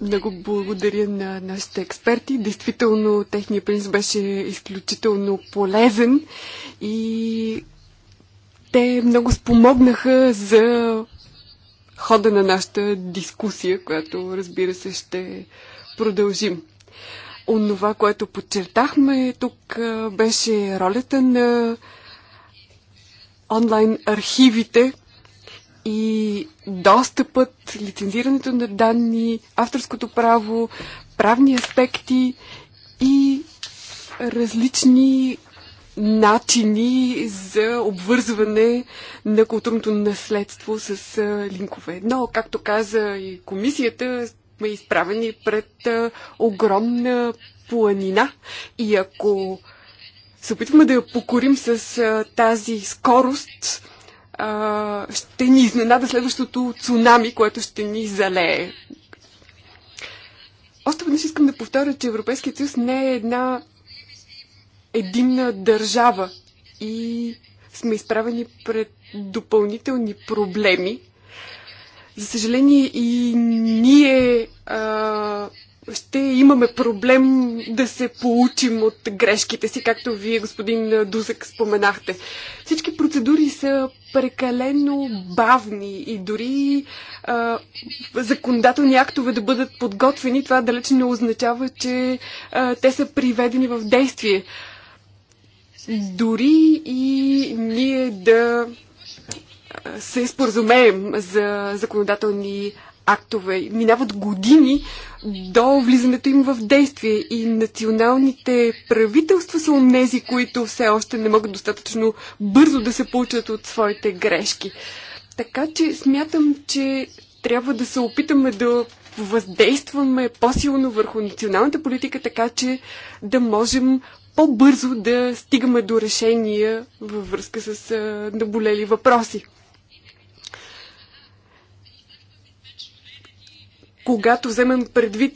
много благодаря на нашите експерти. Действително, техният принц беше изключително полезен и те много спомогнаха за хода на нашата дискусия, която разбира се ще продължим. Онова, което подчертахме тук, беше ролята на онлайн архивите, и достъпът, лицензирането на данни, авторското право, правни аспекти и различни начини за обвързване на културното наследство с линкове. Но, както каза и комисията, сме изправени пред огромна планина и ако се опитваме да я покорим с тази скорост, а, ще ни изненада следващото цунами, което ще ни залее. Още веднъж искам да повторя, че Европейският съюз не е една единна държава и сме изправени пред допълнителни проблеми. За съжаление и ние а, ще имаме проблем да се получим от грешките си, както вие, господин Дузък, споменахте. Всички процедури са прекалено бавни и дори а, законодателни актове да бъдат подготвени, това далеч не означава, че а, те са приведени в действие. Дори и ние да се споразумеем за законодателни актове. Минават години до влизането им в действие и националните правителства са онези, които все още не могат достатъчно бързо да се получат от своите грешки. Така че смятам, че трябва да се опитаме да въздействаме по-силно върху националната политика, така че да можем по-бързо да стигаме до решения във връзка с наболели въпроси. когато вземем предвид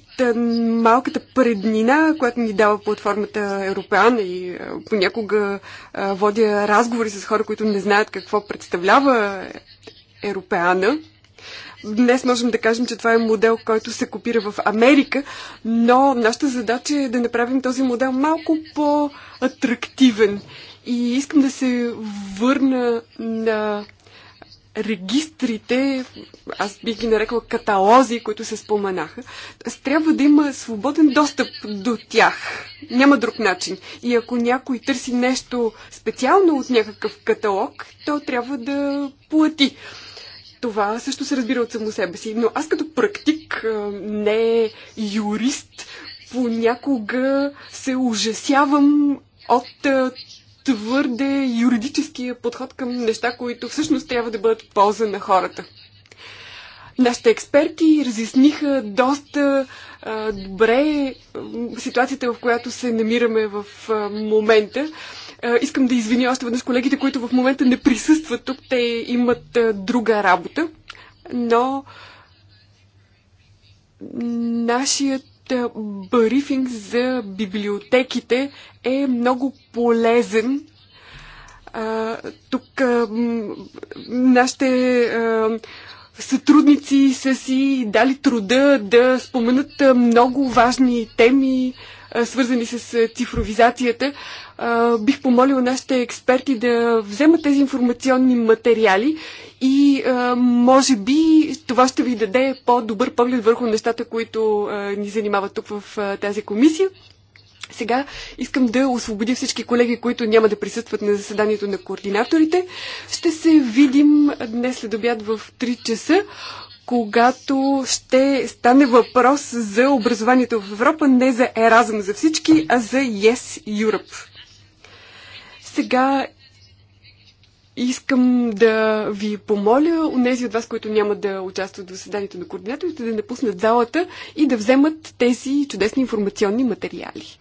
малката преднина, която ни дава платформата Европеан и понякога водя разговори с хора, които не знаят какво представлява Европеана. Днес можем да кажем, че това е модел, който се копира в Америка, но нашата задача е да направим този модел малко по-атрактивен. И искам да се върна на регистрите, аз бих ги нарекла каталози, които се споменаха, трябва да има свободен достъп до тях. Няма друг начин. И ако някой търси нещо специално от някакъв каталог, то трябва да плати. Това също се разбира от само себе си. Но аз като практик, не юрист, понякога се ужасявам от твърде юридическия подход към неща, които всъщност трябва да бъдат полза на хората. Нашите експерти разясниха доста а, добре ситуацията, в която се намираме в а, момента. А, искам да извиня още веднъж колегите, които в момента не присъстват тук. Те имат а, друга работа, но нашият е, брифинг за библиотеките е много полезен. А, тук а, нашите а, сътрудници са си дали труда да споменат много важни теми, свързани с цифровизацията, бих помолила нашите експерти да вземат тези информационни материали и може би това ще ви даде по-добър поглед върху нещата, които ни занимават тук в тази комисия. Сега искам да освободя всички колеги, които няма да присъстват на заседанието на координаторите. Ще се видим днес след обяд в 3 часа когато ще стане въпрос за образованието в Европа, не за Еразъм за всички, а за Yes Europe. Сега искам да ви помоля, у нези от вас, които няма да участват в заседанието на координаторите, да напуснат залата и да вземат тези чудесни информационни материали.